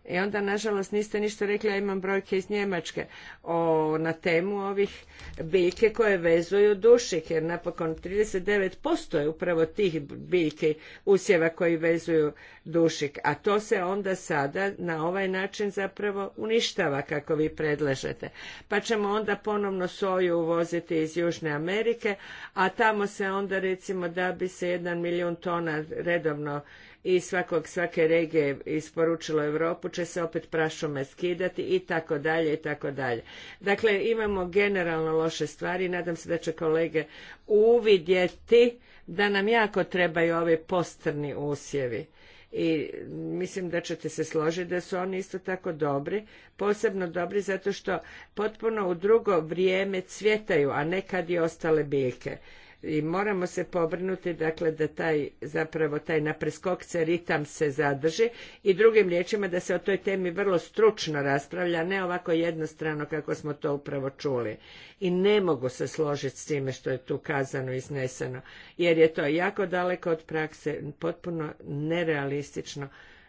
I onda, nažalost, niste ništa rekli, ja imam brojke iz Njemačke o, na temu ovih biljke koje vezuju dušik, jer napokon 39% je upravo tih biljki usjeva koji vezuju dušik, a to se onda sada na ovaj način zapravo uništava kako vi predlažete. Pa ćemo onda ponovno soju uvoziti iz Južne Amerike, a tamo se onda recimo da bi se jedan milijun tona redovno i svakog, svake regije isporučilo Europu će se opet prašume skidati i tako dalje i tako dalje. Dakle, imamo generalno loše stvari i nadam se da će kolege uvidjeti da nam jako trebaju ovi postrni usjevi i mislim da ćete se složiti da su oni isto tako dobri, posebno dobri zato što potpuno u drugo vrijeme cvjetaju, a nekad i ostale biljke i moramo se pobrinuti dakle da taj zapravo taj napreskokce ritam se zadrži i drugim riječima da se o toj temi vrlo stručno raspravlja, ne ovako jednostrano kako smo to upravo čuli. I ne mogu se složiti s time što je tu kazano i izneseno, jer je to jako daleko od prakse, potpuno nerealistično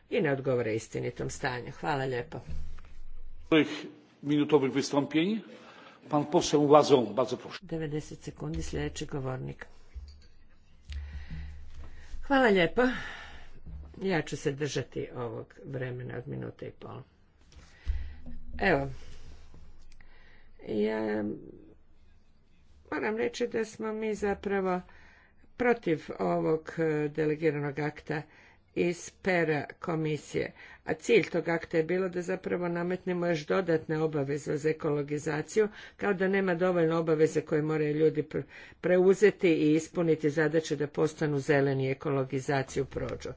i ne odgovore istinitom stanju. Hvala lijepo. Minutovih Pan poseł Łazą, bardzo proszę. 90 sekundi, sljedeći govornik. Hvala lijepo. Ja ću se držati ovog vremena od minute i pol. Evo, ja moram reći da smo mi zapravo protiv ovog delegiranog akta iz pera komisije, a cilj tog akta je bilo da zapravo nametnemo još dodatne obaveze za ekologizaciju, kao da nema dovoljno obaveze koje moraju ljudi preuzeti i ispuniti zadaće da postanu zeleni i ekologizaciju prođu.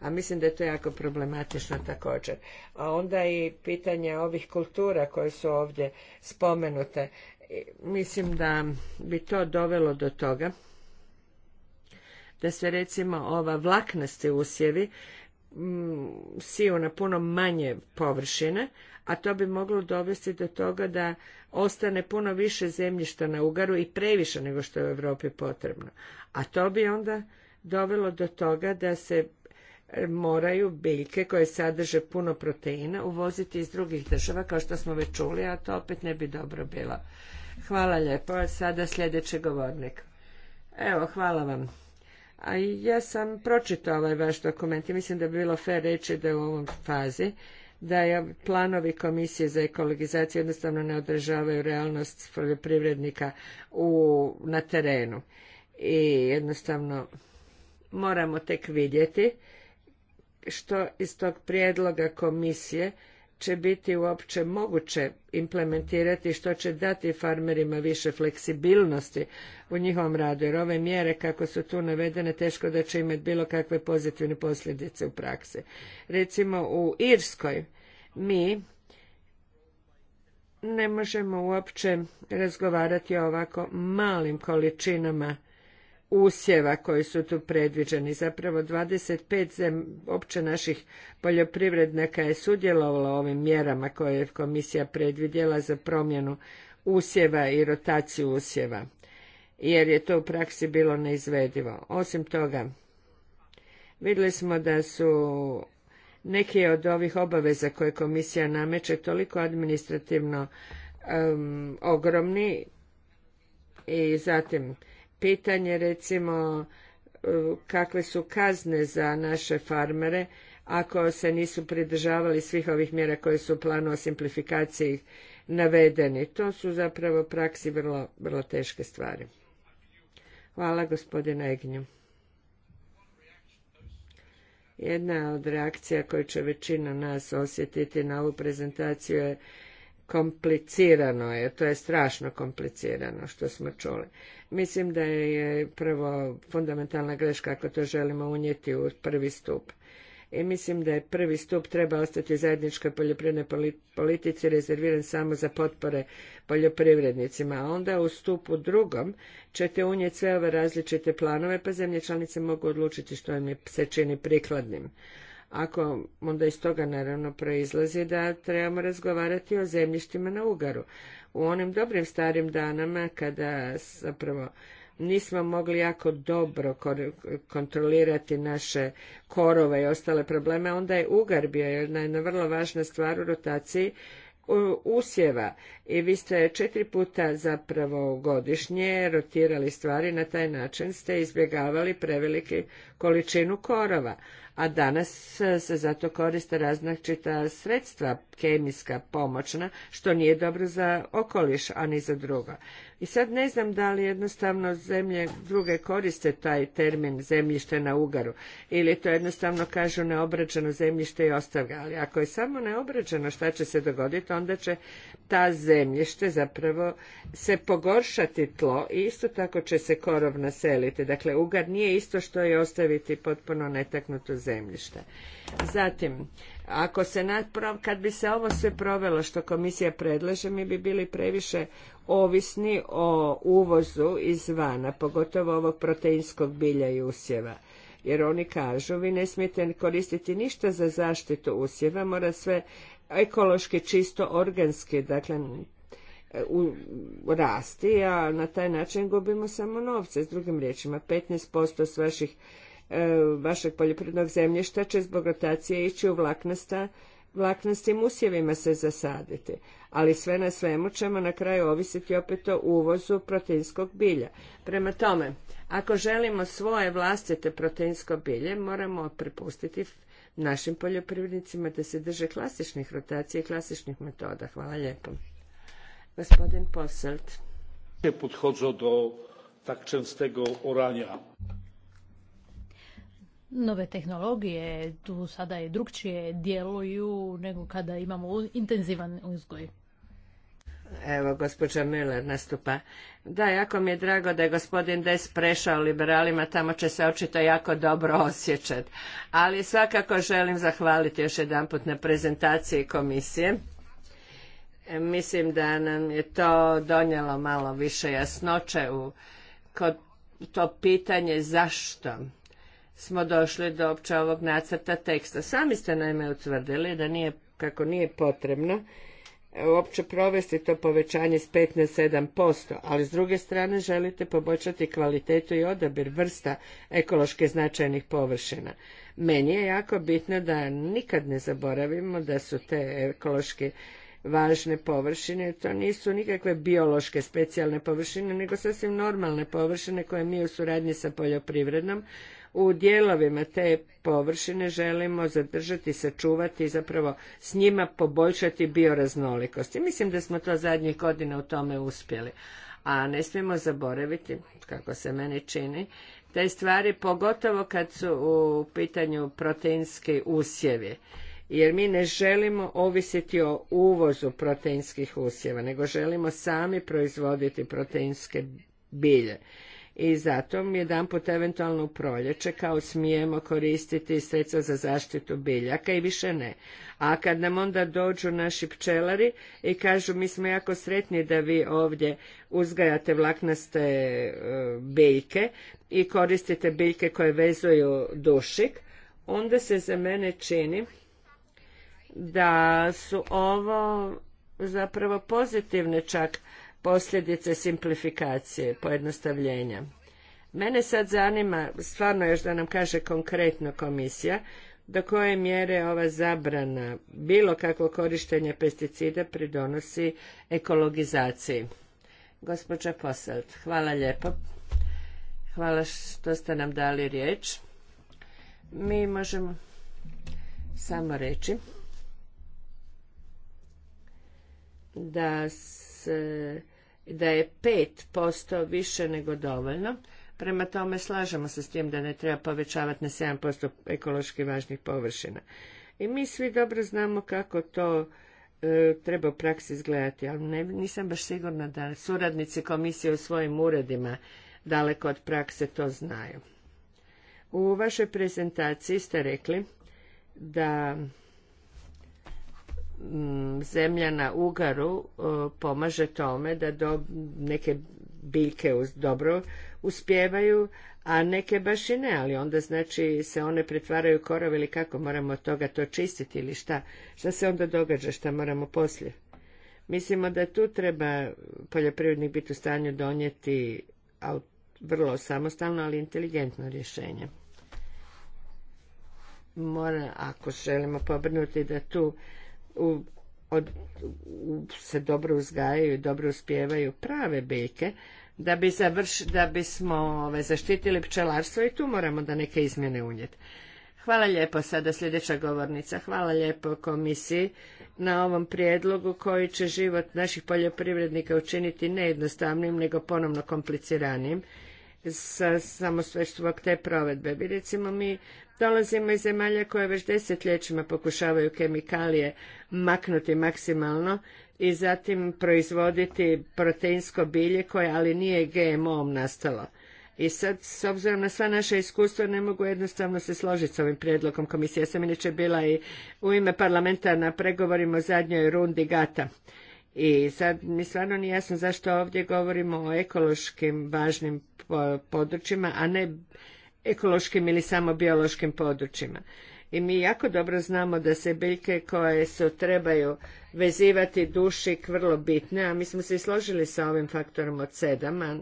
A mislim da je to jako problematično također. A onda i pitanje ovih kultura koje su ovdje spomenute. Mislim da bi to dovelo do toga da se recimo ova vlaknasti usjevi mm, siju na puno manje površine, a to bi moglo dovesti do toga da ostane puno više zemljišta na ugaru i previše nego što je u Europi potrebno. A to bi onda dovelo do toga da se e, moraju biljke koje sadrže puno proteina uvoziti iz drugih država, kao što smo već čuli, a to opet ne bi dobro bilo. Hvala lijepo. Sada sljedeći govornik. Evo, hvala vam. A ja sam pročitao ovaj vaš dokument i mislim da bi bilo fair reći da u ovom fazi da je planovi komisije za ekologizaciju jednostavno ne održavaju realnost poljoprivrednika na terenu. I jednostavno moramo tek vidjeti što iz tog prijedloga komisije će biti uopće moguće implementirati što će dati farmerima više fleksibilnosti u njihovom radu jer ove mjere kako su tu navedene teško da će imati bilo kakve pozitivne posljedice u praksi. Recimo u Irskoj mi ne možemo uopće razgovarati o ovako malim količinama usjeva koji su tu predviđeni. Zapravo 25 zem, opće naših poljoprivrednika je sudjelovalo ovim mjerama koje je komisija predvidjela za promjenu usjeva i rotaciju usjeva, jer je to u praksi bilo neizvedivo. Osim toga, vidjeli smo da su neke od ovih obaveza koje komisija nameće toliko administrativno um, ogromni i zatim pitanje recimo e, kakve su kazne za naše farmere ako se nisu pridržavali svih ovih mjera koje su u planu o simplifikaciji navedeni. To su zapravo praksi vrlo, vrlo teške stvari. Hvala gospodine Egnju. Jedna od reakcija koju će većina nas osjetiti na ovu prezentaciju je komplicirano je, to je strašno komplicirano što smo čuli. Mislim da je prvo fundamentalna greška ako to želimo unijeti u prvi stup. I mislim da je prvi stup treba ostati zajedničkoj poljoprivrednoj politici rezerviran samo za potpore poljoprivrednicima. A onda u stupu drugom ćete unijeti sve ove različite planove, pa zemlje članice mogu odlučiti što im se čini prikladnim ako onda iz toga naravno proizlazi da trebamo razgovarati o zemljištima na Ugaru u onim dobrim starim danama kada zapravo nismo mogli jako dobro kontrolirati naše korove i ostale probleme, onda je ugar bio jedna vrlo važna stvar u rotaciji usjeva i vi ste četiri puta zapravo godišnje rotirali stvari na taj način ste izbjegavali preveliku količinu korova a danas e, se zato koriste različita sredstva kemijska, pomoćna, što nije dobro za okoliš, a ni za druga. I sad ne znam da li jednostavno zemlje druge koriste taj termin zemljište na ugaru ili to jednostavno kažu neobrađeno zemljište i ostavlja. Ali ako je samo neobrađeno šta će se dogoditi, onda će ta zemljište zapravo se pogoršati tlo i isto tako će se korov naseliti. Dakle, ugar nije isto što je ostaviti potpuno netaknuto zemljište. Zatim, ako se kad bi se ovo sve provelo što komisija predlaže, mi bi bili previše ovisni o uvozu izvana, pogotovo ovog proteinskog bilja i usjeva. Jer oni kažu, vi ne smijete koristiti ništa za zaštitu usjeva, mora sve ekološki čisto organski, dakle u, rasti, a na taj način gubimo samo novce. S drugim riječima, 15% s vaših, e, vašeg poljoprivrednog zemljišta će zbog rotacije ići u vlaknasta vlaknastim usjevima se zasaditi. Ali sve na svemu ćemo na kraju ovisiti opet o uvozu proteinskog bilja. Prema tome, ako želimo svoje vlastite proteinsko bilje, moramo prepustiti našim poljoprivrednicima da se drže klasičnih rotacija i klasičnih metoda. Hvala lijepo. Gospodin Poselt. Podhodzo do tak oranja nove tehnologije tu sada i drugčije djeluju nego kada imamo intenzivan uzgoj. Evo, gospođa Miller nastupa. Da, jako mi je drago da je gospodin Des prešao liberalima, tamo će se očito jako dobro osjećati. Ali svakako želim zahvaliti još jedanput na prezentaciji komisije. mislim da nam je to donijelo malo više jasnoće u, kod to pitanje zašto smo došli do opće ovog nacrta teksta. Sami ste naime utvrdili da nije, kako nije potrebno e, uopće provesti to povećanje s 5 na 7%, ali s druge strane želite poboljšati kvalitetu i odabir vrsta ekološke značajnih površina. Meni je jako bitno da nikad ne zaboravimo da su te ekološke važne površine, to nisu nikakve biološke specijalne površine, nego sasvim normalne površine koje mi u suradnji sa poljoprivrednom u dijelovima te površine želimo zadržati, sačuvati i zapravo s njima poboljšati bioraznolikost. I mislim da smo to zadnjih godina u tome uspjeli. A ne smijemo zaboraviti, kako se meni čini, te stvari pogotovo kad su u pitanju proteinske usjevi jer mi ne želimo ovisiti o uvozu proteinskih usjeva, nego želimo sami proizvoditi proteinske bilje i zato jedan put eventualno u proljeće kao smijemo koristiti sredstva za zaštitu biljaka i više ne. A kad nam onda dođu naši pčelari i kažu mi smo jako sretni da vi ovdje uzgajate vlaknaste e, biljke i koristite biljke koje vezuju dušik, onda se za mene čini da su ovo zapravo pozitivne čak posljedice simplifikacije, pojednostavljenja. Mene sad zanima, stvarno još da nam kaže konkretno komisija, do koje mjere ova zabrana bilo kakvo korištenje pesticida pridonosi ekologizaciji. Gospođa Poselt, hvala lijepo. Hvala što ste nam dali riječ. Mi možemo samo reći da se da je 5% više nego dovoljno. Prema tome slažemo se s tim da ne treba povećavati na 7% ekološki važnih površina. I mi svi dobro znamo kako to e, treba u praksi izgledati, ali ne, nisam baš sigurna da suradnici komisije u svojim uredima daleko od prakse to znaju. U vašoj prezentaciji ste rekli da Mm, zemlja na ugaru e, pomaže tome da neke biljke dobro uspjevaju, a neke baš i ne, ali onda znači se one pretvaraju korov ili kako moramo od toga to čistiti ili šta. Šta se onda događa, šta moramo poslije? Mislimo da tu treba poljoprivrednik biti u stanju donijeti vrlo samostalno, ali inteligentno rješenje. Mora, ako želimo pobrnuti da tu u, od, se dobro uzgajaju i dobro uspijevaju prave biljke da bi, završ, da bismo ove, ovaj, zaštitili pčelarstvo i tu moramo da neke izmjene unijeti. Hvala lijepo sada sljedeća govornica. Hvala lijepo komisiji na ovom prijedlogu koji će život naših poljoprivrednika učiniti ne nego ponovno kompliciranim sa samo te provedbe. Bi recimo mi Dolazimo iz zemalja koje već desetljećima pokušavaju kemikalije maknuti maksimalno i zatim proizvoditi proteinsko bilje koje ali nije GMO-om nastalo. I sad, s obzirom na sva naša iskustva, ne mogu jednostavno se složiti s ovim prijedlogom komisije. Ja sam inače bila i u ime parlamenta na pregovorima o zadnjoj rundi gata. I sad mi stvarno nije jasno zašto ovdje govorimo o ekološkim važnim područjima, a ne ekološkim ili samo biološkim područjima. I mi jako dobro znamo da se biljke koje se trebaju vezivati dušik vrlo bitne, a mi smo se i složili sa ovim faktorom od sedam, a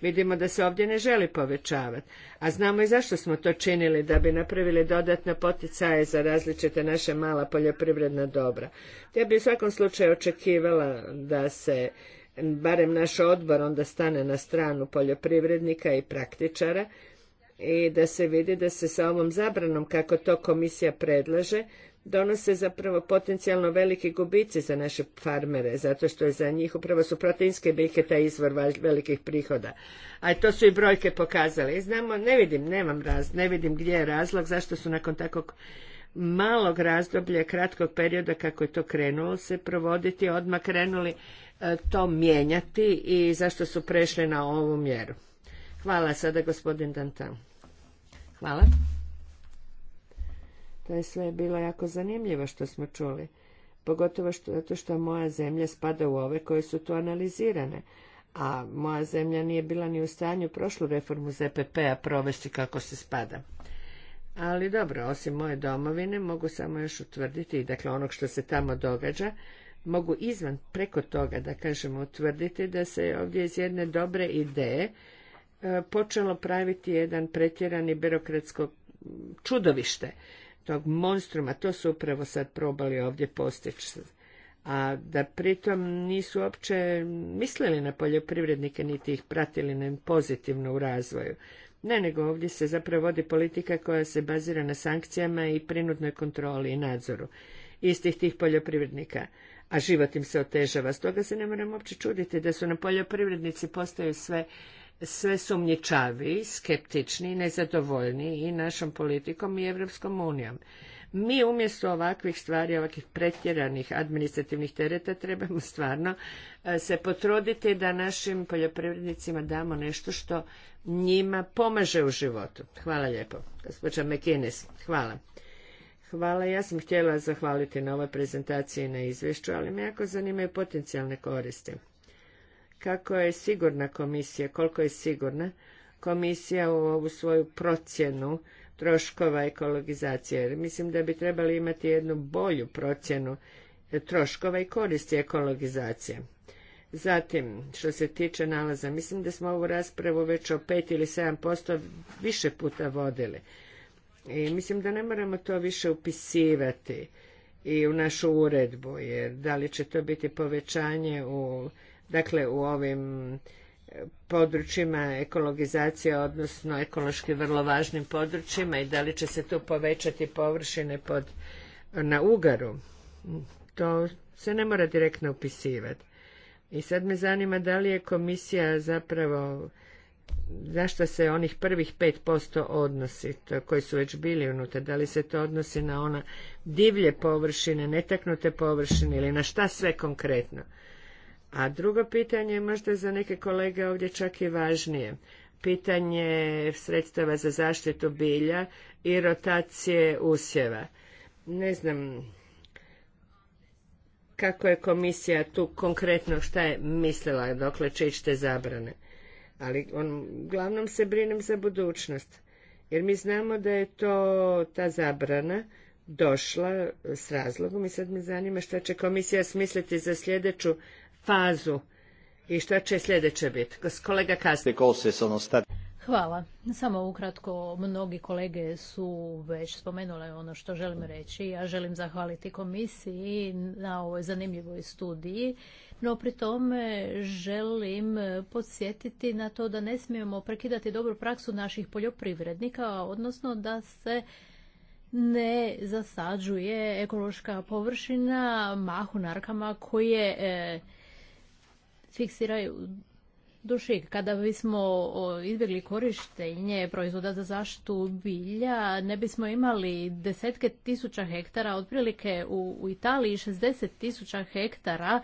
vidimo da se ovdje ne želi povećavati. A znamo i zašto smo to činili, da bi napravili dodatne poticaje za različite naša mala poljoprivredna dobra. Ja bi u svakom slučaju očekivala da se barem naš odbor onda stane na stranu poljoprivrednika i praktičara i da se vidi da se sa ovom zabranom kako to komisija predlaže donose zapravo potencijalno veliki gubici za naše farmere, zato što je za njih upravo su proteinske biljke taj izvor velikih prihoda. A to su i brojke pokazale. I znamo, ne vidim, nemam raz, ne vidim gdje je razlog zašto su nakon takvog malog razdoblja, kratkog perioda kako je to krenulo se provoditi, odmah krenuli e, to mijenjati i zašto su prešli na ovu mjeru. Hvala sada gospodin Dantan. Hvala. To je sve bilo jako zanimljivo što smo čuli. Pogotovo zato što moja zemlja spada u ove koje su tu analizirane. A moja zemlja nije bila ni u stanju prošlu reformu ZPP-a provesti kako se spada. Ali dobro, osim moje domovine mogu samo još utvrditi, dakle onog što se tamo događa, mogu izvan preko toga, da kažemo, utvrditi da se ovdje iz jedne dobre ideje E, počelo praviti jedan pretjerani birokratsko čudovište tog monstruma, to su upravo sad probali ovdje postići. A da pritom nisu uopće mislili na poljoprivrednike, niti ih pratili na pozitivno u razvoju. Ne, nego ovdje se zapravo vodi politika koja se bazira na sankcijama i prinudnoj kontroli i nadzoru istih tih poljoprivrednika. A život im se otežava, stoga se ne moramo uopće čuditi da su na poljoprivrednici postaju sve sve sumnjičaviji, skeptični, nezadovoljni i našom politikom i Evropskom unijom. Mi umjesto ovakvih stvari, ovakvih pretjeranih administrativnih tereta trebamo stvarno e, se potruditi da našim poljoprivrednicima damo nešto što njima pomaže u životu. Hvala lijepo, gospođa Mekines. Hvala. Hvala, ja sam htjela zahvaliti na ovoj prezentaciji i na izvješću, ali me jako zanimaju potencijalne koristi kako je sigurna komisija, koliko je sigurna komisija u ovu svoju procjenu troškova ekologizacije. Jer mislim da bi trebali imati jednu bolju procjenu troškova i koristi ekologizacije. Zatim, što se tiče nalaza, mislim da smo ovu raspravu već o 5 ili 7% više puta vodili. I mislim da ne moramo to više upisivati i u našu uredbu, jer da li će to biti povećanje u dakle u ovim e, područjima ekologizacije, odnosno ekološki vrlo važnim područjima i da li će se tu povećati površine pod, na ugaru. To se ne mora direktno upisivati. I sad me zanima da li je komisija zapravo, zašto se onih prvih 5% odnosi, koji su već bili unutar, da li se to odnosi na ona divlje površine, netaknute površine ili na šta sve konkretno. A drugo pitanje, je možda za neke kolege ovdje čak i važnije, pitanje sredstava za zaštitu bilja i rotacije usjeva. Ne znam kako je komisija tu konkretno šta je mislila dokle će ići zabrane. Ali on, uglavnom se brinem za budućnost. Jer mi znamo da je to ta zabrana došla s razlogom i sad me zanima šta će komisija smisliti za sljedeću fazu i što će sljedeće biti. Kolega Kasnik. Ono Hvala. Samo ukratko, mnogi kolege su već spomenule ono što želim reći. Ja želim zahvaliti komisiji na ovoj zanimljivoj studiji, no pri tome želim podsjetiti na to da ne smijemo prekidati dobru praksu naših poljoprivrednika, odnosno da se ne zasađuje ekološka površina narkama koje e, fiksiraju dušik. Kada bismo izbjegli korištenje proizvoda za zaštitu bilja, ne bismo imali desetke tisuća hektara, otprilike u, Italiji 60 tisuća hektara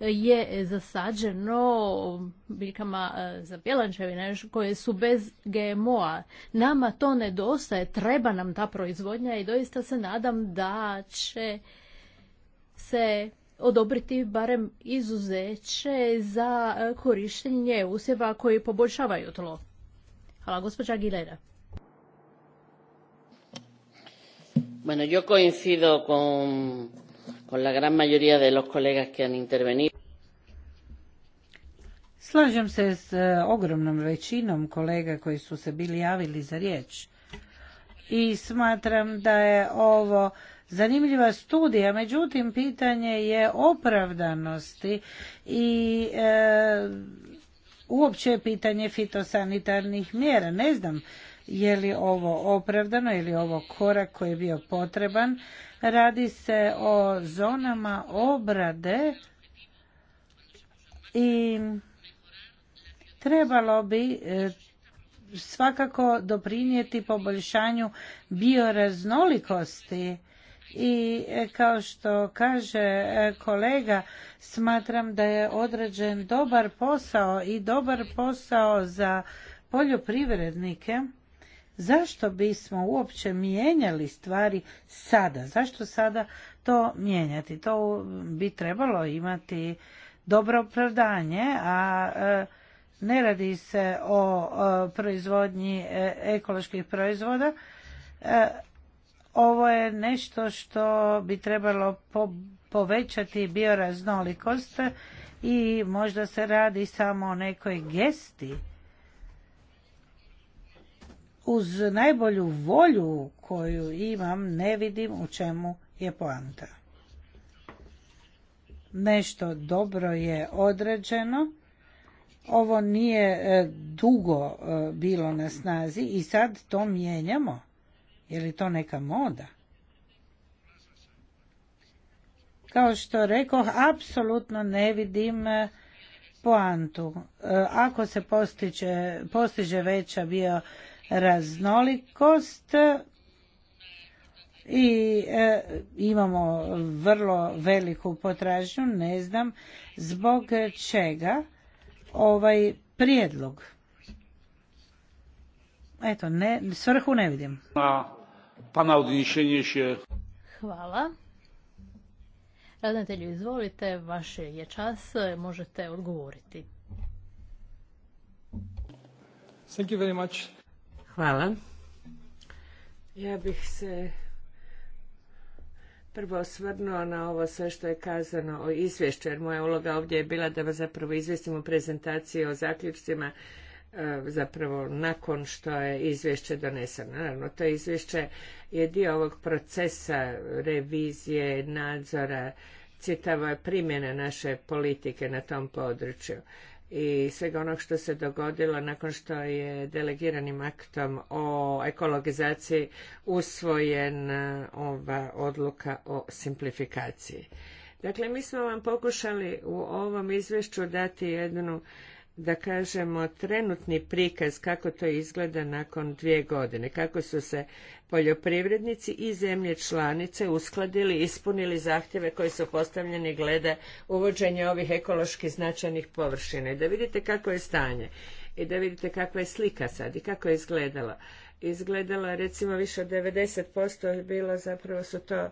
je zasađeno biljkama e, za bjelančevine koje su bez GMO-a. Nama to nedostaje, treba nam ta proizvodnja i doista se nadam da će se odobriti barem izuzeće za e, korištenje usjeva koji poboljšavaju tlo. Hvala, gospođa Aguilera. Bueno, yo coincido con, con la gran mayoría de los colegas que han intervenido. Slažem se s e, ogromnom većinom kolega koji su se bili javili za riječ i smatram da je ovo zanimljiva studija, međutim pitanje je opravdanosti i e, uopće pitanje fitosanitarnih mjera. Ne znam je li ovo opravdano, ili ovo korak koji je bio potreban. Radi se o zonama obrade i trebalo bi e, svakako doprinijeti poboljšanju bioraznolikosti i e, kao što kaže e, kolega smatram da je određen dobar posao i dobar posao za poljoprivrednike zašto bismo uopće mijenjali stvari sada zašto sada to mijenjati to bi trebalo imati dobro opravdanje a e, ne radi se o proizvodnji ekoloških proizvoda ovo je nešto što bi trebalo povećati bioraznolikost i možda se radi samo o nekoj gesti uz najbolju volju koju imam ne vidim u čemu je poanta. Nešto dobro je određeno. Ovo nije e, dugo e, bilo na snazi i sad to mijenjamo. Je li to neka moda? Kao što rekoh, apsolutno ne vidim e, poantu. E, ako se postiže, postiže veća raznolikost e, i imamo vrlo veliku potražnju, ne znam zbog čega ovaj prijedlog. Eto, ne, svrhu ne vidim. Pana odnišenje še. Hvala. Radnatelju, izvolite, vaš je čas, možete odgovoriti. Thank you very much. Hvala. Ja bih se prvo osvrnuo na ovo sve što je kazano o izvješću, jer moja uloga ovdje je bila da vas zapravo izvestim o prezentaciji o zaključcima E, zapravo nakon što je izvješće doneseno. Naravno, to izvješće je dio ovog procesa revizije, nadzora, citava primjena naše politike na tom području i svega onog što se dogodilo nakon što je delegiranim aktom o ekologizaciji usvojen e, ova odluka o simplifikaciji. Dakle, mi smo vam pokušali u ovom izvješću dati jednu da kažemo trenutni prikaz kako to izgleda nakon dvije godine, kako su se poljoprivrednici i zemlje članice uskladili, ispunili zahtjeve koji su postavljeni glede uvođenja ovih ekološki značajnih površina i da vidite kako je stanje i da vidite kakva je slika sad i kako je izgledala. Izgledala recimo više od 90% je bilo zapravo su to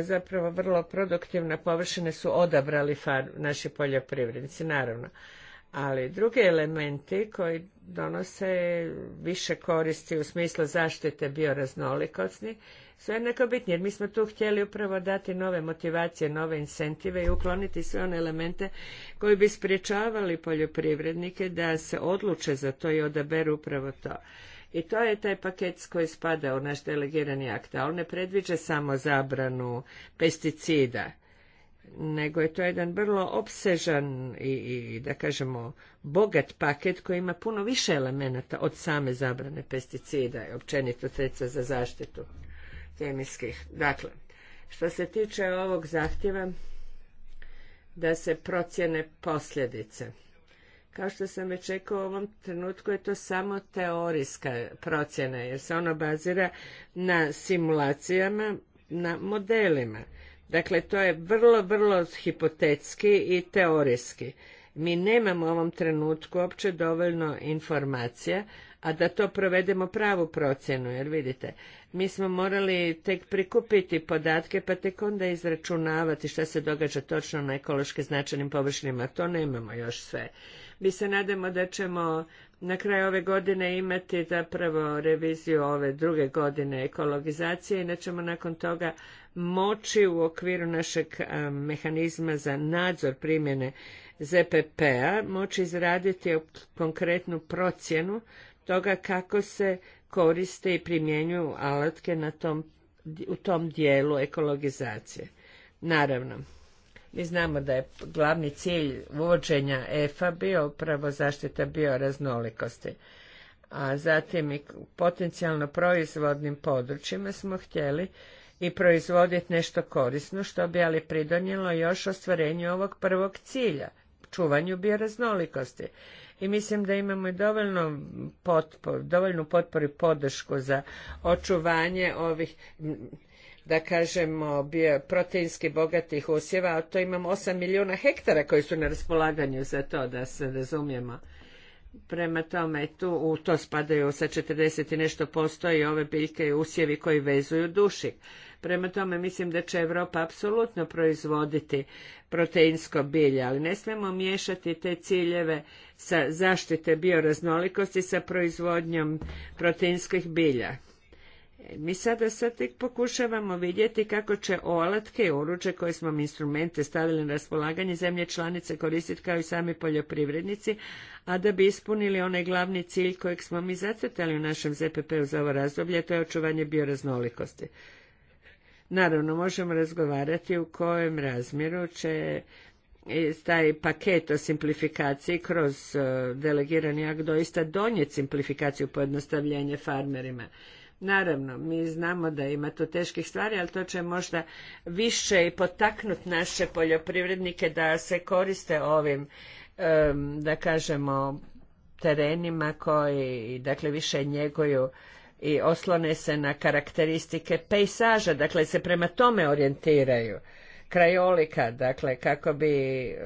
zapravo vrlo produktivne površine su odabrali far, naši poljoprivrednici, naravno ali drugi elementi koji donose više koristi u smislu zaštite bioraznolikosti su jednako bitni, jer mi smo tu htjeli upravo dati nove motivacije, nove incentive i ukloniti sve one elemente koji bi spriječavali poljoprivrednike da se odluče za to i odaberu upravo to. I to je taj paket koji spada u naš delegirani akt, a on ne predviđa samo zabranu pesticida, nego je to jedan vrlo opsežan i, da kažemo bogat paket koji ima puno više elemenata od same zabrane pesticida i općenito sredstva za zaštitu kemijskih. Dakle, što se tiče ovog zahtjeva da se procjene posljedice. Kao što sam već rekao, u ovom trenutku je to samo teorijska procjena, jer se ona bazira na simulacijama, na modelima Dakle, to je vrlo, vrlo hipotetski i teorijski. Mi nemamo u ovom trenutku opće dovoljno informacija, a da to provedemo pravu procjenu, jer vidite, mi smo morali tek prikupiti podatke, pa tek onda izračunavati šta se događa točno na ekološki značajnim površinama. To nemamo još sve. Mi se nadamo da ćemo na kraju ove godine imati zapravo reviziju ove druge godine ekologizacije i da ćemo nakon toga moći u okviru našeg mehanizma za nadzor primjene ZPP-a moći izraditi konkretnu procjenu toga kako se koriste i primjenjuju alatke u tom dijelu ekologizacije. Naravno, mi znamo da je glavni cilj uvođenja EFA bio upravo zaštita bioraznolikosti, a zatim i potencijalno proizvodnim područjima smo htjeli i proizvoditi nešto korisno, što bi ali pridonijelo još ostvarenju ovog prvog cilja, čuvanju bioraznolikosti. I mislim da imamo i dovoljno dovoljnu potporu i podršku za očuvanje ovih da kažemo, bio proteinski bogatih usjeva, a to imamo 8 milijuna hektara koji su na raspolaganju za to, da se razumijemo. Prema tome, tu u to spadaju sa 40 i nešto postoje ove biljke i usjevi koji vezuju dušik. Prema tome mislim da će Evropa apsolutno proizvoditi proteinsko bilje, ali ne smijemo miješati te ciljeve sa zaštite bioraznolikosti sa proizvodnjom proteinskih bilja. Mi sada sad tek pokušavamo vidjeti kako će olatke i oruđe koje smo instrumente stavili na raspolaganje zemlje članice koristiti kao i sami poljoprivrednici, a da bi ispunili onaj glavni cilj kojeg smo mi zacrtali u našem ZPP-u za ovo razdoblje, to je očuvanje bioraznolikosti. Naravno, možemo razgovarati u kojem razmjeru će e, taj paket o simplifikaciji kroz e, delegirani akt doista donijeti simplifikaciju pojednostavljenje farmerima. Naravno, mi znamo da ima tu teških stvari, ali to će možda više i potaknuti naše poljoprivrednike da se koriste ovim, da kažemo, terenima koji, dakle, više njeguju i oslone se na karakteristike pejsaža, dakle se prema tome orijentiraju, krajolika, dakle kako bi e,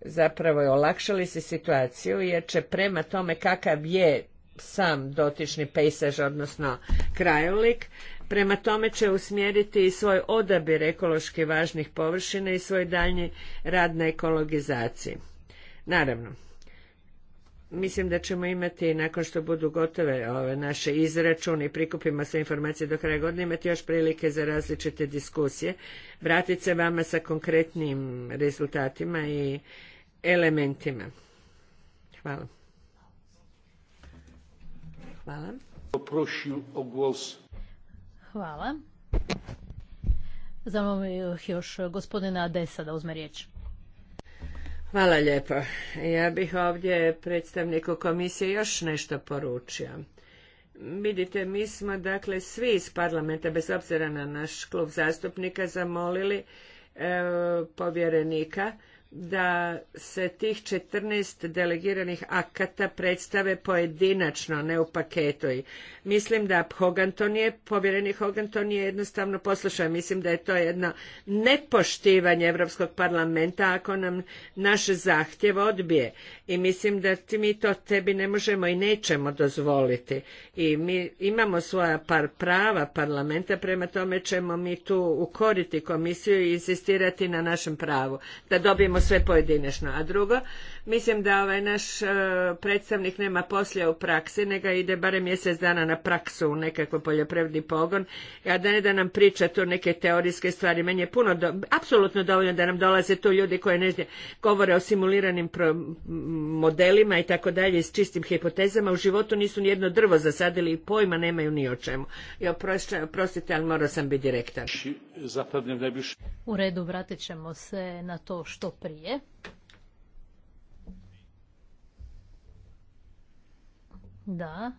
zapravo olakšali si situaciju jer će prema tome kakav je sam dotični pejsaž, odnosno krajolik, prema tome će usmjeriti i svoj odabir ekološki važnih površina i svoj daljnji rad na ekologizaciji. Naravno, mislim da ćemo imati, nakon što budu gotove ove naše izračune i prikupimo sve informacije do kraja godine, imati još prilike za različite diskusije, vratiti se vama sa konkretnim rezultatima i elementima. Hvala. Hvala. Hvala. Zamolio još gospodina Adesa da uzme riječ. Hvala lijepo. Ja bih ovdje predstavniku komisije još nešto poručio. Vidite, mi smo dakle svi iz parlamenta, bez obzira na naš klub zastupnika, zamolili e, povjerenika da se tih 14 delegiranih akata predstave pojedinačno, ne u paketu. Mislim da Hogan to nije, povjerenik Hogan to nije jednostavno poslušao. Mislim da je to jedno nepoštivanje Europskog parlamenta ako nam naš zahtjev odbije. I mislim da mi to tebi ne možemo i nećemo dozvoliti. I mi imamo svoja par prava parlamenta, prema tome ćemo mi tu ukoriti komisiju i insistirati na našem pravu. Da dobijemo sve pojedinačno. A drugo, Mislim da ovaj naš e, predstavnik nema poslije u praksi, nego ide barem mjesec dana na praksu u nekakav poljoprivredni pogon, a da ne da nam priča tu neke teorijske stvari. Meni je puno, apsolutno dovoljno da nam dolaze tu ljudi koji ne znam, govore o simuliranim modelima i tako dalje, s čistim hipotezama. U životu nisu ni jedno drvo zasadili i pojma nemaju ni o čemu. I oprostite, ali morao sam biti direktan. U redu, vratit ćemo se na to što prije. Da,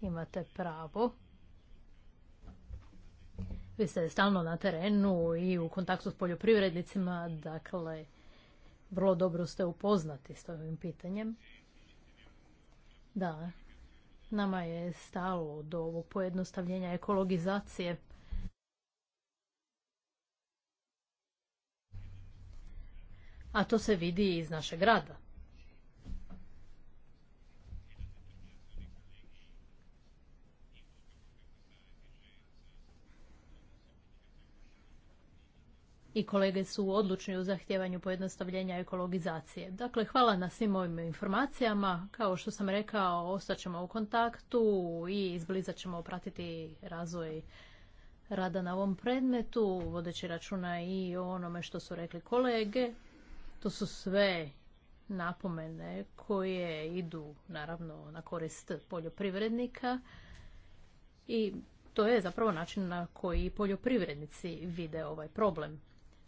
imate pravo. Vi ste stalno na terenu i u kontaktu s poljoprivrednicima, dakle, vrlo dobro ste upoznati s ovim pitanjem. Da, nama je stalo do ovog pojednostavljenja ekologizacije. A to se vidi iz našeg rada. i kolege su odlučni u zahtijevanju pojednostavljenja ekologizacije. Dakle, hvala na svim ovim informacijama. Kao što sam rekao, ostaćemo u kontaktu i izbliza ćemo pratiti razvoj rada na ovom predmetu, vodeći računa i o onome što su rekli kolege. To su sve napomene koje idu naravno na korist poljoprivrednika i to je zapravo način na koji poljoprivrednici vide ovaj problem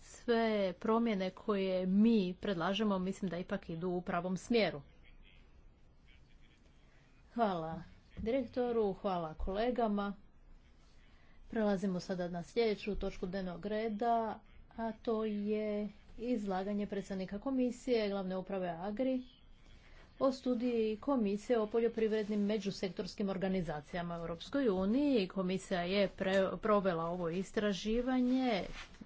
sve promjene koje mi predlažemo mislim da ipak idu u pravom smjeru. Hvala direktoru, hvala kolegama. Prelazimo sada na sljedeću točku dnevnog reda, a to je izlaganje predstavnika komisije glavne uprave Agri o studiji Komisije o poljoprivrednim međusektorskim organizacijama u Europskoj uniji. Komisija je provela ovo istraživanje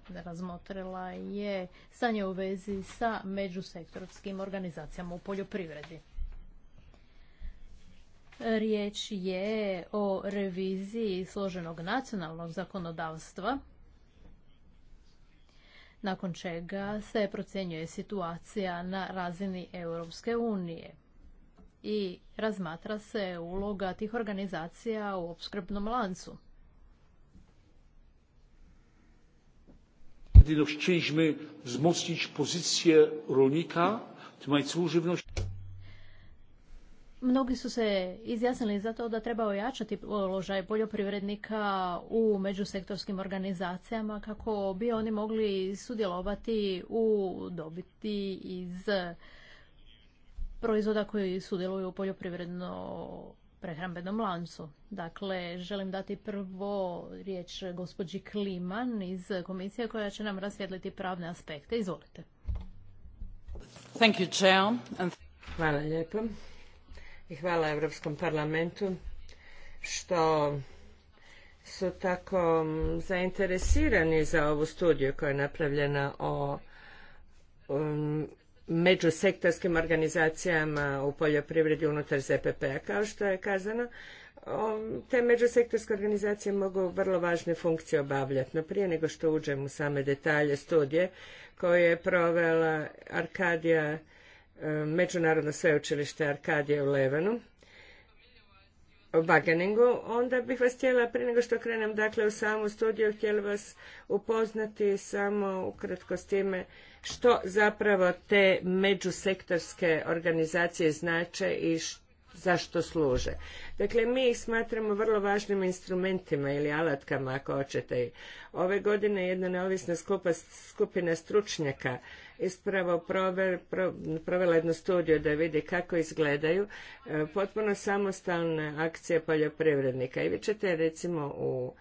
razmotrila je stanje u vezi sa međusektorskim organizacijama u poljoprivredi. Riječ je o reviziji složenog nacionalnog zakonodavstva, nakon čega se procjenjuje situacija na razini Europske unije i razmatra se uloga tih organizacija u opskrbnom lancu. Chcieliśmy wzmocnić pozycję rolnika w łańcuchu żywności. Mnogi su se izjasnili za to da treba ojačati položaj poljoprivrednika u međusektorskim organizacijama kako bi oni mogli sudjelovati u dobiti iz proizvoda koji sudjeluju u poljoprivredno prehrambenom lancu. Dakle, želim dati prvo riječ gospođi Kliman iz komisije koja će nam rasvijetliti pravne aspekte. Izvolite. Thank you, Hvala lijepo i hvala Europskom parlamentu što su tako zainteresirani za ovu studiju koja je napravljena o um, međusektorskim organizacijama u poljoprivredi unutar ZPP-a. Kao što je kazano, te međusektorske organizacije mogu vrlo važne funkcije obavljati. No prije nego što uđem u same detalje studije koje je provela Arkadija, e, Međunarodno sveučilište Arkadije u Levenu, u Wageningu, onda bih vas htjela, prije nego što krenem dakle u samu studiju, htjela vas upoznati samo ukratko s time što zapravo te međusektorske organizacije znače i zašto služe. Dakle, mi ih smatramo vrlo važnim instrumentima ili alatkama, ako hoćete. Ove godine jedna neovisna skupa, skupina stručnjaka ispravo provela jednu studiju da vidi kako izgledaju e, potpuno samostalne akcije poljoprivrednika. I vi ćete recimo u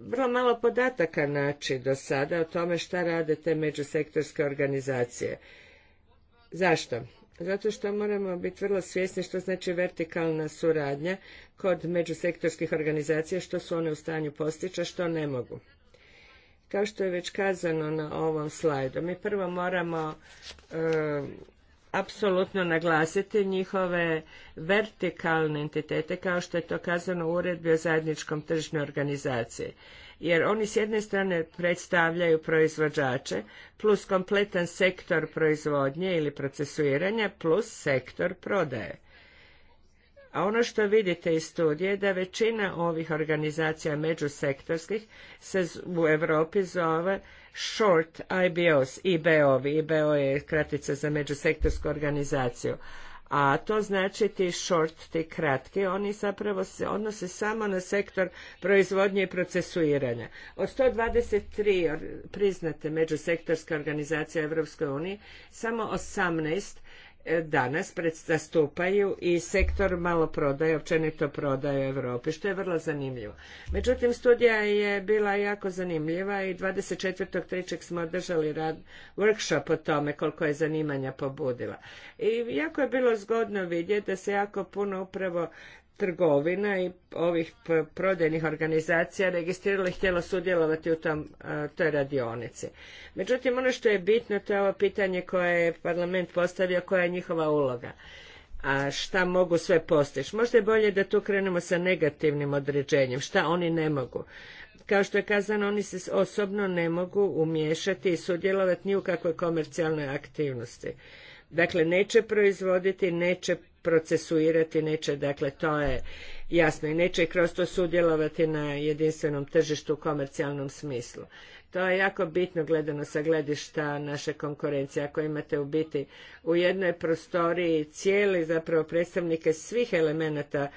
vrlo malo podataka naći do sada o tome šta rade te međusektorske organizacije. Zašto? Zato što moramo biti vrlo svjesni što znači vertikalna suradnja kod međusektorskih organizacija, što su one u stanju postići, a što ne mogu. Kao što je već kazano na ovom slajdu, mi prvo moramo e, apsolutno naglasiti njihove vertikalne entitete kao što je to kazano u uredbi o zajedničkom tržišnoj organizaciji. Jer oni s jedne strane predstavljaju proizvođače plus kompletan sektor proizvodnje ili procesuiranja plus sektor prodaje. A ono što vidite iz studije da većina ovih organizacija međusektorskih se u Europi zove short IBOs, ibo IBO je kratica za međusektorsku organizaciju, a to znači ti short, ti kratki, oni zapravo se odnose samo na sektor proizvodnje i procesuiranja. Od 123 priznate međusektorske organizacije u EU, samo 18 E, danas zastupaju i sektor maloprodaje, općenito prodaje u Europi, što je vrlo zanimljivo. Međutim, studija je bila jako zanimljiva i 24.3. smo održali rad, workshop o tome koliko je zanimanja pobudila. I jako je bilo zgodno vidjeti da se jako puno upravo trgovina i ovih prodajnih organizacija registriralo i htjelo sudjelovati u toj radionici. Međutim, ono što je bitno, to je ovo pitanje koje je parlament postavio, koja je njihova uloga. A šta mogu sve postići? Možda je bolje da tu krenemo sa negativnim određenjem, šta oni ne mogu. Kao što je kazano, oni se osobno ne mogu umiješati i sudjelovati ni u kakvoj komercijalnoj aktivnosti. Dakle, neće proizvoditi, neće procesuirati, neće, dakle to je jasno i neće kroz to sudjelovati na jedinstvenom tržištu u komercijalnom smislu. To je jako bitno gledano sa gledišta naše konkurencije. Ako imate u biti u jednoj prostoriji cijeli zapravo predstavnike svih elemenata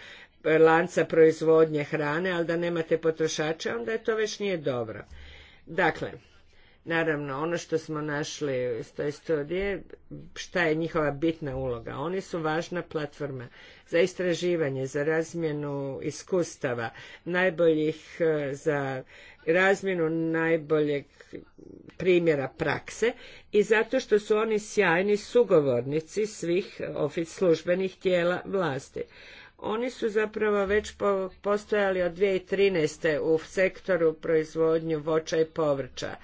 lanca proizvodnje hrane, ali da nemate potrošača, onda je to već nije dobro. Dakle, Naravno, ono što smo našli iz toj studije, šta je njihova bitna uloga? Oni su važna platforma za istraživanje, za razmjenu iskustava, najboljih e, za razmjenu najboljeg primjera prakse i zato što su oni sjajni sugovornici svih ofic službenih tijela vlasti. Oni su zapravo već postojali od 2013. u sektoru proizvodnju voća i povrća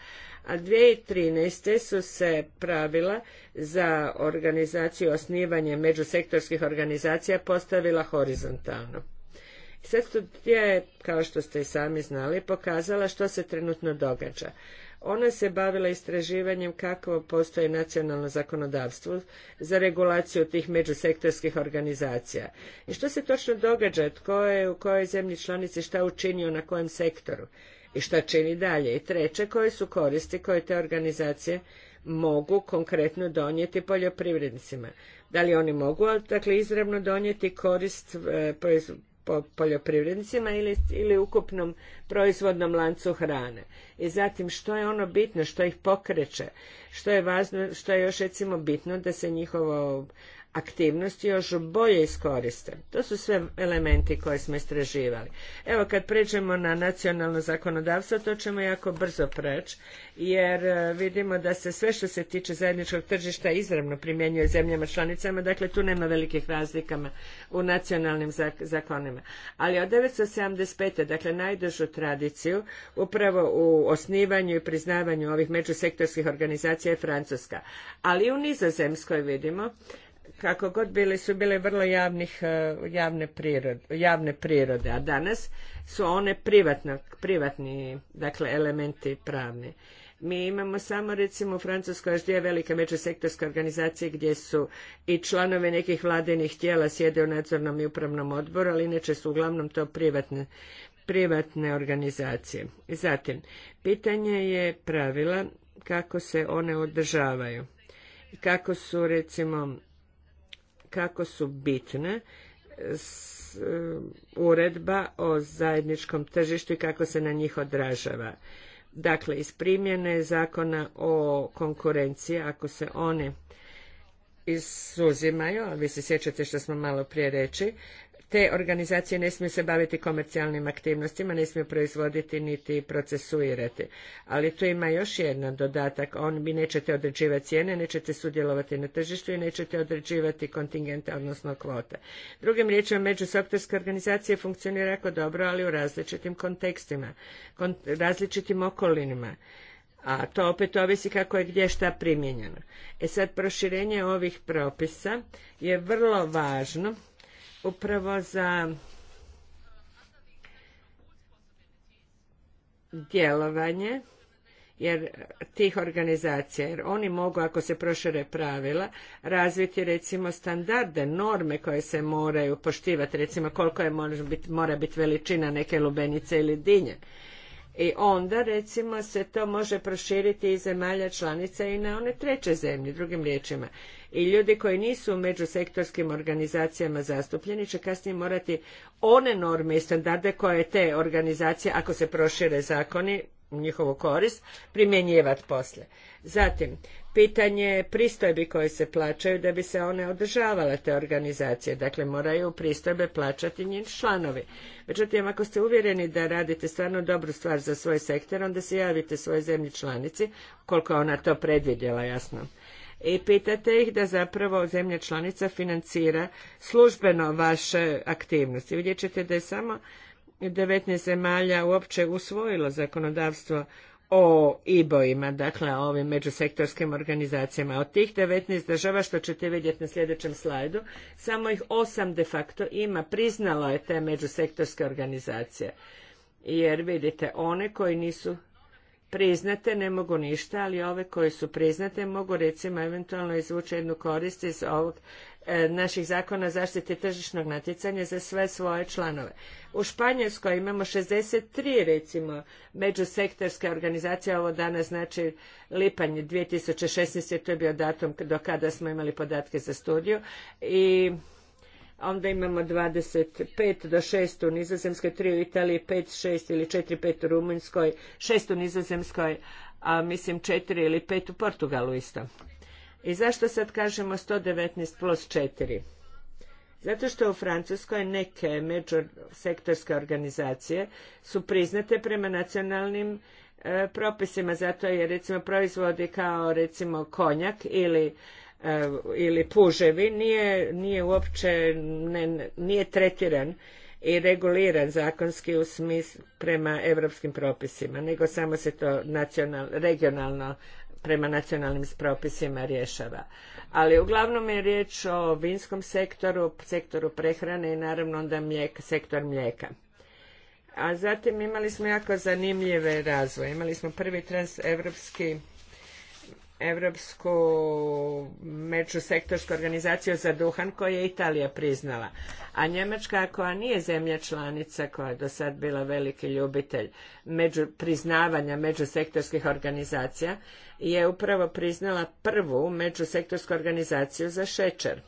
a 2013. su se pravila za organizaciju osnivanje međusektorskih organizacija postavila horizontalno. Strategija je, kao što ste i sami znali, pokazala što se trenutno događa. Ona se bavila istraživanjem kako postoji nacionalno zakonodavstvo za regulaciju tih međusektorskih organizacija. I što se točno događa, tko je u kojoj zemlji članici šta učinio na kojem sektoru i što čini dalje. I treće, koje su koristi koje te organizacije mogu konkretno donijeti poljoprivrednicima. Da li oni mogu, dakle, izravno donijeti korist e, poljoprivrednicima ili, ili ukupnom proizvodnom lancu hrane. I zatim što je ono bitno, što ih pokreće, što je, važno, što je još recimo bitno da se njihovo aktivnosti još bolje iskoriste. To su sve elementi koje smo istraživali. Evo kad pređemo na nacionalno zakonodavstvo, to ćemo jako brzo preći, jer e, vidimo da se sve što se tiče zajedničkog tržišta izravno primjenjuje zemljama članicama, dakle tu nema velikih razlika u nacionalnim zakonima. Ali od 1975. dakle najdužu tradiciju upravo u osnivanju i priznavanju ovih međusektorskih organizacija je Francuska. Ali i u Nizozemskoj vidimo kako god bili su bile vrlo javnih, e, javne, prirode, javne prirode, a danas su one privatno, privatni dakle, elementi pravni. Mi imamo samo recimo u Francuskoj još dvije velike međusektorske organizacije gdje su i članovi nekih vladinih tijela sjede u nadzornom i upravnom odboru, ali inače su uglavnom to privatne, privatne organizacije. Zatim, pitanje je pravila kako se one održavaju. Kako su recimo kako su bitne e, uredba o zajedničkom tržištu i kako se na njih odražava. Dakle, iz primjene zakona o konkurenciji, ako se one izuzimaju, a vi se sjećate što smo malo prije reći, te organizacije ne smiju se baviti komercijalnim aktivnostima, ne smiju proizvoditi niti procesuirati. Ali tu ima još jedan dodatak, on vi nećete određivati cijene, nećete sudjelovati na tržištu i nećete određivati kontingente, odnosno kvote. Drugim riječima, međusektorske organizacije funkcionira jako dobro, ali u različitim kontekstima, različitim okolinima a to opet ovisi kako je gdje šta primijenjeno. E sad, proširenje ovih propisa je vrlo važno upravo za djelovanje jer tih organizacija, jer oni mogu, ako se prošire pravila, razviti recimo standarde, norme koje se moraju poštivati, recimo koliko je mora biti, mora biti veličina neke lubenice ili dinje i onda recimo se to može proširiti i zemalja članica i na one treće zemlje, drugim riječima. I ljudi koji nisu u međusektorskim organizacijama zastupljeni će kasnije morati one norme i standarde koje te organizacije, ako se prošire zakoni, u njihovu korist, primjenjivati poslije. Zatim, pitanje pristojbi koje se plaćaju da bi se one održavale te organizacije. Dakle, moraju pristojbe plaćati njih članovi. Međutim, ako ste uvjereni da radite stvarno dobru stvar za svoj sektor, onda se javite svojoj zemlji članici, koliko ona to predvidjela, jasno. I pitate ih da zapravo zemlja članica financira službeno vaše aktivnosti. Vidjet ćete da je samo 19 zemalja uopće usvojilo zakonodavstvo o IBO-ima, dakle o ovim međusektorskim organizacijama. Od tih 19 država, što ćete vidjeti na sljedećem slajdu, samo ih osam de facto ima, priznalo je te međusektorske organizacije. Jer vidite, one koji nisu priznate ne mogu ništa, ali ove koje su priznate mogu recimo eventualno izvući jednu korist iz ovog e, naših zakona zaštite tržišnog natjecanja za sve svoje članove. U Španjolskoj imamo 63 recimo međusektorske organizacije, ovo danas znači lipanj 2016. to je bio datum do kada smo imali podatke za studiju i onda imamo 25 do 6 u Nizozemskoj, 3 u Italiji, 5, 6 ili 4, 5 u Rumunjskoj, 6 u Nizozemskoj, a mislim 4 ili 5 u Portugalu isto. I zašto sad kažemo 119 plus 4? Zato što u Francuskoj neke međusektorske organizacije su priznate prema nacionalnim e, propisima, zato je recimo proizvodi kao recimo konjak ili Eh, ili puževi nije, nije uopće ne, nije tretiran i reguliran zakonski u smislu prema europskim propisima, nego samo se to regionalno prema nacionalnim propisima rješava. Ali uglavnom je riječ o vinskom sektoru, sektoru prehrane i naravno onda sektor mlijeka. A zatim imali smo jako zanimljive razvoje. Imali smo prvi transevropski Europsku međusektorsku organizaciju za duhan koju je Italija priznala. A Njemačka koja nije zemlja članica koja je do sad bila veliki ljubitelj među priznavanja međusektorskih organizacija je upravo priznala prvu međusektorsku organizaciju za šećer.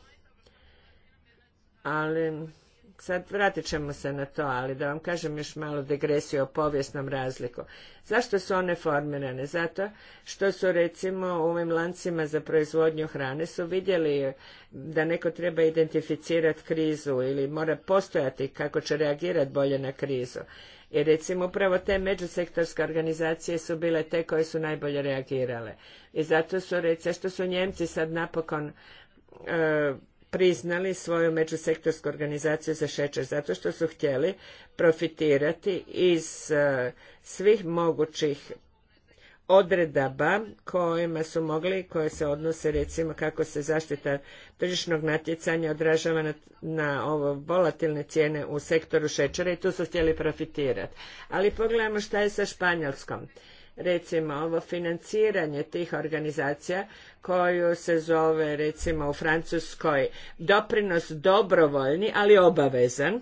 Ali sad vratit ćemo se na to, ali da vam kažem još malo degresiju o povijesnom razliku. Zašto su one formirane? Zato što su recimo u ovim lancima za proizvodnju hrane su vidjeli da neko treba identificirati krizu ili mora postojati kako će reagirati bolje na krizu. I recimo upravo te međusektorske organizacije su bile te koje su najbolje reagirale. I zato su, recimo, što su Njemci sad napokon e, priznali svoju međusektorsku organizaciju za šećer zato što su htjeli profitirati iz e, svih mogućih odredaba kojima su mogli, koje se odnose recimo kako se zaštita tržišnog natjecanja odražava na, na ovo volatilne cijene u sektoru šećera i tu su htjeli profitirati. Ali pogledajmo šta je sa Španjolskom recimo ovo financiranje tih organizacija koju se zove recimo u Francuskoj doprinos dobrovoljni ali obavezan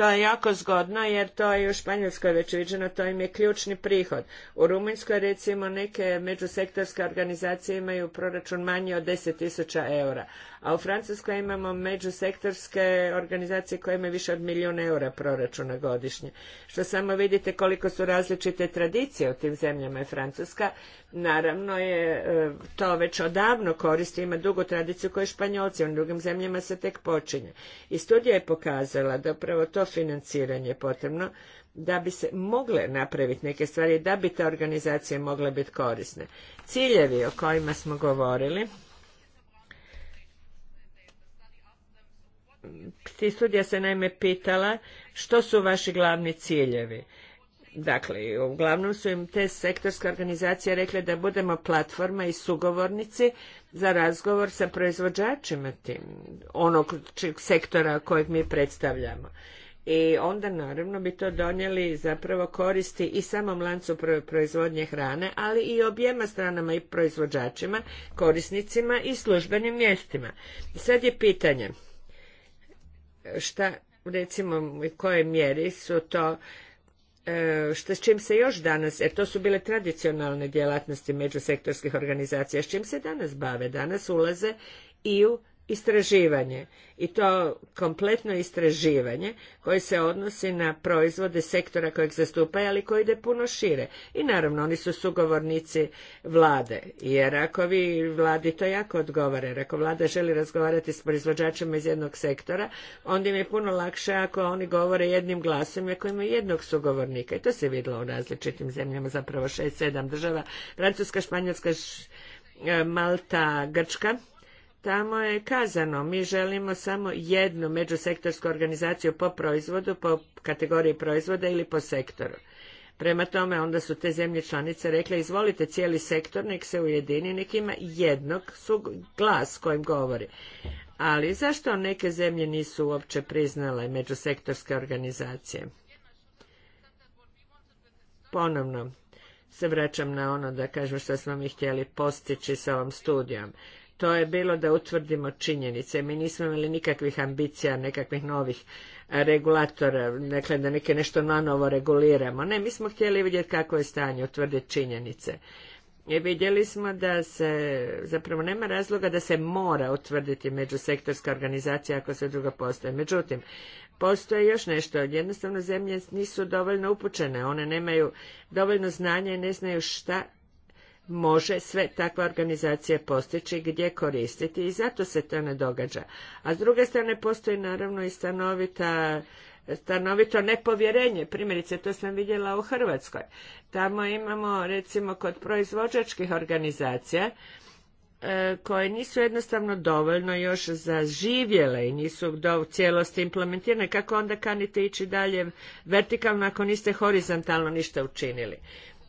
to je jako zgodno jer to je u Španjolskoj već viđeno, to im je ključni prihod. U Rumunjskoj recimo neke međusektorske organizacije imaju proračun manji od 10.000 eura, a u Francuskoj imamo međusektorske organizacije koje imaju više od milijuna eura proračuna godišnje. Što samo vidite koliko su različite tradicije u tim zemljama je Francuska. Naravno je e, to već odavno koristi, ima dugu tradiciju koju Španjolci, u drugim zemljama se tek počinje. I studija je pokazala da upravo to financiranje potrebno da bi se mogle napraviti neke stvari, da bi te organizacije mogle biti korisne. Ciljevi o kojima smo govorili, ti studija se naime pitala što su vaši glavni ciljevi. Dakle, uglavnom su im te sektorske organizacije rekle da budemo platforma i sugovornici za razgovor sa proizvođačima tim, onog sektora kojeg mi predstavljamo i onda naravno bi to donijeli zapravo koristi i samom lancu proizvodnje hrane, ali i objema stranama i proizvođačima, korisnicima i službenim mjestima. Sad je pitanje šta recimo u kojoj mjeri su to e, što s čim se još danas, jer to su bile tradicionalne djelatnosti međusektorskih organizacija, s čim se danas bave? Danas ulaze i u istraživanje i to kompletno istraživanje koje se odnosi na proizvode sektora kojeg zastupaju, ali koji ide puno šire. I naravno, oni su sugovornici vlade, jer ako vi vladi to jako odgovore, ako vlada želi razgovarati s proizvođačima iz jednog sektora, onda im je puno lakše ako oni govore jednim glasom i ako imaju jednog sugovornika. I to se vidjelo u različitim zemljama, zapravo šest, sedam država, Francuska, Španjolska, e, Malta, Grčka, tamo je kazano, mi želimo samo jednu međusektorsku organizaciju po proizvodu, po kategoriji proizvoda ili po sektoru. Prema tome, onda su te zemlje članice rekle, izvolite cijeli sektor, nek se ujedini, nek ima jednog glas kojim govori. Ali zašto neke zemlje nisu uopće priznale međusektorske organizacije? Ponovno se vraćam na ono da kažem što smo mi htjeli postići sa ovom studijom to je bilo da utvrdimo činjenice. Mi nismo imali nikakvih ambicija, nekakvih novih regulatora, dakle da neke nešto novo reguliramo. Ne, mi smo htjeli vidjeti kako je stanje, utvrditi činjenice. I vidjeli smo da se, zapravo nema razloga da se mora utvrditi međusektorska organizacija ako se druga postoje. Međutim, postoje još nešto. Jednostavno zemlje nisu dovoljno upućene, one nemaju dovoljno znanja i ne znaju šta može sve takva organizacija postići gdje koristiti i zato se to ne događa. A s druge strane postoji naravno i stanovita stanovito nepovjerenje. Primjerice, to sam vidjela u Hrvatskoj. Tamo imamo, recimo, kod proizvođačkih organizacija, e, koje nisu jednostavno dovoljno još zaživjele i nisu do cijelosti implementirane, kako onda kanite ići dalje vertikalno ako niste horizontalno ništa učinili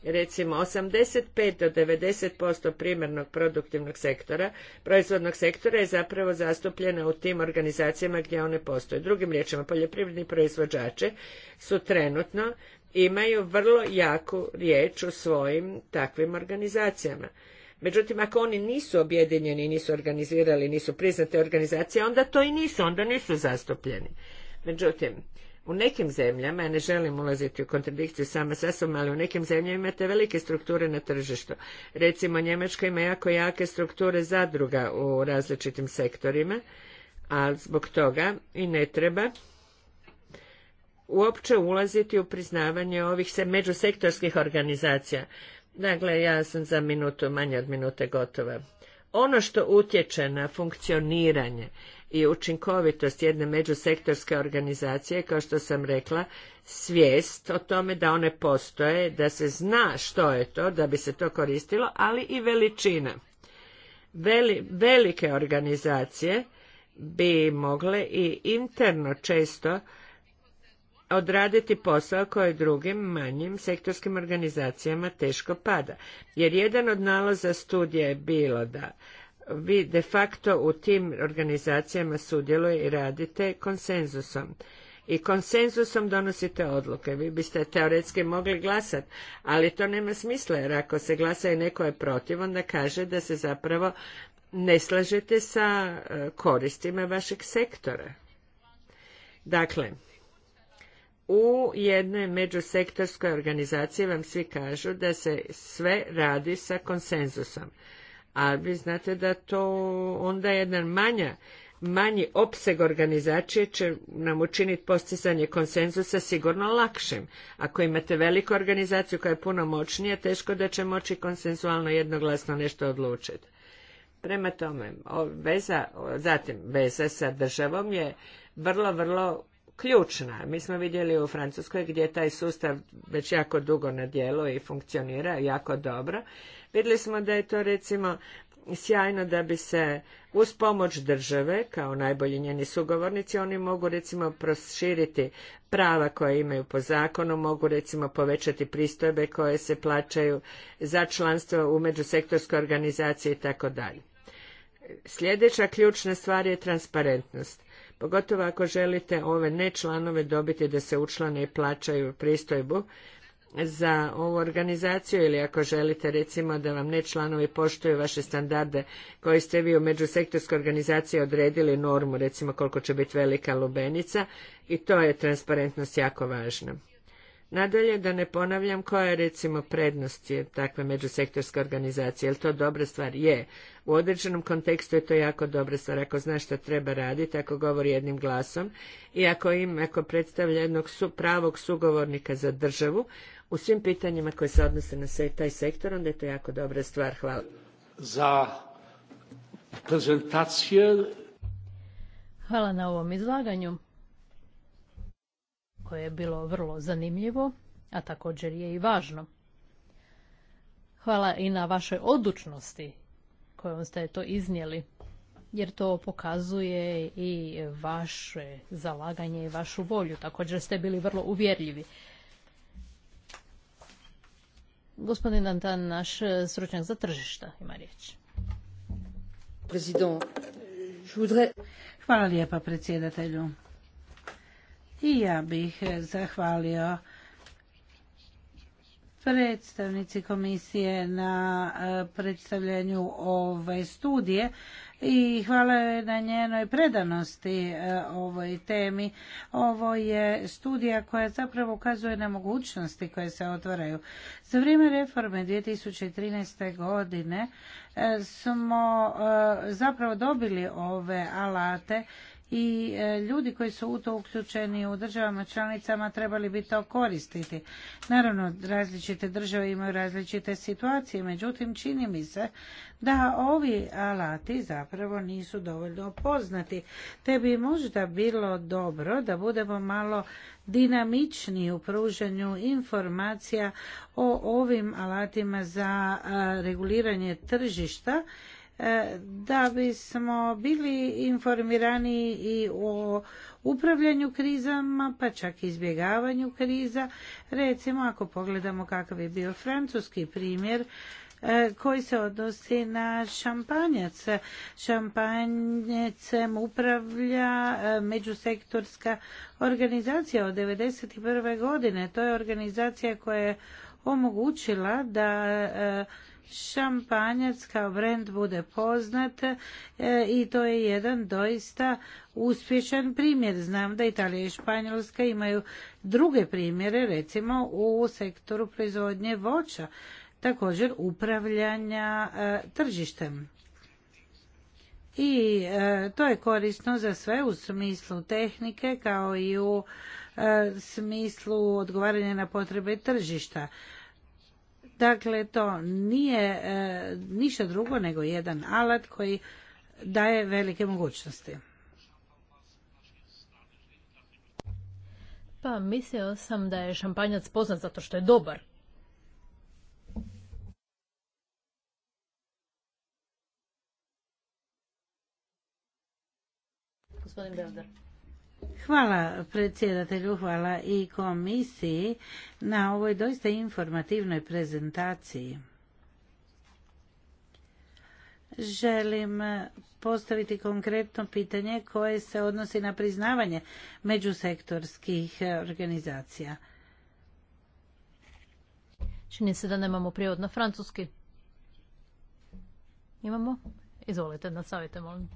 recimo 85 do 90% primarnog produktivnog sektora, proizvodnog sektora je zapravo zastupljena u tim organizacijama gdje one postoje. Drugim riječima, poljoprivredni proizvođače su trenutno imaju vrlo jaku riječ u svojim takvim organizacijama. Međutim, ako oni nisu objedinjeni, nisu organizirali, nisu priznate organizacije, onda to i nisu, onda nisu zastupljeni. Međutim, u nekim zemljama, ja ne želim ulaziti u kontradikciju sama sa ali u nekim zemljama imate velike strukture na tržištu. Recimo, Njemačka ima jako jake strukture zadruga u različitim sektorima, a zbog toga i ne treba uopće ulaziti u priznavanje ovih se međusektorskih organizacija. Dakle, ja sam za minutu, manje od minute gotova. Ono što utječe na funkcioniranje i učinkovitost jedne međusektorske organizacije, kao što sam rekla, svijest o tome da one postoje, da se zna što je to, da bi se to koristilo, ali i veličina. velike organizacije bi mogle i interno često odraditi posao koji drugim manjim sektorskim organizacijama teško pada. Jer jedan od nalaza studija je bilo da vi de facto u tim organizacijama sudjeluje i radite konsenzusom. I konsenzusom donosite odluke. Vi biste teoretski mogli glasati, ali to nema smisla jer ako se glasa i neko je protiv, onda kaže da se zapravo ne slažete sa e, koristima vašeg sektora. Dakle, u jednoj međusektorskoj organizaciji vam svi kažu da se sve radi sa konsenzusom a vi znate da to onda jedan manja manji opseg organizacije će nam učiniti postizanje konsenzusa sigurno lakšim. Ako imate veliku organizaciju koja je puno moćnija, teško da će moći konsenzualno jednoglasno nešto odlučiti. Prema tome, veza, zatim veza sa državom je vrlo, vrlo ključna. Mi smo vidjeli u Francuskoj gdje taj sustav već jako dugo na dijelu i funkcionira jako dobro Vidjeli smo da je to recimo sjajno da bi se uz pomoć države, kao najbolji njeni sugovornici, oni mogu recimo proširiti prava koje imaju po zakonu, mogu recimo povećati pristojbe koje se plaćaju za članstvo u međusektorskoj organizaciji itd. tako Sljedeća ključna stvar je transparentnost. Pogotovo ako želite ove nečlanove dobiti da se učlane i plaćaju pristojbu, za ovu organizaciju ili ako želite recimo da vam ne članovi poštuju vaše standarde koji ste vi u međusektorskoj organizaciji odredili normu recimo koliko će biti velika lubenica i to je transparentnost jako važna. Nadalje, da ne ponavljam koja je recimo prednost je takve međusektorske organizacije, je to dobra stvar? Je. U određenom kontekstu je to jako dobra stvar. Ako znaš što treba raditi, ako govori jednim glasom i ako im ako predstavlja jednog su, pravog sugovornika za državu u svim pitanjima koje se odnose na taj sektor, onda je to jako dobra stvar. Hvala. Za Hvala na ovom izlaganju koje je bilo vrlo zanimljivo, a također je i važno. Hvala i na vašoj odlučnosti kojom ste to iznijeli, jer to pokazuje i vaše zalaganje i vašu volju. Također ste bili vrlo uvjerljivi. Gospodin Antan, naš sručnjak za tržišta, ima riječ. Hvala lijepa predsjedatelju. I ja bih eh, zahvalio predstavnici komisije na eh, predstavljanju ove studije i hvala joj na njenoj predanosti eh, ovoj temi. Ovo je studija koja zapravo ukazuje na mogućnosti koje se otvaraju. Za vrijeme reforme 2013. godine smo zapravo dobili ove alate i e, ljudi koji su u to uključeni u državama članicama trebali bi to koristiti. Naravno, različite države imaju različite situacije, međutim čini mi se da ovi alati zapravo nisu dovoljno poznati, te bi možda bilo dobro da budemo malo dinamičniji u pruženju informacija o ovim alatima za e, reguliranje tržišta da bismo bili informirani i o upravljanju krizama, pa čak i izbjegavanju kriza. Recimo, ako pogledamo kakav je bio francuski primjer, e, koji se odnosi na šampanjac. Šampanjecem upravlja e, međusektorska organizacija od 1991. godine. To je organizacija koja je omogućila da e, šampanjac kao brend bude poznat e, i to je jedan doista uspješan primjer. Znam da Italija i Španjolska imaju druge primjere, recimo u sektoru proizvodnje voća, također upravljanja e, tržištem. I e, to je korisno za sve u smislu tehnike kao i u smislu odgovaranja na potrebe tržišta. Dakle, to nije e, ništa drugo nego jedan alat koji daje velike mogućnosti. Pa mislio sam da je šampanjac poznat zato što je dobar. Gospodin Belder. Hvala predsjedatelju, hvala i komisiji na ovoj doista informativnoj prezentaciji. Želim postaviti konkretno pitanje koje se odnosi na priznavanje međusektorskih organizacija. Čini se da nemamo prijevod na francuski. Imamo? Izvolite, nastavite, molim.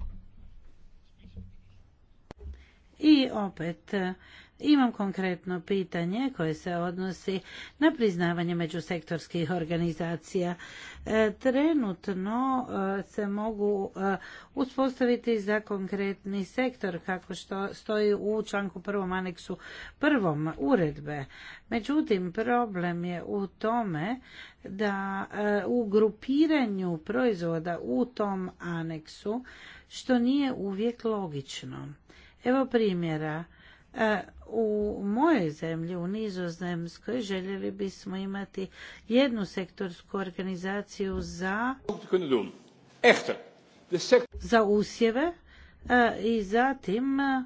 I opet e, imam konkretno pitanje koje se odnosi na priznavanje međusektorskih organizacija. E, trenutno e, se mogu uspostaviti za konkretni sektor kako što stoji u članku prvom aneksu prvom uredbe. Međutim, problem je u tome da u grupiranju proizvoda u tom aneksu što nije uvijek logično. Evo primjera. E, u mojoj zemlji, u Nizozemskoj, željeli bismo imati jednu sektorsku organizaciju za za usjeve e, i zatim e,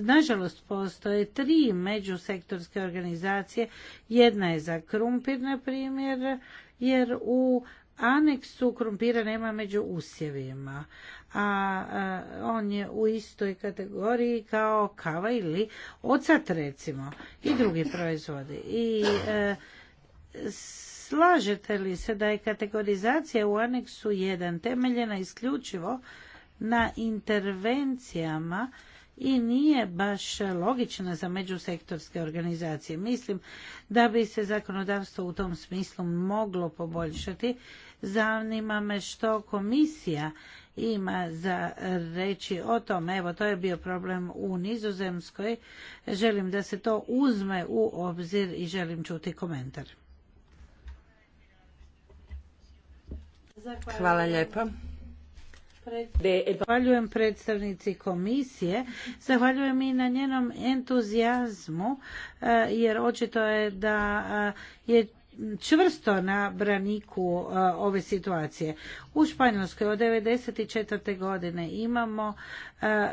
nažalost postoje tri međusektorske organizacije. Jedna je za krumpir, na primjer, jer u aneksu krumpira nema među usjevima a e, on je u istoj kategoriji kao kava ili ocat recimo i drugi proizvodi. I e, slažete li se da je kategorizacija u aneksu 1 temeljena isključivo na intervencijama i nije baš logična za međusektorske organizacije. Mislim da bi se zakonodavstvo u tom smislu moglo poboljšati Zanima me što komisija ima za reći o tom. Evo, to je bio problem u Nizozemskoj. Želim da se to uzme u obzir i želim čuti komentar. Hvala lijepa. Zahvaljujem predstavnici komisije, zahvaljujem i na njenom entuzijazmu, eh, jer očito je da eh, je čvrsto na braniku e, ove situacije. U Španjolskoj od 1994. godine imamo e,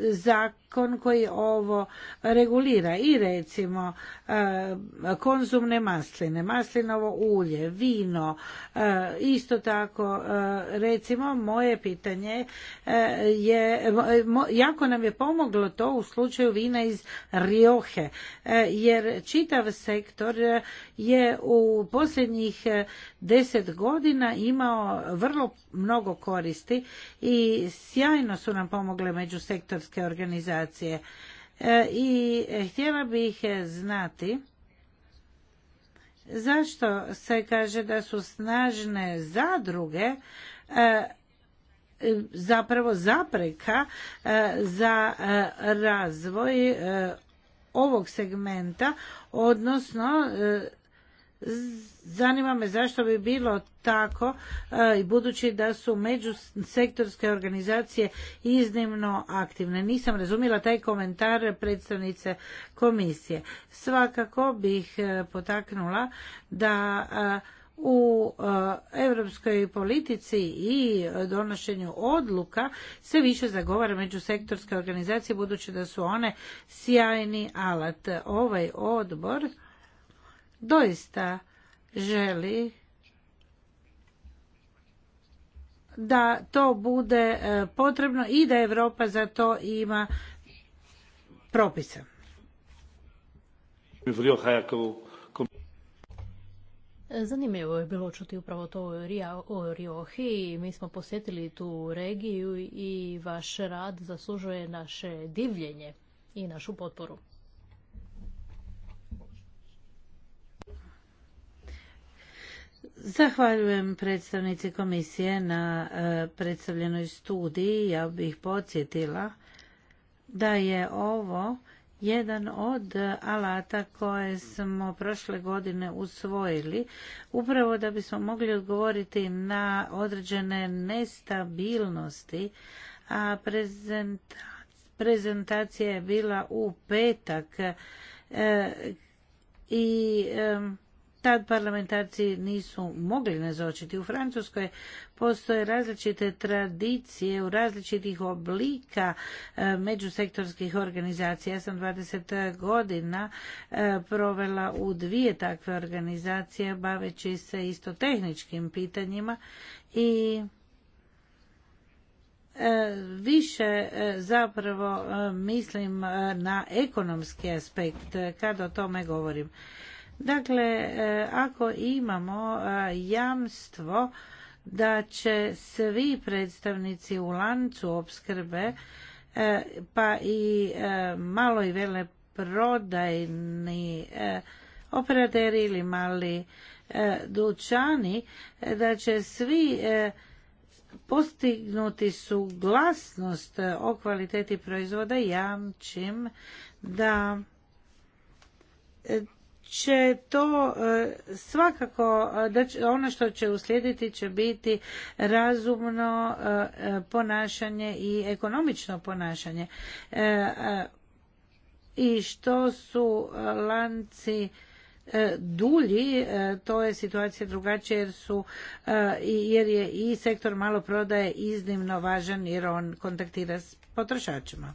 zakon koji ovo regulira i recimo e, konzumne masline, maslinovo ulje, vino, e, isto tako e, recimo moje pitanje je, jako nam je pomoglo to u slučaju vina iz Riohe, jer čitav sektor je u posljednjih deset godina imao vrlo mnogo koristi i sjajno su nam pomogle međusektorske organizacije. E, I htjela bih znati zašto se kaže da su snažne zadruge e, zapravo zapreka e, za razvoj ovog segmenta, odnosno Zanima me zašto bi bilo tako eh, i budući da su međusektorske organizacije iznimno aktivne. Nisam razumjela taj komentar predstavnice komisije. Svakako bih eh, potaknula da eh, u europskoj politici i donošenju odluka sve više zagovara međusektorske organizacije budući da su one sjajni alat. Ovaj odbor doista želi da to bude e, potrebno i da Europa za to ima propisa. Zanimljivo je bilo čuti upravo to o Riohi. Mi smo posjetili tu regiju i vaš rad zaslužuje naše divljenje i našu potporu. Zahvaljujem predstavnici komisije na e, predstavljenoj studiji. Ja bih podsjetila da je ovo jedan od alata koje smo prošle godine usvojili, upravo da bismo mogli odgovoriti na određene nestabilnosti, a prezentacija je bila u petak e, i tad parlamentarci nisu mogli nazočiti. U Francuskoj postoje različite tradicije u različitih oblika e, međusektorskih organizacija. Ja sam 20 godina e, provela u dvije takve organizacije baveći se isto tehničkim pitanjima i e, više zapravo mislim na ekonomski aspekt kad o tome govorim. Dakle, e, ako imamo e, jamstvo da će svi predstavnici u lancu opskrbe e, pa i malo i vele prodajni operateri ili mali dućani da će svi postignuti suglasnost o kvaliteti proizvoda jamčim da će to e, svakako, e, ono što će uslijediti će biti razumno e, ponašanje i ekonomično ponašanje. I što su lanci dulji, to je situacija drugačija jer su jer je i sektor maloprodaje iznimno važan jer on kontaktira s potrošačima.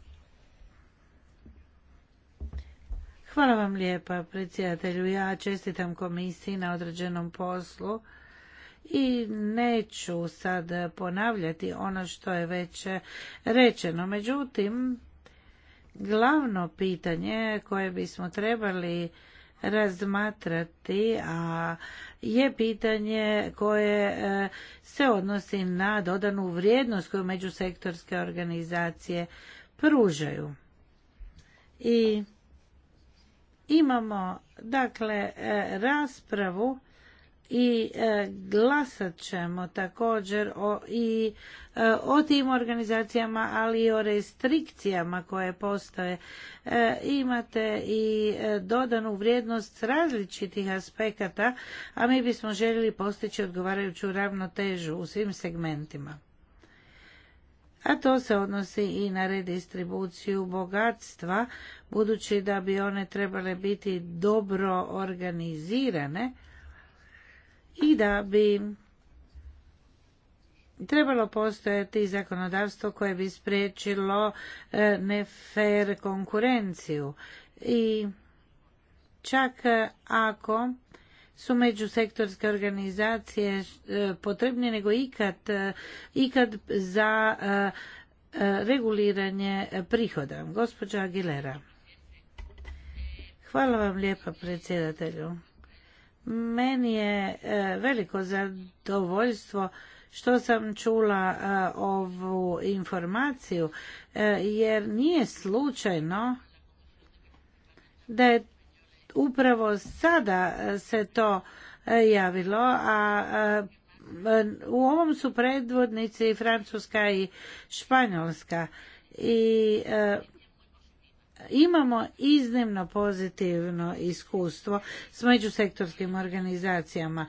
Hvala vam lijepa predsjedatelju. Ja čestitam komisiji na određenom poslu i neću sad ponavljati ono što je već rečeno. Međutim, glavno pitanje koje bismo trebali razmatrati, a je pitanje koje e, se odnosi na dodanu vrijednost koju međusektorske organizacije pružaju. I Imamo dakle e, raspravu i e, glasat ćemo također o, i e, o tim organizacijama, ali i o restrikcijama koje postoje. Imate i dodanu vrijednost različitih aspekata, a mi bismo željeli postići odgovarajuću ravnotežu u svim segmentima a to se odnosi i na redistribuciju bogatstva, budući da bi one trebale biti dobro organizirane i da bi trebalo postojati zakonodavstvo koje bi spriječilo e, nefer konkurenciju i čak ako su međusektorske organizacije e, potrebne nego ikad, e, za e, reguliranje prihoda. Gospođa Aguilera. Hvala vam lijepa predsjedatelju. Meni je veliko zadovoljstvo što sam čula ovu informaciju jer nije slučajno da je upravo sada e, se to e, javilo, a e, u ovom su predvodnici Francuska i Španjolska i imamo iznimno pozitivno iskustvo s međusektorskim organizacijama.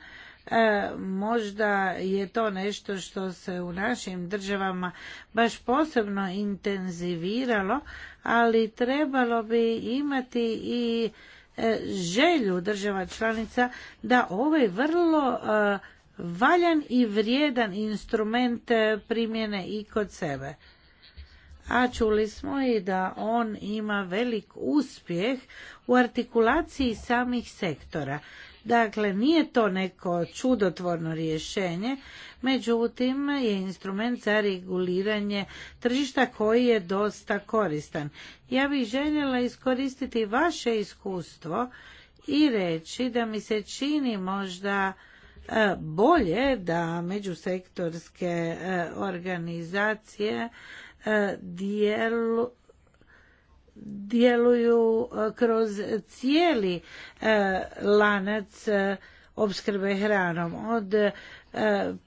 Možda je to nešto što se u našim državama baš posebno intenziviralo, ali trebalo bi imati i E, želju država članica da ovaj vrlo e, valjan i vrijedan instrument e, primjene i kod sebe. A čuli smo i da on ima velik uspjeh u artikulaciji samih sektora. Dakle, nije to neko čudotvorno rješenje, međutim je instrument za reguliranje tržišta koji je dosta koristan. Ja bih željela iskoristiti vaše iskustvo i reći da mi se čini možda e, bolje da međusektorske e, organizacije e, dijelu, djeluju e, kroz cijeli e, lanac e, opskrbe hranom od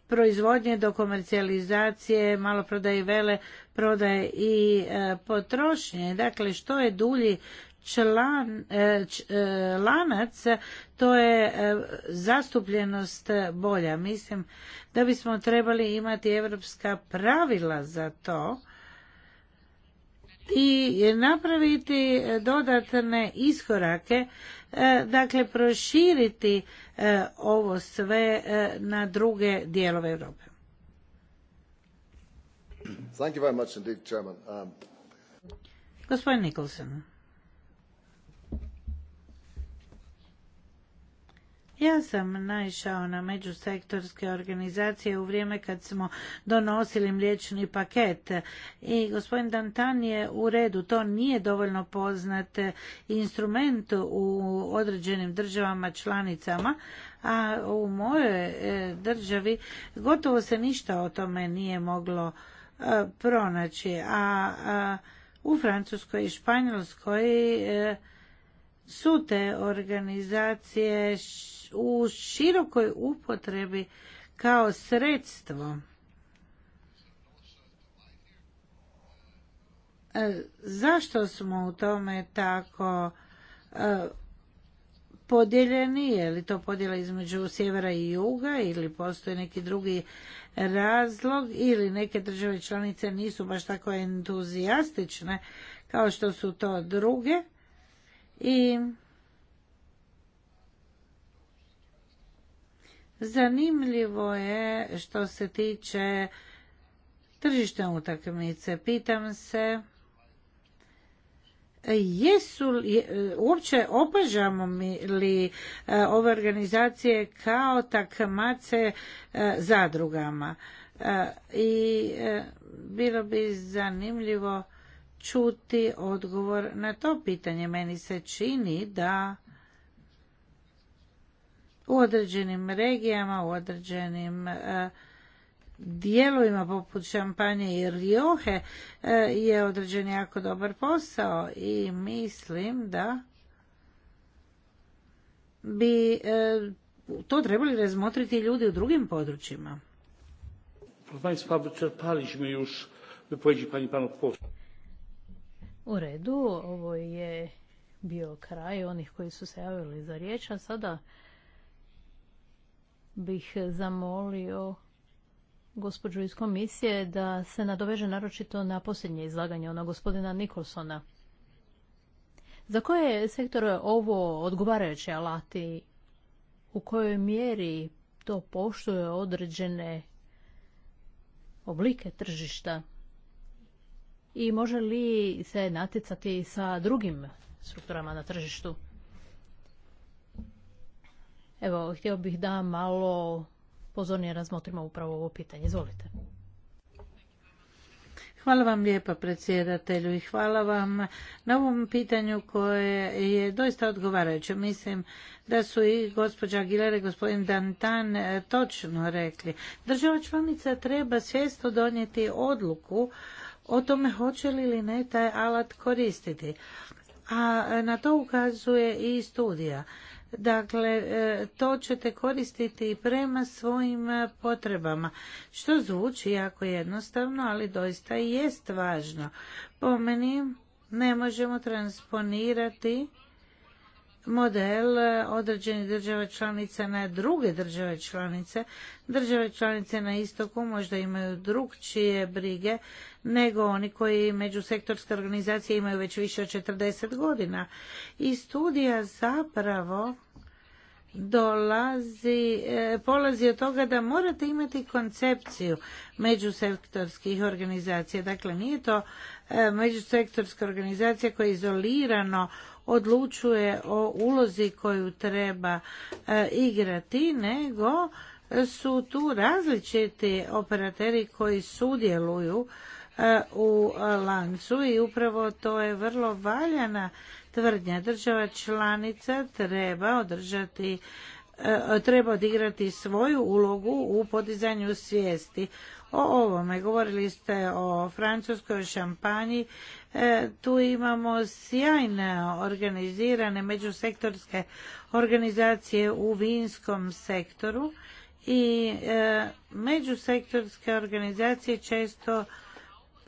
proizvodnje do komercijalizacije, maloprodaje i vele prodaje i potrošnje. Dakle, što je dulji član, lanac, to je zastupljenost bolja. Mislim da bismo trebali imati evropska pravila za to i napraviti dodatne iskorake, e, dakle proširiti e, ovo sve e, na druge dijelove Europe. Thank you very much indeed, Chairman. Um... Gospodin Nicholson. Ja sam naišao na međusektorske organizacije u vrijeme kad smo donosili mliječni paket i gospodin Dantan je u redu. To nije dovoljno poznat instrument u određenim državama članicama, a u mojoj e, državi gotovo se ništa o tome nije moglo e, pronaći. A u Francuskoj i Španjolskoj e, su te organizacije u širokoj upotrebi kao sredstvo e, zašto smo u tome tako e, podijeljeni, je li to podjela između sjevera i juga ili postoji neki drugi razlog ili neke države članice nisu baš tako entuzijastične kao što su to druge i zanimljivo je što se tiče tržišta utakmice. Pitam se jesu li, uopće opažamo li e, ove organizacije kao takmace e, zadrugama e, i bilo bi zanimljivo čuti odgovor na to pitanje. Meni se čini da u određenim regijama, u određenim e, dijelovima poput Šampanje i Riohe e, je određen jako dobar posao i mislim da bi e, to trebali razmotriti ljudi u drugim područjima. Proszę Państwa, wyczerpaliśmy już wypowiedzi Pani u redu, ovo je bio kraj onih koji su se javili za riječ, a sada bih zamolio gospođu iz komisije da se nadoveže naročito na posljednje izlaganje ona gospodina Nikolsona. Za koje sektore ovo odgovarajuće alati, u kojoj mjeri to poštuje određene oblike tržišta? i može li se natjecati sa drugim strukturama na tržištu? Evo, htio bih da malo pozornije razmotrimo upravo ovo pitanje. Izvolite. Hvala vam lijepa predsjedatelju i hvala vam na ovom pitanju koje je doista odgovarajuće. Mislim da su i gospođa Aguilera i gospodin Dantan e, točno rekli. Država članica treba svjesno donijeti odluku o tome hoće li ili ne taj alat koristiti. A e, na to ukazuje i studija. Dakle, e, to ćete koristiti prema svojim e, potrebama, što zvuči jako jednostavno, ali doista i jest važno. Po meni ne možemo transponirati model e, određenih država članica na druge države članice. Države članice na istoku možda imaju drugčije brige nego oni koji međusektorske organizacije imaju već više od 40 godina. I studija zapravo dolazi, e, polazi od toga da morate imati koncepciju međusektorskih organizacija. Dakle, nije to e, međusektorska organizacija koja je izolirano odlučuje o ulozi koju treba e, igrati, nego su tu različiti operateri koji sudjeluju e, u lancu i upravo to je vrlo valjana tvrdnja. Država članica treba održati E, treba odigrati svoju ulogu u podizanju svijesti o ovome. Govorili ste o francuskoj šampanji. E, tu imamo sjajne organizirane međusektorske organizacije u vinskom sektoru i e, međusektorske organizacije često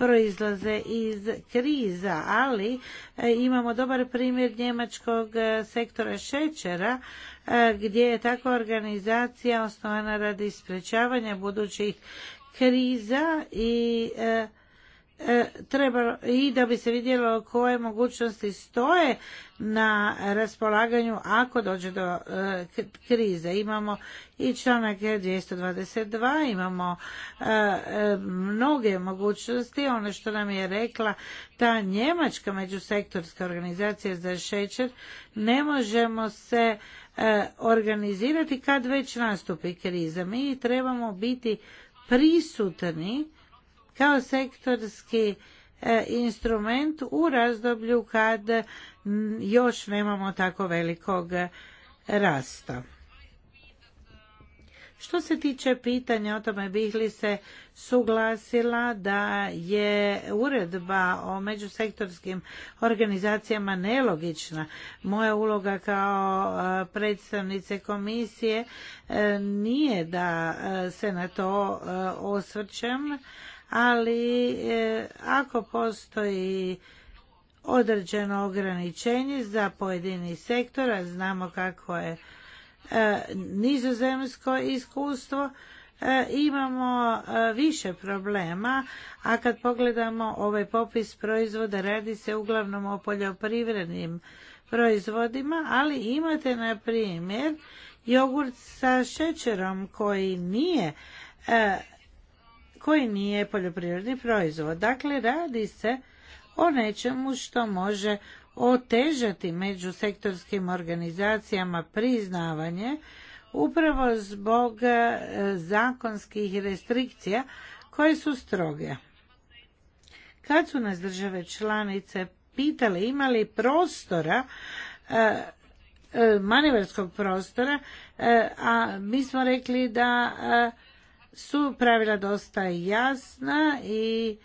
proizlaze iz kriza, ali e, imamo dobar primjer njemačkog e, sektora šećera e, gdje je takva organizacija osnovana radi sprečavanja budućih kriza i E, treba i da bi se vidjelo koje mogućnosti stoje na raspolaganju ako dođe do e, krize. Imamo i članak 222, imamo e, mnoge mogućnosti. Ono što nam je rekla ta njemačka međusektorska organizacija za šećer, ne možemo se organizirati kad već nastupi kriza. Mi trebamo biti prisutni kao sektorski e, instrument u razdoblju kad još nemamo tako velikog e, rasta. Što se tiče pitanja o tome bih li se suglasila da je uredba o međusektorskim organizacijama nelogična. Moja uloga kao e, predstavnice komisije nije da se na to osvrćem, ali e, ako postoji određeno ograničenje za pojedini sektor, a znamo kako je e, nizozemsko iskustvo, e, imamo više problema, a kad pogledamo ovaj popis proizvoda, radi se uglavnom o poljoprivrednim proizvodima, ali imate na primjer jogurt sa šećerom koji nije koji nije poljoprivredni proizvod. Dakle, radi se o nečemu što može otežati među sektorskim organizacijama priznavanje upravo zbog e, zakonskih restrikcija koje su stroge. Kad su nas države članice pitale imali prostora e, e, manevarskog prostora, a mi smo rekli da su pravila dosta jasna i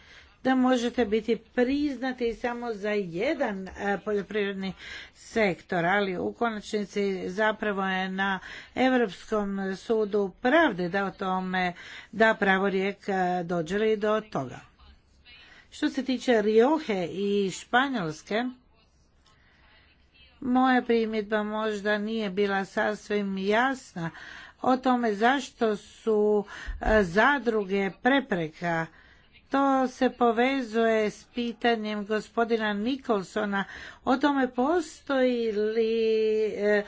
da možete biti priznati samo za jedan e, poljoprivredni sektor, ali u konačnici zapravo je na Europskom sudu pravde da o tome da pravorijek e, dođe li do toga. Što se tiče Riohe i Španjolske, moja primjedba možda nije bila sasvim jasna, o tome zašto su e, zadruge prepreka to se povezuje s pitanjem gospodina Nikolsona o tome postoji li e,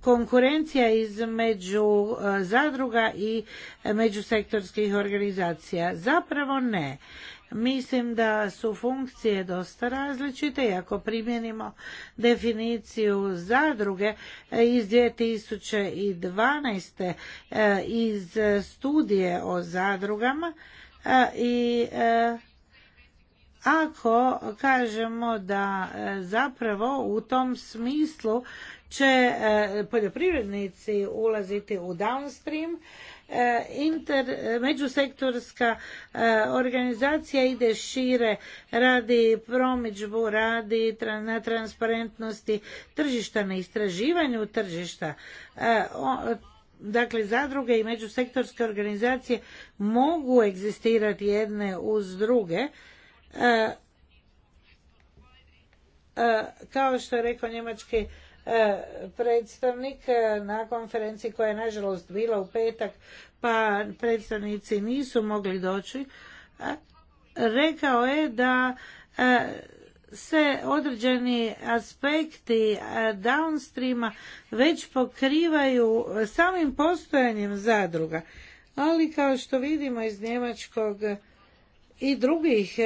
konkurencija između e, zadruga i međusektorskih organizacija. Zapravo ne. Mislim da su funkcije dosta različite i ako primjenimo definiciju zadruge iz 2012. E, iz studije o zadrugama e, i e, ako kažemo da zapravo u tom smislu će poljoprivrednici ulaziti u downstream, E, inter, međusektorska e, organizacija ide šire, radi promidžbu, radi na transparentnosti tržišta, na istraživanju tržišta. E, dakle, zadruge i međusektorske organizacije mogu egzistirati jedne uz druge, kao što je rekao njemački E, predstavnik e, na konferenciji koja je nažalost bila u petak pa predstavnici nisu mogli doći e, rekao je da se određeni aspekti downstreama već pokrivaju samim postojanjem zadruga ali kao što vidimo iz njemačkog i drugih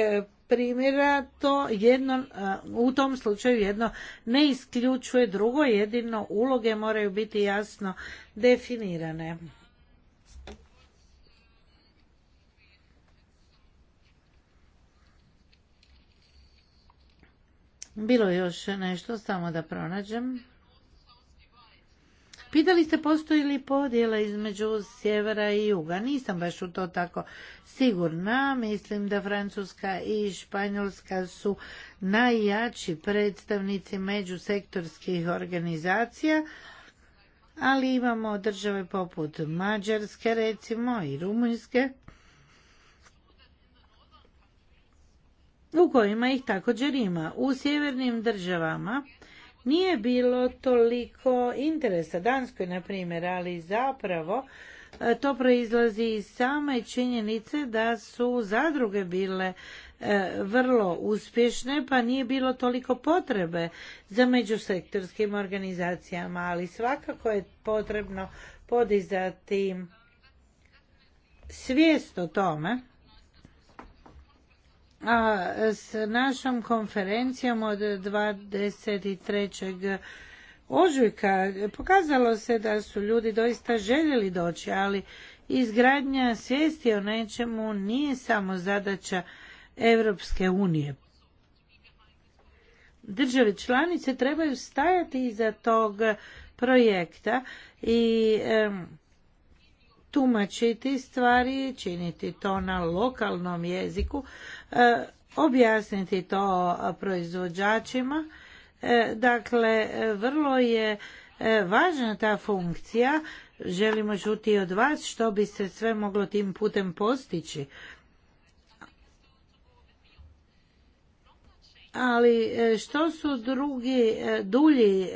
primjera to jedno, u tom slučaju jedno ne isključuje drugo, jedino uloge moraju biti jasno definirane. Bilo je još nešto, samo da pronađem. Pitali ste postoji li podjela između sjevera i juga. Nisam baš u to tako sigurna. Mislim da Francuska i Španjolska su najjači predstavnici međusektorskih organizacija, ali imamo države poput Mađarske recimo i Rumunjske u kojima ih također ima. U sjevernim državama nije bilo toliko interesa Danskoj, na primjer, ali zapravo e, to proizlazi iz same činjenice da su zadruge bile e, vrlo uspješne, pa nije bilo toliko potrebe za međusektorskim organizacijama, ali svakako je potrebno podizati svijest o tome a s našom konferencijom od 23. ožujka pokazalo se da su ljudi doista željeli doći, ali izgradnja svijesti o nečemu nije samo zadaća Europske unije. Države članice trebaju stajati iza tog projekta i tumačiti stvari, činiti to na lokalnom jeziku, e, objasniti to proizvođačima. E, dakle, vrlo je e, važna ta funkcija. Želimo čuti od vas što bi se sve moglo tim putem postići. Ali što su drugi dulji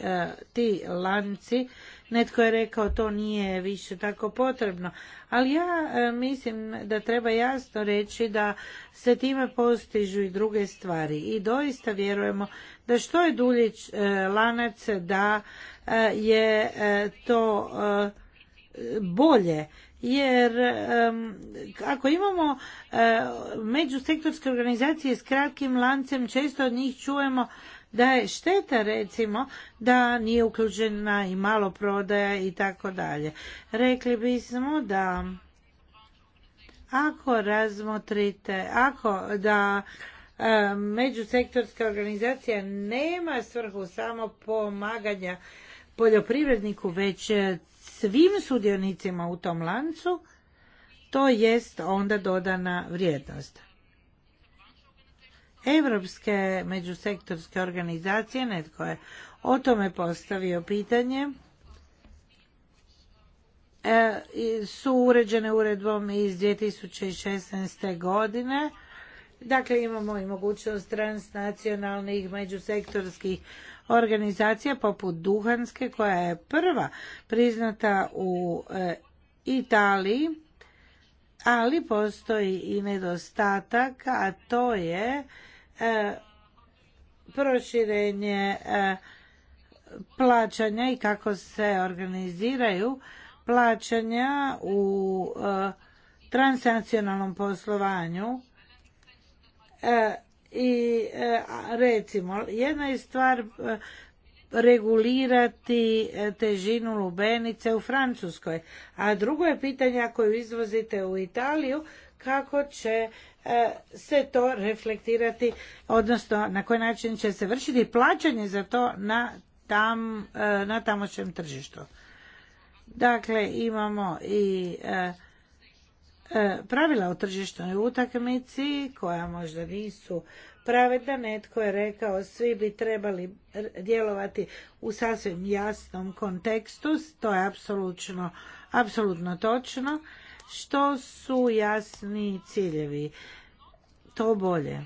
ti lanci Netko je rekao to nije više tako potrebno, ali ja e, mislim da treba jasno reći da se time postižu i druge stvari i doista vjerujemo da što je dulji e, lanac da e, je to bolje jer ako imamo međusektorske organizacije s kratkim lancem često od njih čujemo da je šteta recimo da nije uključena i malo prodaja i tako dalje. Rekli bismo da ako razmotrite, ako da e, međusektorska organizacija nema svrhu samo pomaganja poljoprivredniku, već svim sudionicima u tom lancu, to jest onda dodana vrijednost. Evropske međusektorske organizacije, netko je o tome postavio pitanje, e, su uređene uredbom iz 2016. godine. Dakle, imamo i mogućnost transnacionalnih međusektorskih organizacija poput Duhanske koja je prva priznata u e, Italiji, ali postoji i nedostatak, a to je E, proširenje e, plaćanja i kako se organiziraju plaćanja u e, transnacionalnom poslovanju i recimo jedna je stvar regulirati težinu lubenice u Francuskoj a drugo je pitanje ako ju izvozite u Italiju kako će E, se to reflektirati, odnosno na koji način će se vršiti plaćanje za to na, tam, e, na tamošnjem tržištu. Dakle, imamo i e, pravila o tržišnoj utakmici koja možda nisu pravedna. Netko je rekao svi bi trebali djelovati u sasvim jasnom kontekstu. To je apsolutno, apsolutno točno što su jasni ciljevi, to bolje.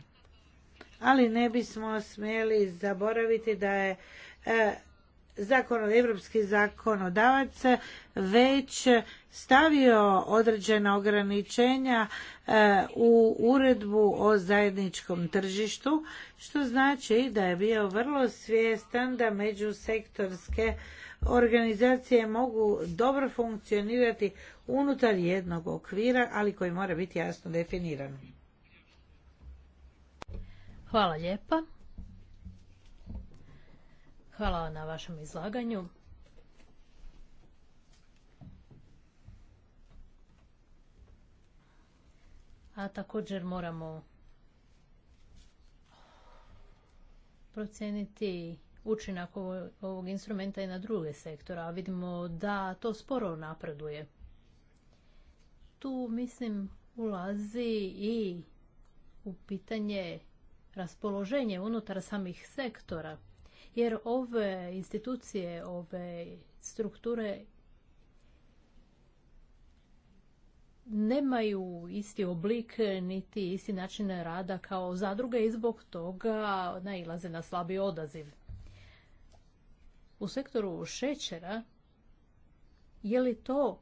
Ali ne bismo smjeli zaboraviti da je e, zakon, evropski zakonodavac već stavio određena ograničenja eh, u uredbu o zajedničkom tržištu, što znači da je bio vrlo svjestan da međusektorske organizacije mogu dobro funkcionirati unutar jednog okvira, ali koji mora biti jasno definiran. Hvala lijepa. Hvala na vašem izlaganju. A također moramo procijeniti učinak ovog instrumenta i na druge sektora, a vidimo da to sporo napreduje. Tu, mislim, ulazi i u pitanje raspoloženje unutar samih sektora jer ove institucije, ove strukture nemaju isti oblik niti isti način rada kao zadruge i zbog toga nailaze na slabi odaziv. U sektoru šećera je li to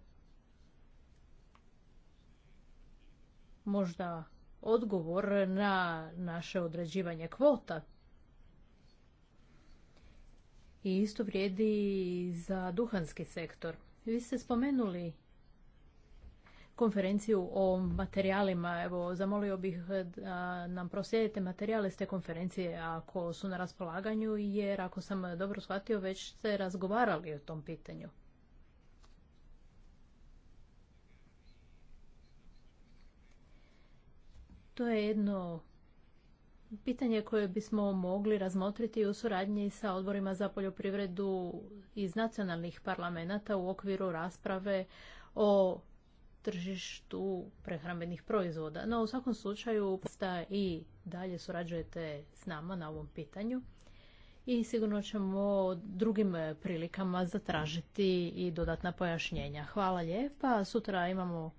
možda odgovor na naše određivanje kvota? I isto vrijedi za duhanski sektor. Vi ste spomenuli konferenciju o materijalima. Evo, zamolio bih da nam proslijedite materijale s te konferencije ako su na raspolaganju, jer ako sam dobro shvatio, već ste razgovarali o tom pitanju. To je jedno pitanje koje bismo mogli razmotriti u suradnji sa odborima za poljoprivredu iz nacionalnih parlamenata u okviru rasprave o tržištu prehrambenih proizvoda. No, u svakom slučaju, sta pa i dalje surađujete s nama na ovom pitanju i sigurno ćemo drugim prilikama zatražiti i dodatna pojašnjenja. Hvala lijepa. Sutra imamo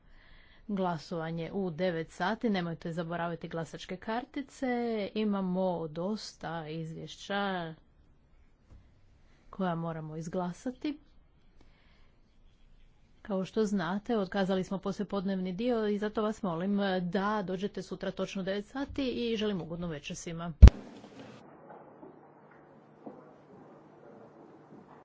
glasovanje u 9 sati. Nemojte zaboraviti glasačke kartice. Imamo dosta izvješća koja moramo izglasati. Kao što znate, otkazali smo podnevni dio i zato vas molim da dođete sutra točno 9 sati i želim ugodnu večer svima.